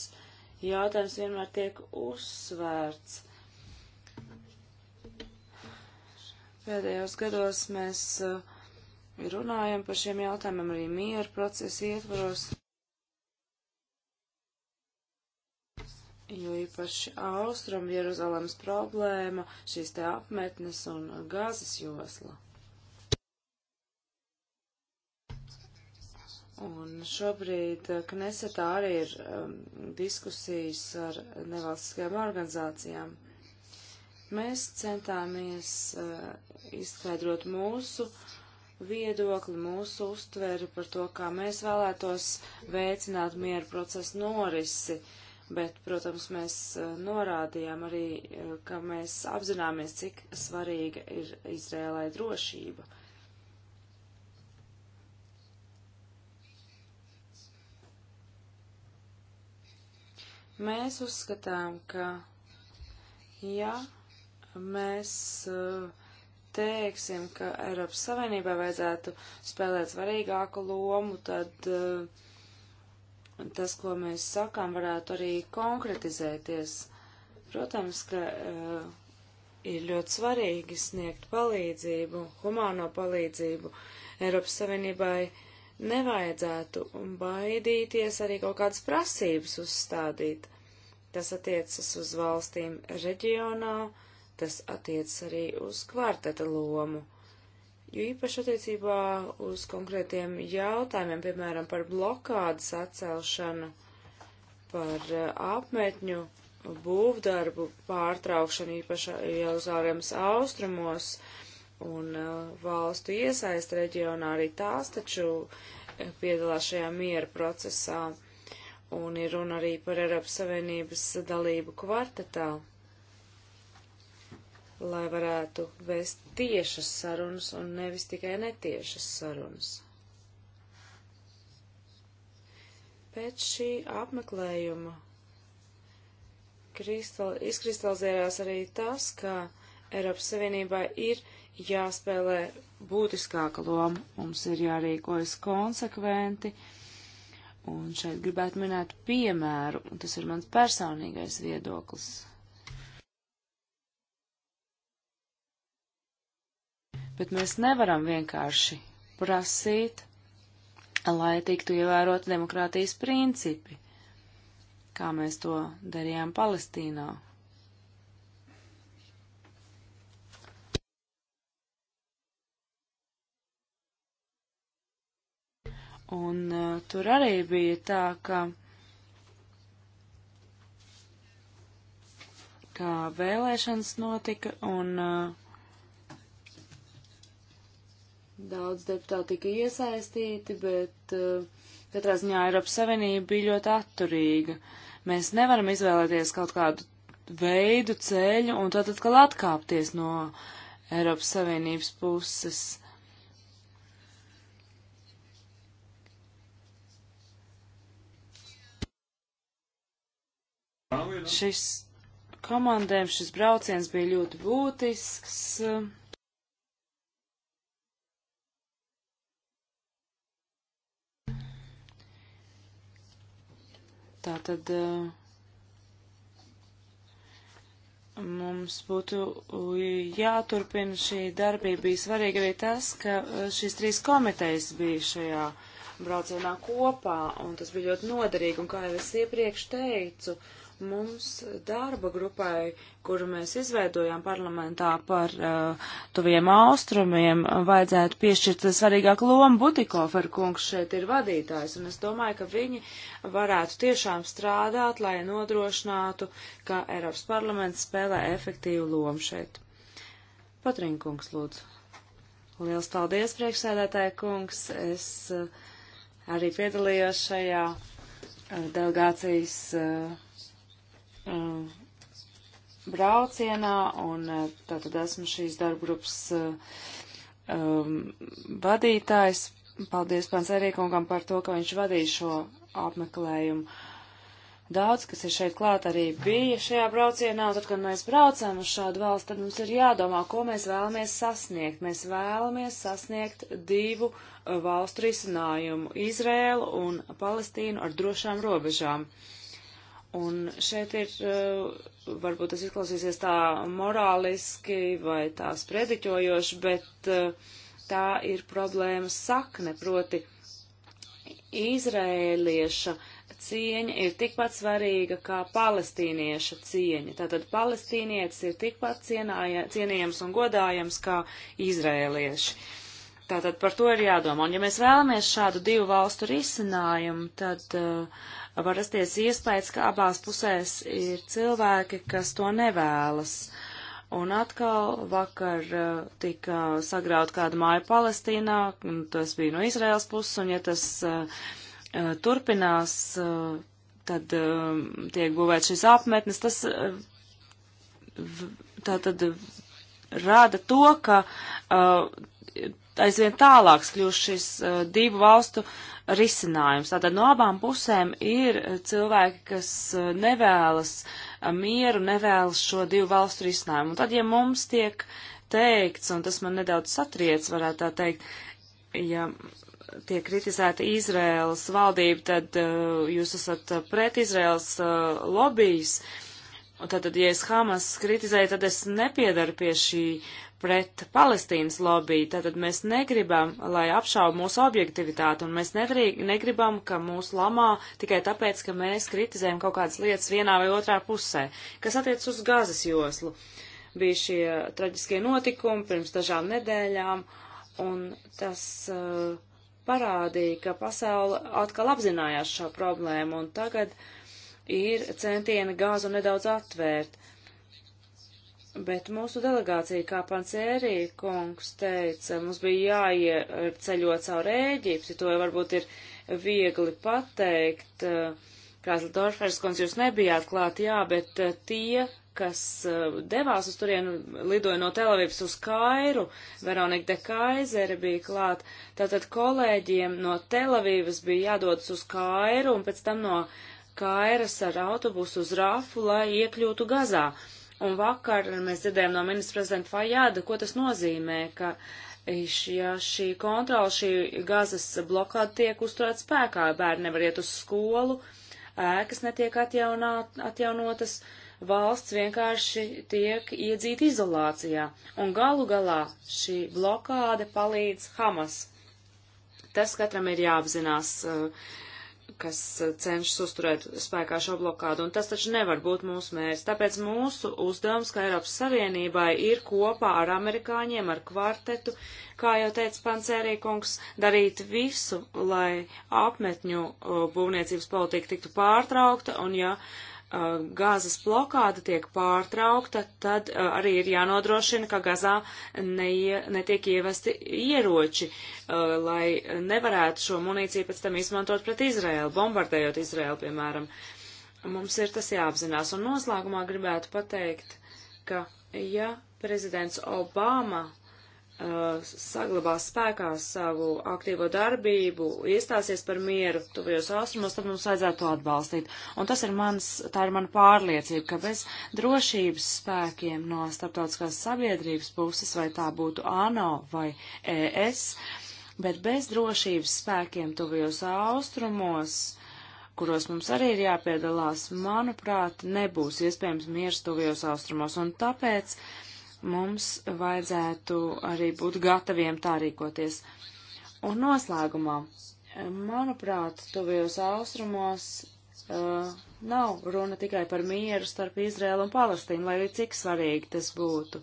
jautājums vienmēr tiek uzsvērts. Pēdējos gados mēs eh, runājam par šiem jautājumiem arī mieru procesu ietvaros. jo īpaši Austrum Jeruzalemes problēma, šīs te apmetnes un gāzes josla. Un šobrīd eh, Knesetā arī ir um, diskusijas ar nevalstiskajām organizācijām. Mēs centāmies uh, izskaidrot mūsu viedokli, mūsu uztveri par to, kā mēs vēlētos veicināt mieru procesu norisi, bet, protams, mēs uh, norādījām arī, uh, ka mēs apzināmies, cik svarīga ir Izrēlai drošība. Uh, Mēs uzskatām, ka ja mēs uh, teiksim, ka Eiropas Savienībai vajadzētu spēlēt svarīgāku lomu, tad uh, tas, ko mēs sakām, varētu arī konkretizēties. Protams, ka uh, ir ļoti svarīgi sniegt palīdzību, humāno palīdzību Eiropas Savienībai nevajadzētu baidīties arī kaut kādas prasības uzstādīt. Tas attiecas uz valstīm reģionā, tas attiecas arī uz kvarteta lomu. Jo īpaši attiecībā uz konkrētiem jautājumiem, piemēram, par blokādas atcelšanu, par eh, apmetņu būvdarbu pārtraukšanu īpaši Jeruzalemes austrumos un eh, valstu iesaist reģionā arī tās taču eh, piedalās šajā miera procesā. Uh, un ir runa arī par Eiropas Savienības dalību kvartetā, lai varētu vēst tiešas sarunas un nevis tikai netiešas sarunas. Pēc šī apmeklējuma kristal, izkristalizējās arī tas, ka Eiropas Savienībai ir jāspēlē būtiskāka loma, mums ir jārīkojas konsekventi, uh, Un šeit gribētu minēt piemēru, un tas ir mans personīgais viedoklis. Bet mēs nevaram vienkārši prasīt, lai tiktu ievērot demokrātijas principi, kā mēs to darījām Palestīnā Un uh, tur arī bija tā, ka, ka vēlēšanas notika un uh, daudz deputāti tika iesaistīti, bet uh, katrā ziņā Eiropas Savienība bija ļoti atturīga. Mēs nevaram izvēlēties kaut kādu veidu ceļu un tad atkal atkāpties no Eiropas Savienības puses. Šis komandējums, šis brauciens bija ļoti būtisks. Tātad uh, mums būtu jāturpina šī darbība. Bija svarīgi arī tas, ka uh, šīs trīs komitejas bija šajā braucienā kopā, un tas bija ļoti noderīgi, un kā jau es iepriekš teicu, uh, mums darba grupai, kuru mēs izveidojām parlamentā par uh, tuviem austrumiem, vajadzētu piešķirt svarīgāku lomu Butikofer kungs šeit ir vadītājs, un es domāju, ka viņi varētu tiešām strādāt, lai nodrošinātu, ka Eiropas parlaments spēlē efektīvu lomu šeit. Patrinkungs, lūdzu. Liels paldies, priekšsēdētāja kungs. Es uh, arī piedalījos šajā uh, delegācijas. Uh, Uh, braucienā, un uh, tātad esmu šīs darbgrupas uh, um, vadītājs. Paldies pēc Erīkungam par to, ka viņš vadīja šo apmeklējumu. Daudz, kas ir šeit klāt, arī bija šajā braucienā, un tad, kad mēs braucām uz šādu valsts, tad mums ir jādomā, ko mēs vēlamies sasniegt. Mēs vēlamies sasniegt divu valstu risinājumu - Izrēlu un Palestīnu ar drošām robežām. Uh, Un šeit ir, eh, varbūt tas izklausīsies tā morāliski vai tā sprediķojoši, bet eh, tā ir problēmas sakne, proti izrēlieša cieņa ir tikpat svarīga kā palestīnieša cieņa. Tātad palestīnietis ir tikpat cienāja, cienījams un godājams kā izrēlieši. Tātad par to ir jādomā. Un ja mēs vēlamies šādu divu valstu risinājumu, tad uh, var rasties iespējas, ka abās pusēs ir cilvēki, kas to nevēlas. Un atkal vakar uh, tika sagraut kāda māja Palestīnā, un tas bija no Izraels puses, un ja tas uh, uh turpinās, uh, tad um, uh, tiek būvēt šis apmetnes, tas tā tad uh, rāda to, ka aizvien tālāks kļūst šis divu valstu uh, risinājums. Tātad no abām pusēm ir cilvēki, kas eh, nevēlas eh, mieru, nevēlas šo divu valstu risinājumu. Un tad, ja mums tiek teikts, un tas man nedaudz satriec, varētu tā teikt, ja tiek kritizēta Izraēlas valdība, tad uh, jūs esat pret Izraēlas uh, lobbyis. Un tātad, ja es Hamas kritizēju, tad es nepiedaru pie šī pret Palestīnas lobby. Tātad mēs negribam, lai apšauba mūsu objektivitāti, un mēs nedrī, negribam, ka mūs lamā tikai tāpēc, ka mēs kritizējam kaut kādas lietas vienā vai otrā pusē, kas attiec uz gazas joslu. Bija šie traģiskie notikumi pirms dažām nedēļām, un tas uh, parādīja, ka pasaule atkal apzinājās šo problēmu, un tagad ir centieni gāzu nedaudz atvērt Bet mūsu delegācija, kā pants Ērija kungs teica, mums bija jāieceļo caur Ēģipti, to varbūt ir viegli pateikt. Krāsla Dorfers kungs, jūs nebijāt klāt, jā, bet eh, tie, kas eh, devās uz turienu, lidoja no Telavības uz Kairu, Veronika de Kaizere bija klāt, tātad kolēģiem no Telavības bija jādodas uz Kairu un pēc tam no Kairas ar autobusu uz Rafu, lai iekļūtu Gazā. Uh, Un vakar mēs dzirdējām no ministra prezidenta Fajāda, ko tas nozīmē, ka ja šī kontrola, šī gazas blokāda tiek uzturēta spēkā, bērni nevar iet uz skolu, ēkas netiek atjaunāt, atjaunotas, valsts vienkārši tiek iedzīta izolācijā. Un galu galā šī blokāde palīdz Hamas. Tas katram ir jāapzinās. Uh, kas eh, cenšas uzturēt spēkā šo blokādu, un tas taču nevar būt mūsu mērķis. Tāpēc mūsu uzdevums, kā Eiropas Savienībai, ir kopā ar amerikāņiem, ar kvartetu, kā jau teica Pancērīkungs, darīt visu, lai apmetņu eh, būvniecības politika tiktu pārtraukta, un ja uh, Uh, gāzes blokāda tiek pārtraukta, tad uh, arī ir jānodrošina, ka gazā ne, netiek ievesti ieroči, uh, lai nevarētu šo munīciju pēc tam izmantot pret Izraēlu, bombardējot Izraēlu, piemēram. Mums ir tas jāapzinās. Un noslēgumā gribētu pateikt, ka ja prezidents Obama Uh, saglabās spēkā savu aktīvo darbību, iestāsies par mieru tuvajos austrumos, tad mums vajadzētu to atbalstīt. Un tas ir mans, tā ir mana pārliecība, ka bez drošības spēkiem no starptautiskās sabiedrības puses, vai tā būtu ANO vai ES, bet bez drošības spēkiem tuvajos austrumos, kuros mums arī ir jāpiedalās, manuprāt, nebūs iespējams miers tuvajos austrumos. Un tāpēc, uh, mums vajadzētu arī būt gataviem tā rīkoties. Un noslēgumā, manuprāt, tuvajos austrumos uh, nav runa tikai par mieru starp Izrēlu un Palestīnu, lai arī cik svarīgi tas būtu.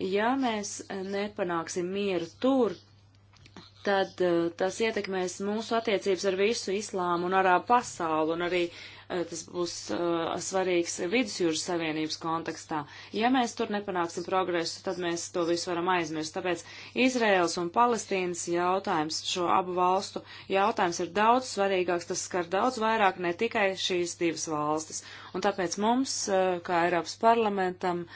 Ja mēs nepanāksim mieru tur, tad uh, tas ietekmēs mūsu attiecības ar visu islāmu un arābu pasauli un arī Eh, tas būs uh, svarīgs vidusjūras savienības kontekstā. Ja mēs tur nepanāksim progresu, tad mēs to visu varam aizmirst. Tāpēc Izraels un Palestīnas jautājums, šo abu valstu jautājums ir daudz svarīgāks, tas skar daudz vairāk ne tikai šīs divas valstis. Un tāpēc mums, uh, kā Eiropas parlamentam,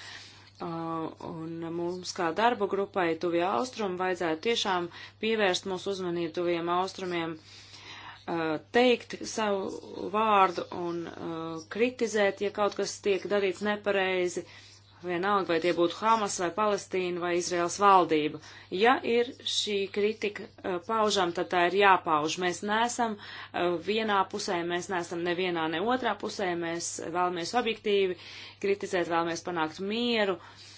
Uh, un mums kā darba grupai tuvie austrumi vajadzētu tiešām pievērst mūsu uzmanību tuviem austrumiem uh, Uh, teikt savu vārdu un uh, kritizēt, ja kaut kas tiek darīts nepareizi, vienalga vai tie būtu Hamas vai Palestīna vai Izraels valdība. Ja ir šī kritika uh, paužam, tad tā ir jāpauž. Mēs neesam uh, vienā pusē, mēs neesam nevienā ne otrā pusē, mēs vēlamies objektīvi kritizēt, vēlamies panākt mieru. Uh,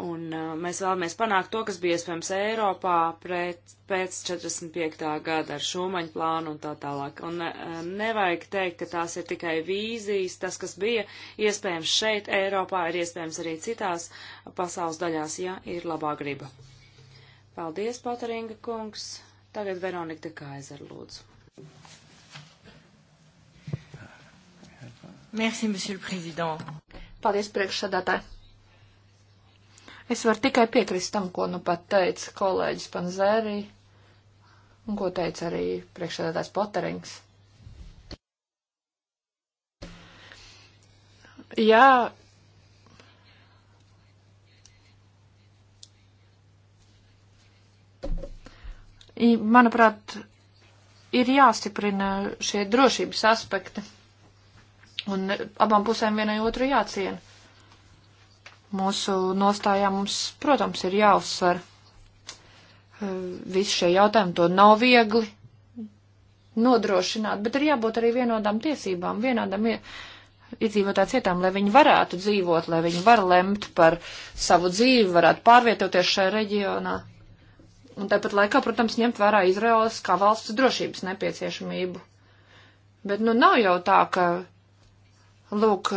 Un uh, mēs vēlamies panākt to, kas bija iespējams Eiropā pret, pēc 45. gada ar šūmaņu plānu un tā tālāk. Un uh, nevajag teikt, ka tās ir tikai vīzijas. Tas, kas bija iespējams šeit, Eiropā, ir iespējams arī citās pasaules daļās, ja ir labā griba. Paldies, Pateringa kungs. Tagad Veronika de Kaiser, lūdzu. Merci, monsieur le président. Paldies, priekšsādātāji. Es varu tikai piekrist tam, ko nu pat teica kolēģis Panzērī un ko teica arī priekšsēdētājs Poterings. Jā. Manuprāt, ir jāstiprina šie drošības aspekti, un abām pusēm vienai otru jāciena Mūsu nostājā mums, protams, ir jāuzsver eh, visi šie jautājumi, to nav viegli nodrošināt, bet ir jābūt arī vienodām tiesībām, vienādam iedzīvotāju cietām, lai viņi varētu dzīvot, lai viņi var lemt par savu dzīvi, varētu pārvietoties šajā reģionā. Un tāpat laikā, protams, ņemt vērā Izraels kā valsts drošības nepieciešamību. Bet nu nav jau tā, ka lūk,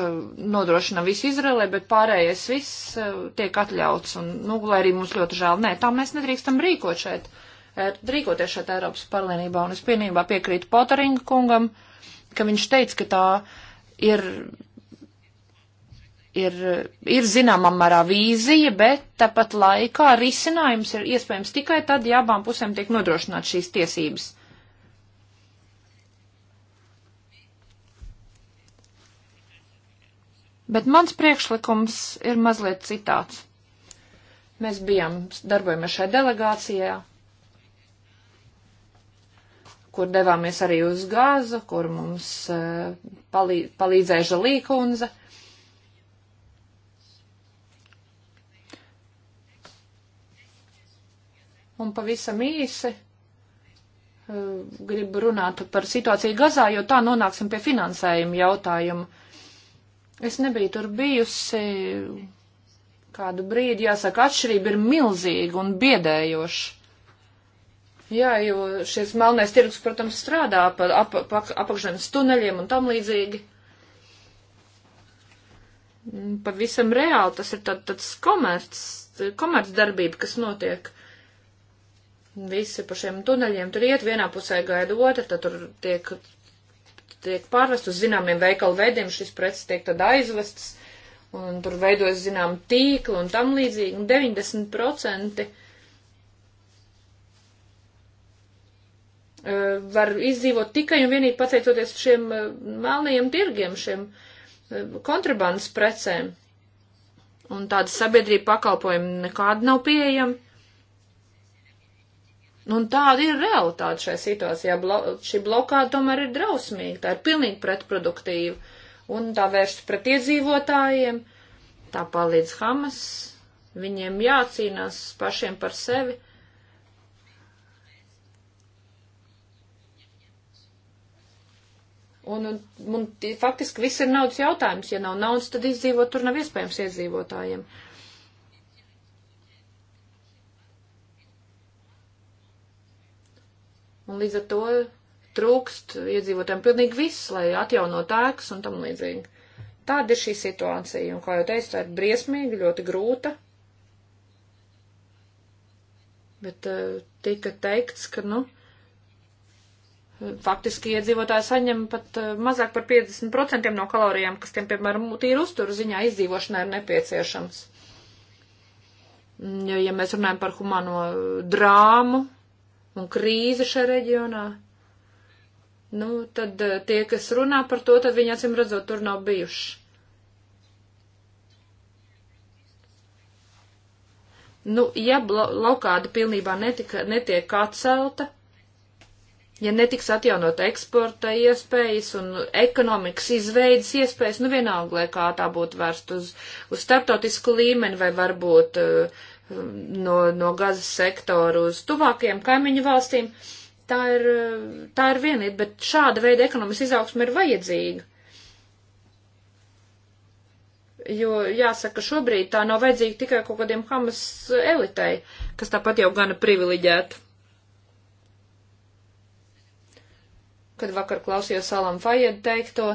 nodrošina visu Izraelē, bet pārējais viss eh, tiek atļauts, un, nu, lai arī mums ļoti žēl, nē, tā mēs nedrīkstam rīkot šeit, eh, rīkoties šeit Eiropas parlienībā, un es pilnībā piekrītu Poteringa kungam, ka viņš teica, ka tā ir, ir, ir zināmā mērā vīzija, bet tāpat laikā risinājums ir iespējams tikai tad, ja abām pusēm tiek nodrošināt šīs tiesības. Bet mans priekšlikums ir mazliet citāds. Mēs bijām, darbojamies šai delegācijā, kur devāmies arī uz gāzu, kur mums e, palī, palīdzēja Žalīkundze. Un pavisam īsi e, gribu runāt par situāciju Gazā, jo tā nonāksim pie finansējuma jautājuma Es nebiju tur bijusi kādu brīdi, jāsaka, atšķirība ir milzīga un biedējoša. Jā, jo šis melnais tirgus, protams, strādā pa ap, ap, ap, apakšzemes tuneļiem un tam līdzīgi. Pavisam reāli tas ir tād, tāds komerc, komerc darbība, kas notiek. Visi pa šiem tuneļiem tur iet, vienā pusē gaida otru, tad tur tiek tiek pārvest uz zināmiem veikalu veidiem, šis preces tiek tad aizvestas, un tur veidojas zinām tīkli un tam līdzīgi, un 90% eh, var izdzīvot tikai un vienīgi pateicoties šiem eh, melnajiem tirgiem, šiem eh, kontrabandas precēm. Un tāda sabiedrība pakalpojumi nekāda nav pieejama. Nu, un tāda ir realitāte šajā situācijā. Blo šī blokāda tomēr ir drausmīga, tā ir pilnīgi pretproduktīva. Un tā vērst pret iedzīvotājiem, tā palīdz Hamas, viņiem jācīnās pašiem par sevi. Un, un, un faktiski viss ir naudas jautājums. Ja nav naudas, tad izdzīvot tur nav iespējams iedzīvotājiem. Uh, Un līdz ar to trūkst iedzīvotājiem pilnīgi viss, lai atjaunot ēkas un tam līdzīgi. Tāda ir šī situācija, un, kā jau teicu, tā ir briesmīga, ļoti grūta. Bet eh, tika teikts, ka, nu, faktiski iedzīvotāji saņem pat eh, mazāk par 50% no kalorijām, kas tiem, piemēram, tīri uzturu ziņā izdzīvošanai ir nepieciešams. Mm, jo, ja mēs runājam par humano eh, drāmu, un krīze šajā reģionā, nu, tad eh, tie, kas runā par to, tad viņi acīm redzot, tur nav bijuši. Nu, ja blokāda pilnībā netika, netiek atcelta, ja netiks atjaunot eksporta iespējas un ekonomikas izveidas iespējas, nu vienalga, lai kā tā būtu vērst uz, uz starptautisku līmeni vai varbūt uh, no, no gazas sektoru uz tuvākajiem kaimiņu valstīm. Tā ir, tā ir vienība, bet šāda veida ekonomikas izaugsme ir vajadzīga. Jo jāsaka, šobrīd tā nav vajadzīga tikai kaut kādiem Hamas elitei, kas tāpat jau gana privileģēta. Kad vakar klausījos Alam Fajed teikto,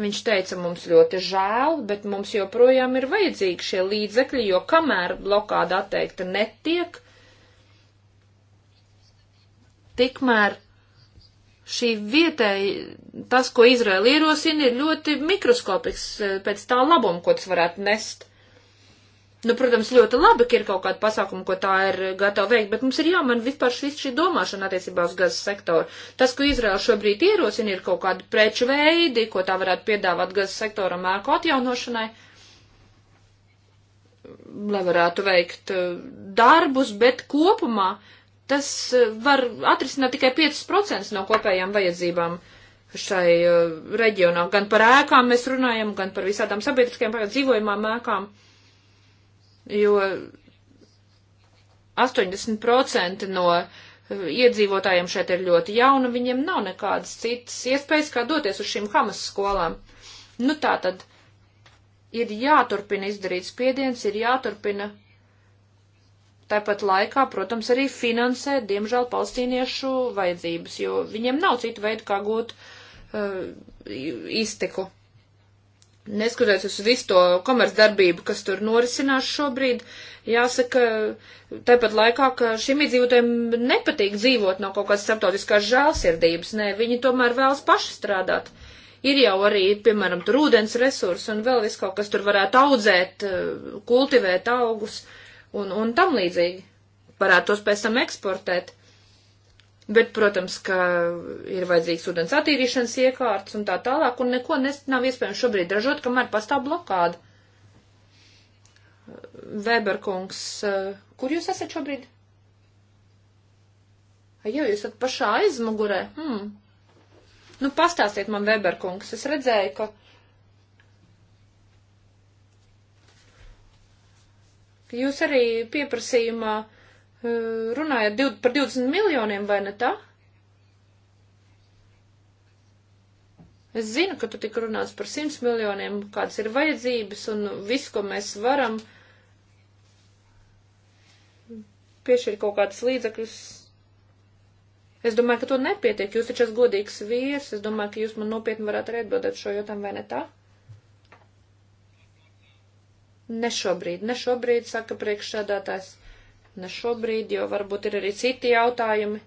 Viņš teica, mums ļoti žēl, bet mums joprojām ir vajadzīgi šie līdzekļi, jo kamēr blokāda atteikta netiek, tikmēr šī vietēji, tas, ko Izraēla ierosina, ir ļoti mikroskopisks eh, pēc tā labuma, ko tas varētu nest. Nu, protams, ļoti labi, ka ir kaut kāda pasākuma, ko tā ir gatava veikt, bet mums ir jāman vispār šis, šī domāšana attiecībā uz gazas sektoru. Tas, ko Izraela šobrīd ierosina, ir kaut kādi preču veidi, ko tā varētu piedāvāt gazas sektoram ēku atjaunošanai, lai varētu veikt eh, darbus, bet kopumā tas eh, var atrisināt tikai 5% no kopējām vajadzībām šai eh, reģionā. Gan par ēkām mēs runājam, gan par visādām sabiedriskajām dzīvojumām ēkām jo 80% no iedzīvotājiem šeit ir ļoti jauni, viņiem nav nekādas citas iespējas, kā doties uz šīm Hamas skolām. Nu tā tad ir jāturpina izdarīt spiediens, ir jāturpina tāpat laikā, protams, arī finansēt, diemžēl, palestīniešu vajadzības, jo viņiem nav citu veidu, kā gūt uh, iztiku neskatoties uz visu to komercdarbību, kas tur norisinās šobrīd, jāsaka, tāpat laikā, ka šiem iedzīvotājiem nepatīk dzīvot no kaut kādas starptautiskās žēlsirdības, nē, viņi tomēr vēlas paši strādāt. Ir jau arī, piemēram, tur ūdens resursi un vēl viss kaut kas tur varētu audzēt, eh, kultivēt augus un, un tam līdzīgi. Varētu tos pēc tam eksportēt. Bet, protams, ka ir vajadzīgs ūdens attīrīšanas iekārtas un tā tālāk, un neko nes, nav iespējams šobrīd ražot, kamēr pastāv blokāda. Weberkungs, eh, kur jūs esat šobrīd? Jā, jūs esat pašā aizmugurē. Hmm. Nu, pastāstiet man, Weberkungs, es redzēju, ka. Jūs arī pieprasījumā Eh, runājat par 20 miljoniem, vai ne tā? Es zinu, ka tu tik runās par 100 miljoniem, kādas ir vajadzības un viss, ko mēs varam piešķirt kaut kādas līdzekļus. Es domāju, ka to nepietiek. Jūs taču esat godīgs vīrs. Es domāju, ka jūs man nopietni varētu arī atbildēt šo jautājumu, vai ne tā? Ne šobrīd, ne šobrīd, saka priekšsādātājs ne šobrīd, jo varbūt ir arī citi jautājumi.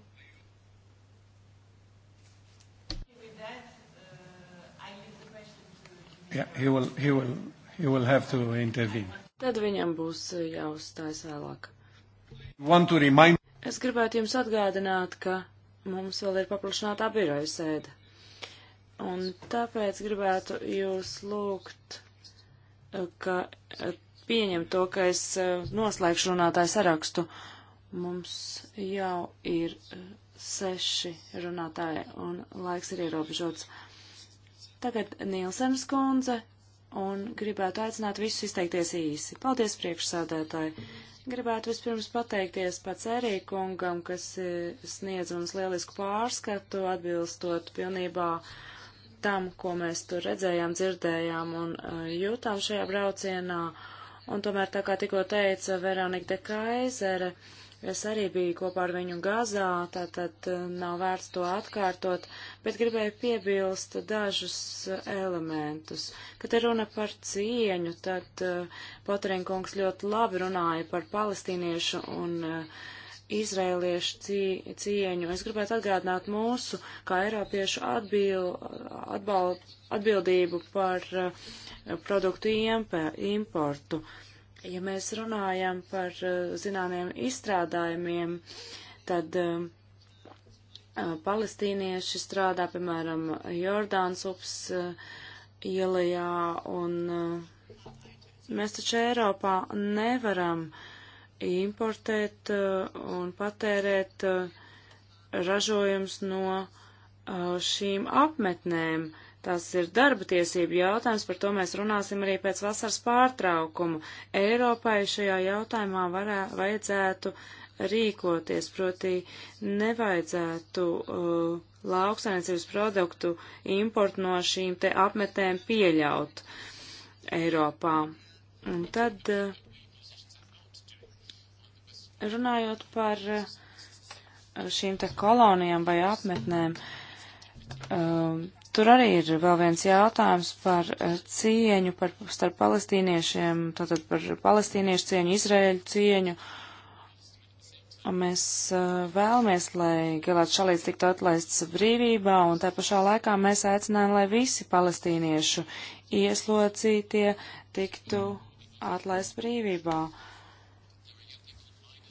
Yeah, he will, he will, he will have to intervene. Tad viņam būs jāuzstājas vēlāk. Remind... Es gribētu jums atgādināt, ka mums vēl ir paplašinātā biroja sēde. Un tāpēc gribētu jūs lūgt, ka pieņemt to, ka es eh, noslēgšu runātāju sarakstu. Mums jau ir eh, seši runātāji un laiks ir ierobežots. Tagad Nīlsenas kundze un gribētu aicināt visus izteikties īsi. Paldies priekšsādētāji! Gribētu vispirms pateikties pats Erīkungam, kas eh, sniedz mums lielisku pārskatu, atbilstot pilnībā tam, ko mēs tur redzējām, dzirdējām un jūtām šajā braucienā. Uh, Un tomēr, tā kā tikko teica Veronika de Kaisere, es arī biju kopā ar viņu Gazā, tātad eh, nav vērts to atkārtot, bet gribēju piebilst dažus eh, elementus. Kad ir runa par cieņu, tad uh, eh, Poterinkungs ļoti labi runāja par palestīniešu un uh, izrēliešu cī, cieņu. Es gribētu atgādināt mūsu, kā Eiropiešu atbil, atbal, atbildību par uh, produktu iempe, importu. Ja mēs runājam par uh, zināmiem izstrādājumiem, tad um, uh, palestīnieši strādā, piemēram, Jordāns ups uh, ielajā, un uh, mēs taču Eiropā nevaram uh, importēt uh, un patērēt uh, ražojums no uh, šīm apmetnēm. Tas ir darba tiesību jautājums, par to mēs runāsim arī pēc vasaras pārtraukumu. Eiropai šajā jautājumā varē, vajadzētu rīkoties, proti nevajadzētu uh, lauksainiecības produktu importu no šīm te apmetēm pieļaut Eiropā. Un tad uh, Runājot par eh, šīm te kolonijām vai apmetnēm, eh, tur arī ir vēl viens jautājums par eh, cieņu par, starp palestīniešiem, tātad par palestīniešu cieņu, Izraēļu cieņu. Mēs vēlamies, lai Gilāts Šalīts tiktu atlaists brīvībā, un tā pašā laikā mēs aicinām, lai visi palestīniešu ieslocītie tiktu atlaist brīvībā. Uh,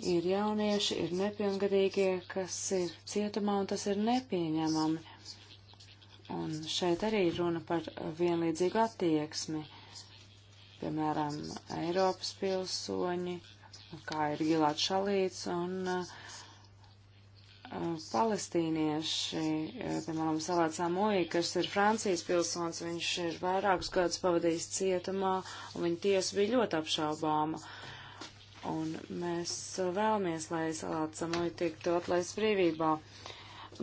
ir jaunieši, ir nepilngadīgie, kas ir cietumā, un tas ir nepieņemami. Un šeit arī runa par vienlīdzīgu attieksmi. Piemēram, Eiropas pilsoņi, kā ir Gilāts Šalīts, un uh, palestīnieši, uh, piemēram, Salācā Moja, kas ir Francijas pilsons, viņš ir vairākus gadus pavadījis cietumā, un viņa tiesa bija ļoti apšaubāma un mēs vēlamies, lai salāta samoja tiktu atlaist brīvībā.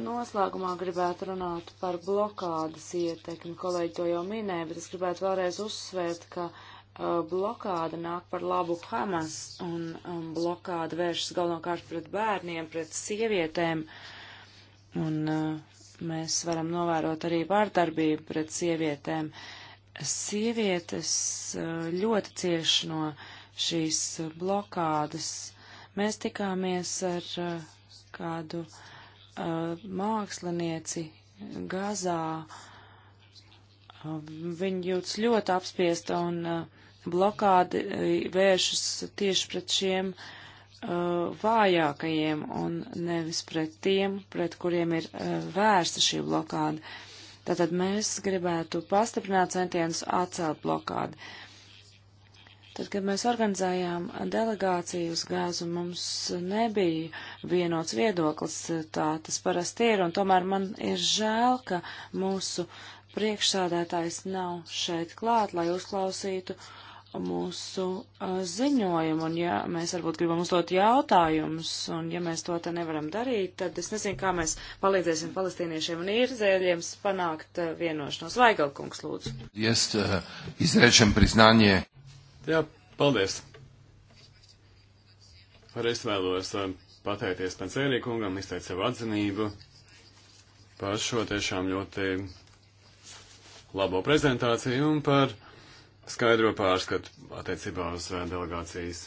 Noslēgumā gribētu runāt par blokādas ietekmi. Kolēģi to jau minēja, bet es gribētu vēlreiz uzsvērt, ka uh, blokāda nāk par labu Hamas un um, blokāda vēršas galvenokārt pret bērniem, pret sievietēm. Un uh, mēs varam novērot arī vārdarbību pret sievietēm. Sievietes uh, ļoti cieši no uh, šīs blokādas. Mēs tikāmies ar uh, kādu uh, mākslinieci Gazā. Uh, Viņa jūtas ļoti apspiesta un uh, blokādi uh, vēršas tieši pret šiem uh, vājākajiem un nevis pret tiem, pret kuriem ir uh, vērsta šī blokāda. Tātad mēs gribētu pastiprināt centienus atcelt blokādi. Uh, Tad, kad mēs organizējām delegāciju uz gāzu, mums nebija vienots viedoklis, tā tas parasti ir, un tomēr man ir žēl, ka mūsu priekšsādētājs nav šeit klāt, lai uzklausītu mūsu uh, ziņojumu, un ja mēs varbūt gribam uzdot jautājumus, un ja mēs to te nevaram darīt, tad es nezinu, kā mēs palīdzēsim palestīniešiem un īrzēļiem panākt uh, vienošanos. Vaigalkungs, lūdzu. Jest uh, izrečen priznanie Jā, paldies. Arī es vēlos um, pateikties Pancērī kungam, izteikt savu atzinību par šo tiešām ļoti labo prezentāciju un par skaidro pārskatu attiecībā uz uh, delegācijas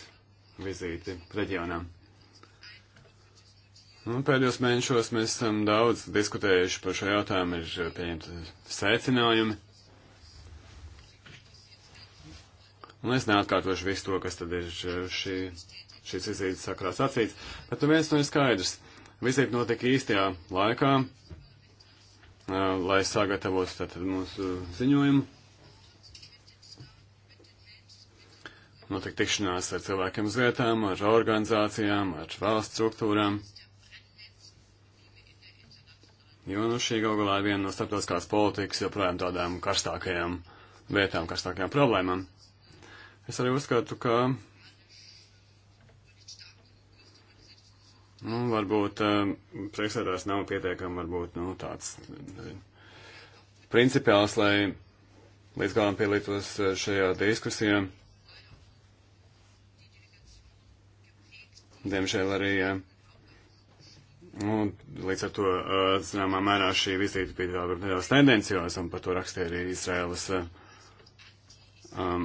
vizīti reģionā. Un pēdējos mēnešos mēs esam um, daudz diskutējuši par šo jautājumu, ir uh, pieņemti secinājumi. Un es neatkārtošu visu to, kas tad ir šī, šīs vizītes sakrā sacīts, bet nu viens no ir skaidrs. Vizīte notika īstajā laikā, lai sagatavotu tātad mūsu ziņojumu. Notika tikšanās ar cilvēkiem uz vietām, ar organizācijām, ar valsts struktūrām. Jo nu šī galu galā ir viena no starptautiskās politikas joprojām tādām karstākajām vietām, karstākajām problēmām. Es arī uzskatu, ka nu, varbūt eh, priekšsēdājs nav pietiekami varbūt nu, tāds nezinu, principiāls, lai līdz galam pielītos eh, šajā diskusijā. Diemžēl arī uh, Nu, līdz ar to, zināmā mērā, šī vizīte bija tāda nedaudz tendenciāla, un par to rakstīja arī Izraēlas um,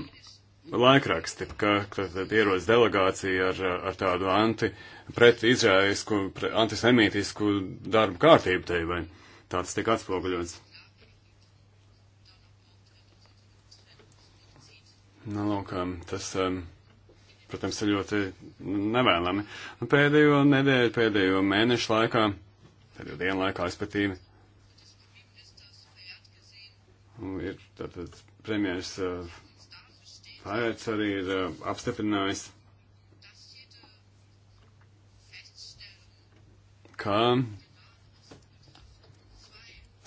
laikraksti, ka tad ierodas delegācija ar, ar tādu anti, pret izrēlisku, antisemītisku darbu kārtību te, vai tāds tiek atspoguļots. Nu, lūk, um, tas, um, protams, ir ļoti nevēlami. Nu, pēdējo nedēļu, pēdējo mēnešu laikā, pēdējo dienu laikā, respektīvi, ir tātad premjeras uh, Pārēc arī ir apstiprinājis, ka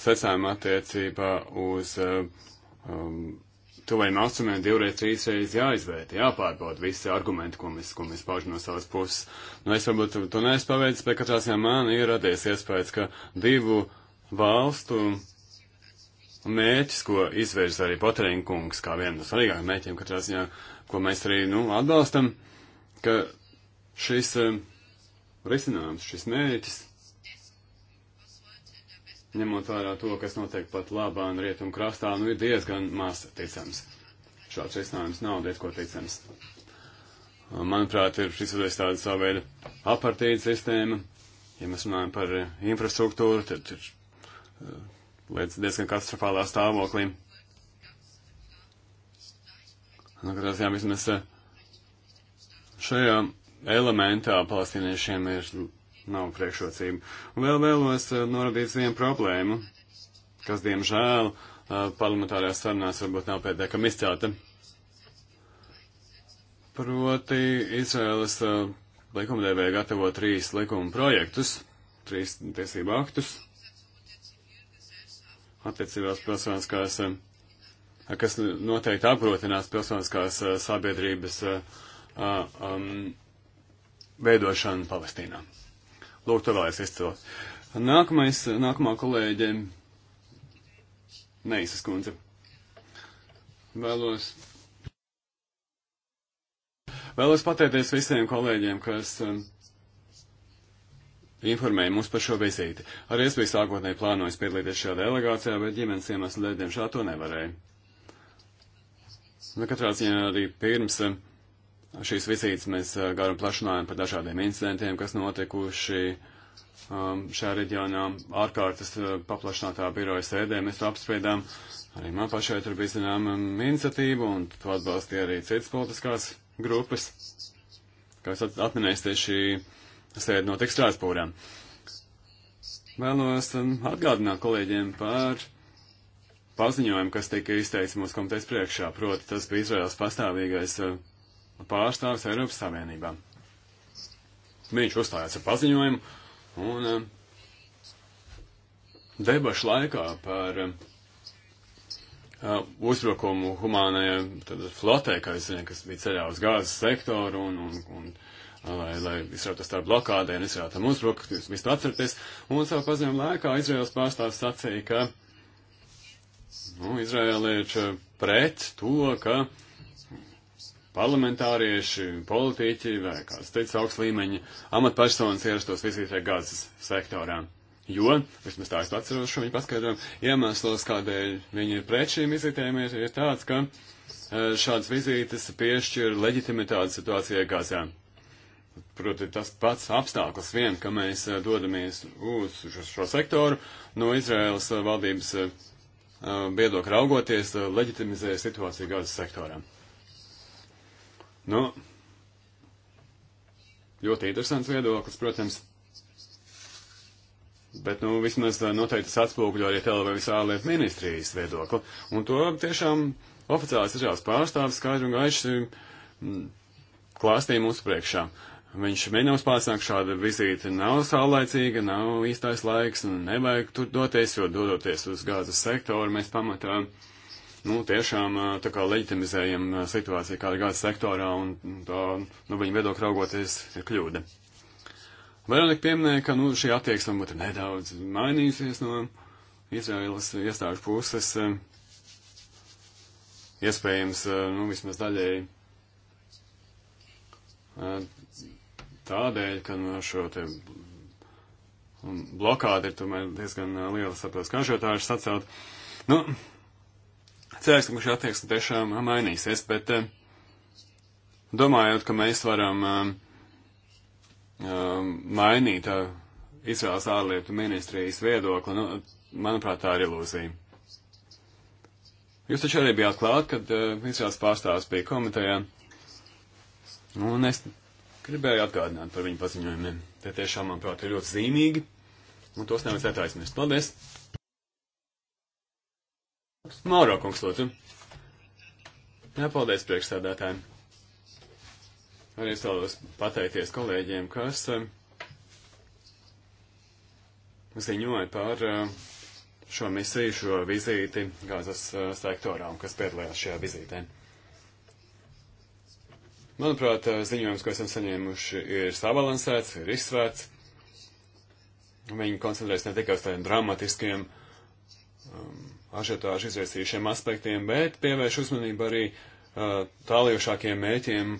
secējuma attiecībā uz um, tuvajiem austrumiem divreiz, trīsreiz jāizvērtē, jāpārbauda visi argumenti, ko mēs, ko mēs paužam no savas puses. Nu, es varbūt to neesmu paveicis, bet katrā ziņā man ir radies iespējas, ka divu valstu mērķis, ko izvērš arī Poterinkungs, kā viena no svarīgākajiem mērķiem, katrā ziņā, ko mēs arī, nu, atbalstam, ka šis uh, risinājums, šis mērķis, ņemot vērā to, kas notiek pat labā un rietumu krastā, nu, ir diezgan maz ticams. Šāds risinājums nav diezko ticams. Manuprāt, ir izveidojusi tāda savu veidu apartīda sistēma. Ja mēs runājam par eh, infrastruktūru, tad ir eh, līdz diezgan katastrofālā stāvoklī. Nu, katrā ziņā vismaz šajā elementā palestīniešiem ir nav priekšrocība. Un vēl vēlos eh, norādīt vienu problēmu, kas, diemžēl, eh, parlamentārajās sarunās varbūt nav pēdējām izcelta. Proti, Izraēlas eh, likumdevēja gatavo trīs likuma projektus, trīs tiesību aktus, attiecībās pilsoniskās, eh, kas noteikti apgrotinās pilsoniskās eh, sabiedrības eh, um, veidošanu Palestīnā. Lūk, to vēlēs izcelt. Nākamais, nākamā kolēģe, Neisas kundze. Vēlos, vēlos pateikties visiem kolēģiem, kas um, informēja mums par šo vizīti. Arī es biju sākotnēji plānojis piedalīties šajā delegācijā, bet ģimenes iemeslu dēļ, diemžēl, to nevarēju. Nu, katrā ziņā arī pirms eh, šīs vizītes mēs eh, garu un plašinājām par dažādiem incidentiem, kas notikuši um, šajā reģionā ārkārtas eh, paplašinātā biroja sēdē. Mēs to apspriedām. Arī man pašai tur bija zināma um, iniciatīva, un to atbalstīja arī citas politiskās grupas. Kā jūs atminēsieties, šī sēde notiks Strāspūrā. Vēlos um, atgādināt kolēģiem par paziņojumu, kas tika izteicis mūsu komitejas priekšā, proti tas bija Izraels pastāvīgais uh, pārstāvs Eiropas Savienībā. Viņš uzstājās ar paziņojumu un um, debašu laikā par um, Uh, uzbrukumu humānajai flotei, kas, kas bija ceļā uz gāzes sektoru un, un, un lai izrautas tā blokādē, nesrauta mums rokas, jūs visu atceraties. Un savu paziņojumu laikā Izraels pārstāvs sacīja, ka, nu, izraelieči uh, pret to, ka parlamentārieši, politiķi vai kāds cits augsts līmeņa amatpersonas ierastos vizītē gazas sektorā. Jo, vismaz tā es atceros šo viņu paskaidrojumu, iemesls, kādēļ viņi ir pret šīm vizītēm, ir, ir tāds, ka uh, šādas vizītes piešķir leģitimitāti situācijai Gazā. Proti tas pats apstākļus vien, ka mēs eh, dodamies uz šo, šo sektoru, no Izraēlas eh, valdības eh, viedokļa raugoties, leģitimizē situāciju gazas sektorā. Nu, ļoti interesants viedoklis, protams, bet, nu, vismaz noteikti tas atspūgļo arī televīzijas ārlietu ministrijas viedokli. Un to tiešām oficiāls izrādes pārstāvis skaidri un gaiši mm, klāstīja mūsu priekšā. Viņš mēģina mums pārsākt šādu vizīti. Nav saulēcīga, nav īstais laiks, nevajag tur doties, jo dodoties uz gāzes sektoru, mēs pamatā, nu, tiešām tā kā leģitimizējam situāciju kādā gāzes sektorā, un tā, nu, viņa viedokļa raugoties ir kļūda. Veronika pieminēja, ka, nu, šī attieksme būtu nedaudz mainījusies no Izraēlas iestāžu puses, iespējams, nu, vismaz daļēji tādēļ, ka no šo te blokādi ir tomēr diezgan uh, liela saprast, kā šo tā ir sacelt. Nu, cerēs, ka šī attieksme tiešām uh, mainīsies, bet uh, domājot, ka mēs varam um, um, mainīt Izraels ārlietu ministrijas viedokli, nu, manuprāt, tā ir ilūzija. Jūs taču arī bijāt klāt, kad uh, Izraels pārstāvs bija komitejā. Un es Gribēju atgādināt par viņu paziņojumiem. Tie tiešām, manuprāt, ir ļoti zīmīgi, un tos nevajadzētu aizmirst. Paldies! Mauro kungs, lūdzu. Jā, paldies priekšstādātājiem. Arī es vēlos pateikties kolēģiem, kas eh, ziņoja par eh, šo misiju, šo vizīti Gāzes eh, sektorā un kas piedalījās šajā vizītē. Manuprāt, ziņojums, ko esam saņēmuši, ir sabalansēts, ir izsvērts. Viņi koncentrēs ne tikai uz tādiem dramatiskiem um, ažiotāžu izraisījušiem aspektiem, bet pievērš uzmanību arī uh, tālījušākiem mēķiem,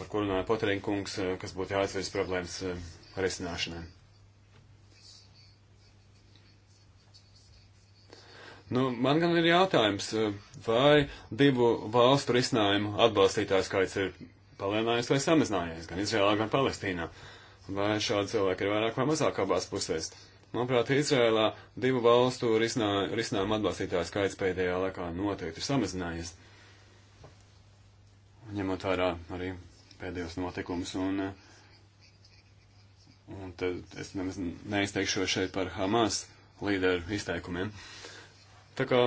par kur runāja Poterinkungs, uh, kas būtu jāatvirs problēmas uh, risināšanai. Nu, man gan ir jautājums, vai divu valstu risinājumu atbalstītājs skaits ir palielinājies vai samazinājies, gan Izrēlā, gan Palestīnā. Vai šādi cilvēki ir vairāk vai mazāk abās pusēs? Manuprāt, Izrēlā divu valstu risinā, risinājuma atbalstītāju skaits pēdējā laikā noteikti ir samazinājies. Ņemot vērā arī pēdējos notikumus un uh, Un tad es nemaz neizteikšos šeit par Hamas līderu izteikumiem. Tā kā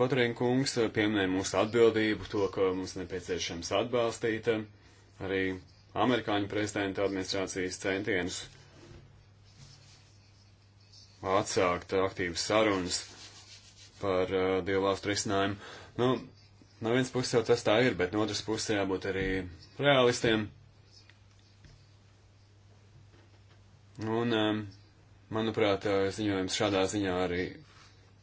Paturēna kungs eh, pieminēja mūsu atbildību, to, ka mums nepieciešams atbalstīt eh, arī amerikāņu prezidenta administrācijas centienus atsākt aktīvas sarunas par uh, divu valstu risinājumu. Nu, no vienas puses jau tas tā ir, bet no otras puses jābūt arī realistiem. Un, um, manuprāt, ziņojums šādā ziņā arī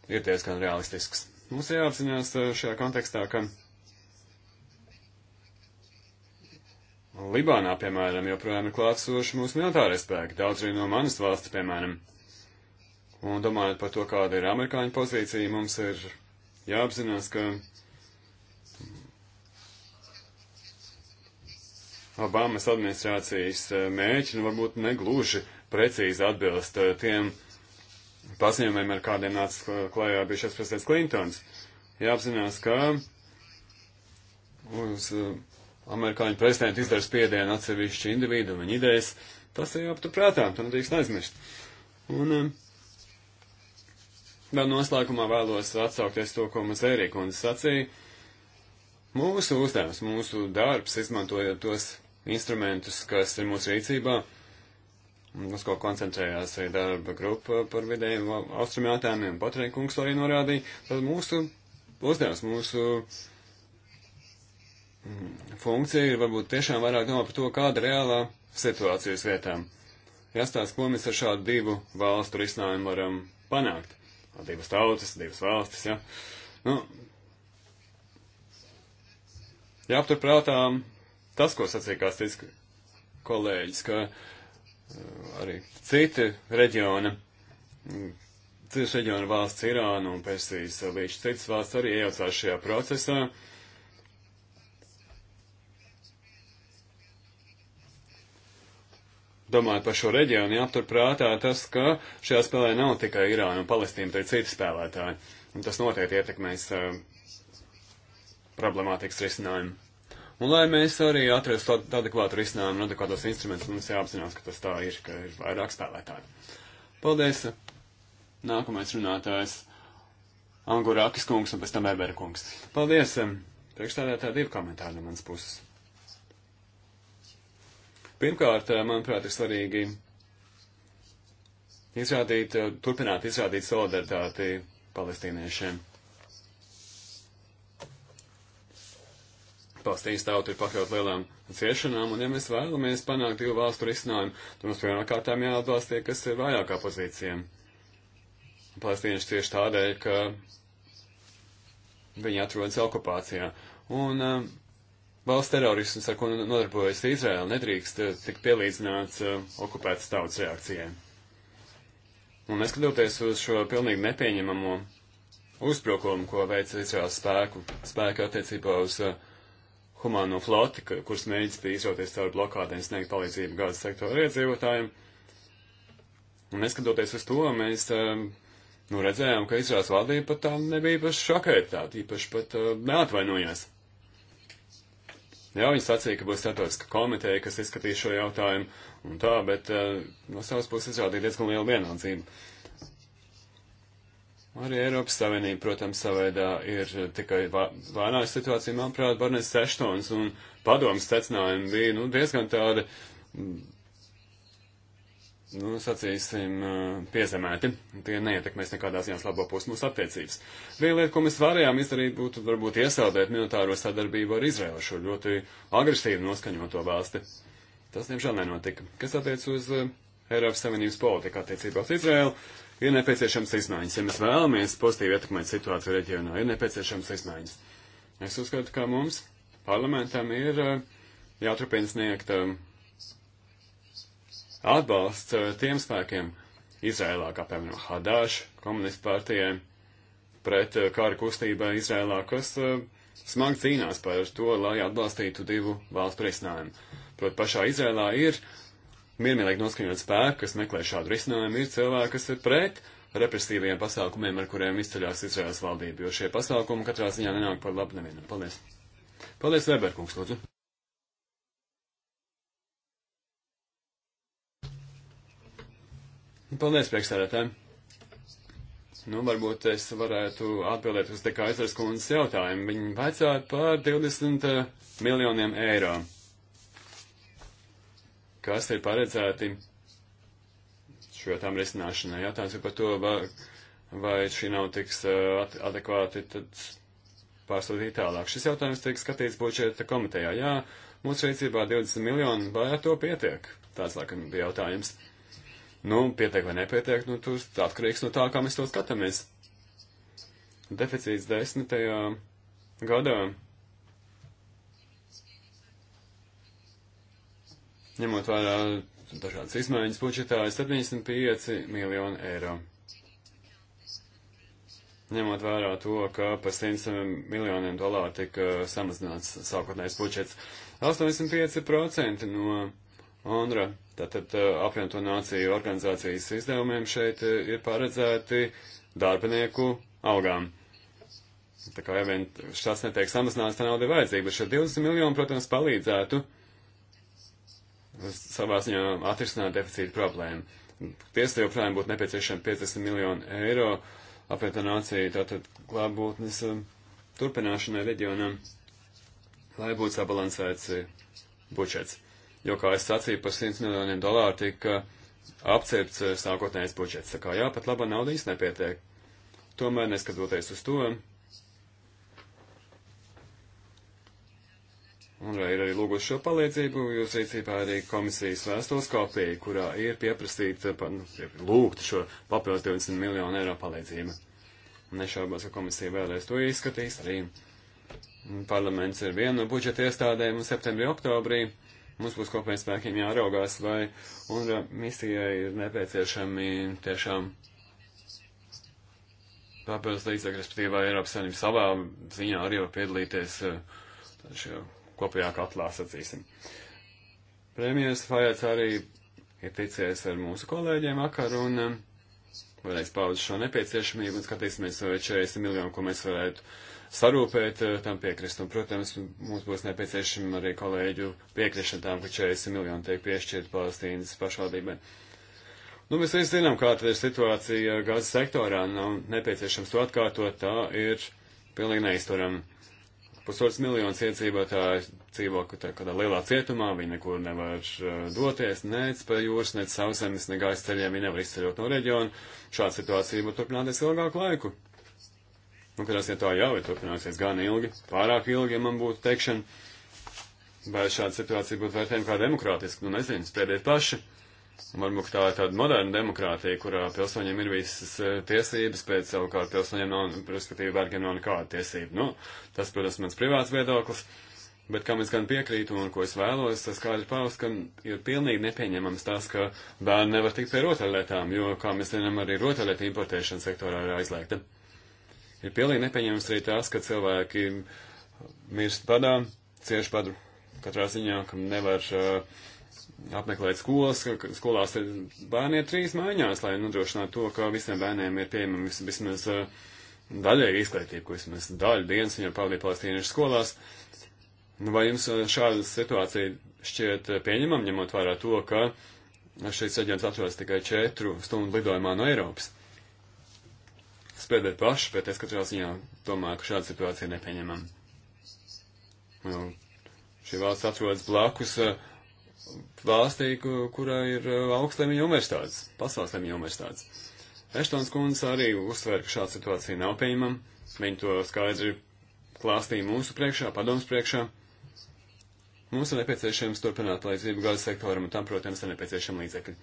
ir diezgan realistisks. Mums ir jāapzinās eh, šajā kontekstā, ka Libānā, piemēram, joprojām ir klātsoši mūsu militārie spēki, daudz arī no manas valsts, piemēram. Un domājot par to, kāda ir amerikāņu pozīcija, mums ir jāapzinās, ka Obamas administrācijas eh, mēģina nu varbūt negluži precīzi atbilst eh, tiem uh, paziņojumiem, ar kādiem nāca klajā bijušais prezidents Klintons. Jāapzinās, ka uz uh, amerikāņu prezidentu izdara spiedienu atsevišķi individu un viņa idejas. Tas ir jāpaturprātā, to nedrīkst aizmirst. Un um, vēl noslēgumā vēlos atsaukties to, ko mums Ērīkundze sacīja. Mūsu uzdevums, mūsu darbs, izmantojot tos instrumentus, kas ir mūsu rīcībā, uz ko koncentrējās arī darba grupa par vidējiem austrumu jautājumiem, Patrēkungs arī norādīja, tad mūsu uzdevums, mūsu mm, funkcija ir varbūt tiešām vairāk domāt par to, kāda reālā situācijas vietām. Jāstāsta, ko mēs ar šādu divu valstu risinājumu varam panākt. Divas tautas, divas valstis, ja. Nu, jāaptur prātā tas, ko sacīja kāds kolēģis, ka uh, arī citi reģioni, citas reģiona valsts Irāna un Persijas līdz citas valsts arī iejaucās šajā procesā. Domājot par šo reģionu, jāaptur prātā tas, ka šajā spēlē nav tikai Irāna un Palestīna, bet arī citi spēlētāji. Un tas noteikti ietekmēs uh, problemātikas risinājumu. Un lai mēs arī atrastu adekvātu risinājumu un adekvātos instrumentus, mums jāapzinās, ka tas tā ir, ka ir vairāk spēlētāji. Paldies! Nākamais runātājs Angurākis kungs un pēc tam Ebera kungs. Paldies! Priekšstādētāji divi komentāri no manas puses. Pirmkārt, manuprāt, ir svarīgi izrādīt, turpināt izrādīt solidaritāti palestīniešiem. Palestīnas tauta ir pakļaut lielām ciešanām, un ja mēs vēlamies panākt divu valstu risinājumu, tad mums pirmā kārtām jāatbalsta tie, kas ir vājākā pozīcija. Palestīnieši tieši tādēļ, ka viņi atrodas okupācijā. Un um, valsts terorisms, ar ko nodarbojas Izraēla, nedrīkst uh, tik pielīdzināts uh, okupētas tautas reakcijai. Un neskatoties uz šo pilnīgi nepieņemamo uzbrukumu, ko veica Izraels spēku, spēka attiecībā uz uh, humāno floti, kuras mēģina tīsoties caur blokādēm sniegt palīdzību gāzes sektora iedzīvotājiem. Un neskatoties uz to, mēs um, nu, redzējām, ka Izraels valdība pat tā nebija īpaši šokēta, īpaši pat uh, neatvainojās. Jā, viņi sacīja, ka būs starptautiska komiteja, kas izskatīs šo jautājumu un tā, bet uh, no savas puses izrādīja diezgan lielu vienaldzību. Arī Eiropas Savienība, protams, savaidā ir eh, tikai vājāka situācija, manuprāt, Barnes Seštons un padomas secinājumi bija nu, diezgan tādi, mm, nu, sacīsim, eh, piezemēti. Tie neietekmēs nekādās ziņās labo pusi mūsu attiecības. Viena lieta, ko mēs varējām izdarīt, būtu varbūt iesaldēt militāro sadarbību ar Izraelu, šo ļoti agresīvi noskaņoto valsti. Tas, diemžēl, nenotika. Kas attiec uz eh, Eiropas Savienības politiku attiecībā uz Izraelu? Ir nepieciešams izmaiņas. Ja mēs vēlamies pozitīvi ietekmēt situāciju reģionā, ir nepieciešams izmaiņas. Es uzskatu, ka mums, parlamentam, ir eh, jāturpina sniegt eh, atbalsts eh, tiem spēkiem Izrēlā, kā piemēram Hadāš, komunistu partijai, pret kara kustībai Izrēlā, kas smagi cīnās par to, lai atbalstītu divu valstu risinājumu. Protams, pašā Izrēlā ir miermīlīgi noskaņot spēku, kas meklē šādu risinājumu, ir cilvēki, kas ir pret represīviem pasākumiem, ar kuriem izceļās Izraels valdība, jo šie pasākumi katrā ziņā nenāk par labu nevienam. Paldies! Paldies, Weberkungs, lūdzu! Paldies, priekšsēdētāji! Nu, varbūt es varētu atbildēt uz te kā aizras kundzes jautājumu. Viņa vaicāja par 20 eh, miljoniem eiro kas ir paredzēti šo tām risināšanai. Jautājums ir par to, vai, vai šī nav tiks eh, adekvāti tad pārsūtīt tālāk. Šis jautājums tiek skatīts budžeta komitejā. Jā, mūsu rīcībā 20 miljoni, vai ar to pietiek? Tāds, laikam, bija jautājums. Nu, pietiek vai nepietiek, nu, tur atkarīgs no tā, kā mēs to skatāmies. Deficīts desmitajā gadā ņemot vērā dažādas izmaiņas budžetā, ir 75 miljoni eiro. Ņemot vērā to, ka par 100 miljoniem dolāru tika samazināts sākotnējais budžets, 85% no ONRA, tātad uh, apvienoto nāciju organizācijas izdevumiem šeit uh, ir paredzēti darbinieku algām. Tā kā ja vien šāds netiek samazināts, tā nauda ir vajadzīga, bet šie 20 miljoni, protams, palīdzētu uh, savā ziņā atrisināt deficīta problēmu. Tiesa joprojām būtu nepieciešama 50 miljonu eiro apvienotā nācija, tātad klātbūtnes um, turpināšanai reģionam, lai būtu sabalansēts eh, budžets. Jo, kā es sacīju, par 100 miljoniem dolāru tika uh, apcepts uh, sākotnējais budžets. Tā kā jā, pat laba nauda īsti nepietiek. Tomēr, neskatoties uz to, Un ir arī lūguši šo palīdzību, jūs rīcībā arī komisijas vēstules kopija, kurā ir pieprasīta, eh, nu, lūgt šo papildus 20 miljonu eiro palīdzību. Nešaubos, ka komisija vēlreiz to izskatīs. Arī parlaments ir viena no budžeta iestādēm un septembrī, oktobrī mums būs kopējiem spēkiem jāraugās, vai UNRWA misijai ir nepieciešami tiešām papildus līdzekļi, respektīvā Eiropas Savienība savā ziņā arī var piedalīties eh, šajā kopējā katlā, sacīsim. Premjeras Fajats arī ir ticies ar mūsu kolēģiem vakar un um, vēlreiz paudu šo nepieciešamību un skatīsimies, vai 40 miljonu, ko mēs varētu sarūpēt, uh, tam piekrist. Un, protams, mums būs nepieciešama arī kolēģu piekrišana tām, ka 40 miljoni tiek piešķirt Palestīnas pašvaldībai. Nu, mēs visi zinām, kāda ir situācija gazas sektorā, nav nepieciešams to atkārtot, tā ir pilnīgi neizturama. Pusotrs miljons iedzīvotāji dzīvo kādā lielā cietumā, viņi nekur nevar uh, doties, nec pa jūras, nec sauszemes, ne gaisa ceļiem, viņi nevar izceļot no reģiona. Šāda situācija var turpināties ilgāku laiku. Nu, kad es ja tā jau ir turpināsies gan ilgi, pārāk ilgi, ja man būtu teikšana, vai šāda situācija būtu vērtējama kā demokrātiska, nu nezinu, spēdiet paši. Uh, Varbūt tā ir tāda moderna demokrātija, kurā pilsoņiem ir visas eh, tiesības, pēc savukārt pilsoņiem nav, respektīvi, bērniem nav nekāda tiesība. Nu, tas, protams, mans privāts viedoklis, bet kam es gan piekrītu un ko es vēlos, tas kādi paust, ka ir pilnīgi nepieņemams tas, ka bērni nevar tikt pie rotaļlietām, jo, kā mēs zinām, arī rotaļlietu importēšana sektorā ir aizliegta. Ir pilnīgi nepieņemams arī tas, ka cilvēki mirst padā, cieši padu katrā ziņā, ka nevar. Uh, apmeklēt skolas, ka skolās ir bērni ir trīs mājās, lai nodrošinātu to, ka visiem bērniem ir pieejama vismaz eh, daļēja izglītība, ko vismaz daļu dienas viņam pavadīja palestīniešu skolās. Nu, vai jums eh, šāda situācija šķiet eh, pieņemama, ņemot vērā to, ka šis reģions atrodas tikai četru stundu lidojumā no Eiropas? Spēdēt paši, bet es katrā ziņā domāju, ka šāda situācija ir nepieņemama. Nu, šī valsts atrodas blakus uh, valstī, kurā ir uh, augsta līmeņa universitātes, pasaules līmeņa universitātes. Eštons kundze arī uzsver, ka šāda situācija nav pieņemama. Viņa to skaidri klāstīja mūsu priekšā, padomus priekšā. Mums ir nepieciešams turpināt palīdzību gada sektoram, un tam, protams, ir nepieciešama līdzekļi.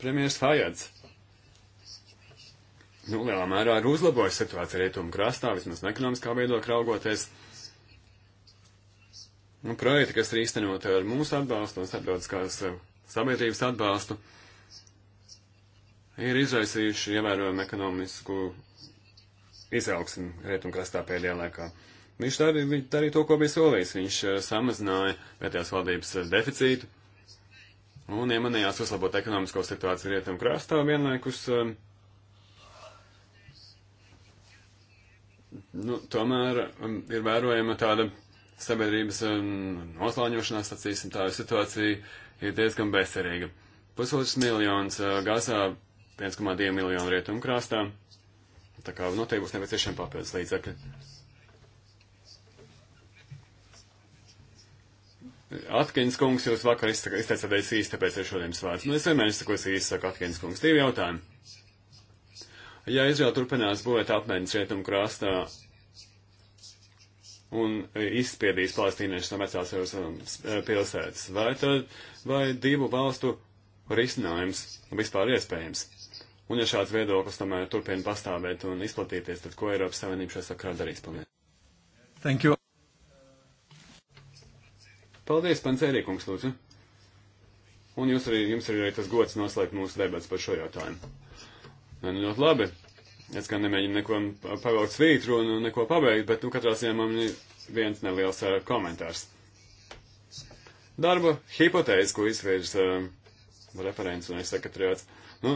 Premjeras Fajads nu, lielā mērā ir uzlabojis situāciju rietumu krastā, vismaz ekonomiskā viedokļa raugoties nu, projekti, kas ir īstenot ar mūsu atbalstu un starptautiskās eh, sabiedrības atbalstu, ir izraisījuši ievērojumu ekonomisku izaugsmi rietumkrastā pēdējā laikā. Viņš darīja, darīja to, ko bija solījis. Viņš eh, samazināja vietējās valdības eh, deficītu un iemanījās uzlabot ekonomisko situāciju rietumkrastā vienlaikus. Nu, tomēr um, ir vērojama tāda sabiedrības um, noslāņošanās, sacīsim tā, situācija ir diezgan bezcerīga. Pusotrs miljons uh, Gazā, 1,2 miljonu rietumkrāstā, tā kā noteikti nu, būs nepieciešami papildus līdzekļi. Atkins kungs, jūs vakar izteicāties īsti, tāpēc ir šodien svārts. Nu, es vienmēr izsakos īsti, saka Atkins kungs. Divi jautājumi. Ja Izraela turpinās būvēt apmaiņas rietumu krastā un izspiedīs palestīniešus no vecās Jeruzalemes um, eh, pilsētas? Vai tad, vai divu valstu risinājums vispār iespējams? Un ja šāds viedoklis tomēr turpina pastāvēt un izplatīties, tad ko Eiropas Savienība šajā sakrā darīs? Paldies. Thank you. Paldies, Pancērīkungs, lūdzu. Un jūs arī, jums arī, arī tas gods noslēgt mūsu debats par šo jautājumu. Nu, ļoti labi. Es gan nemēģinu neko pavilkt svītru un neko pabeigt, bet, nu, katrā ziņā man ir viens neliels uh, komentārs. Darba hipotēze, ko izvērš uh, referents un sekretariāts. Nu,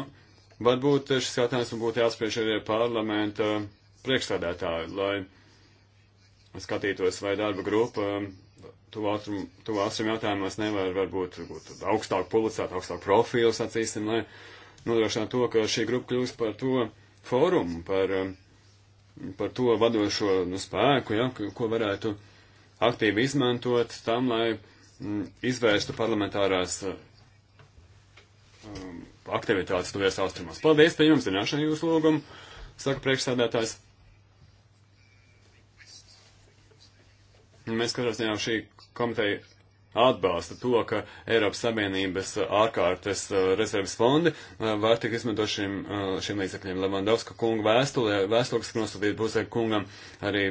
varbūt šis jautājums būtu jāspriež arī parlamenta uh, priekšstādētāju, lai skatītos, vai darba grupa uh, tuvāstrum jautājumos nevar varbūt, varbūt augstāk publicēt, augstāk profilu, sacīsim, lai nodrošinātu to, ka šī grupa kļūst par to, uh, fórumu par, um, par to vadošo nu, spēku, ja, ko varētu aktīvi izmantot tam, lai m, mm, izvērstu parlamentārās uh, um, aktivitātes tuvies austrumos. Paldies par jums zināšanu jūsu lūgumu, saka priekšsādātājs. Mēs katrā ziņā šī komiteja atbalsta to, ka Eiropas Savienības ārkārtas uh, rezerves fondi uh, var tik izmantot šim, uh, šim līdzekļiem. Levandovska kunga vēstulē, vēstules, kas nosūtīta Buzek kungam, arī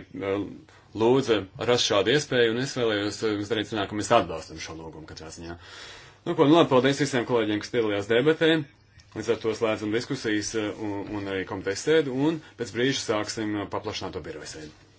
lūdza rast šādu iespēju, un es vēlējos darīt zināt, ka mēs atbalstam šo lūgumu katrā ziņā. Nu, ko, nu labi, paldies visiem kolēģiem, kas piedalījās debatē. Līdz ar to slēdzam diskusijas un, un arī komitejas sēdu, un pēc brīža sāksim paplašināto biroju sēdu.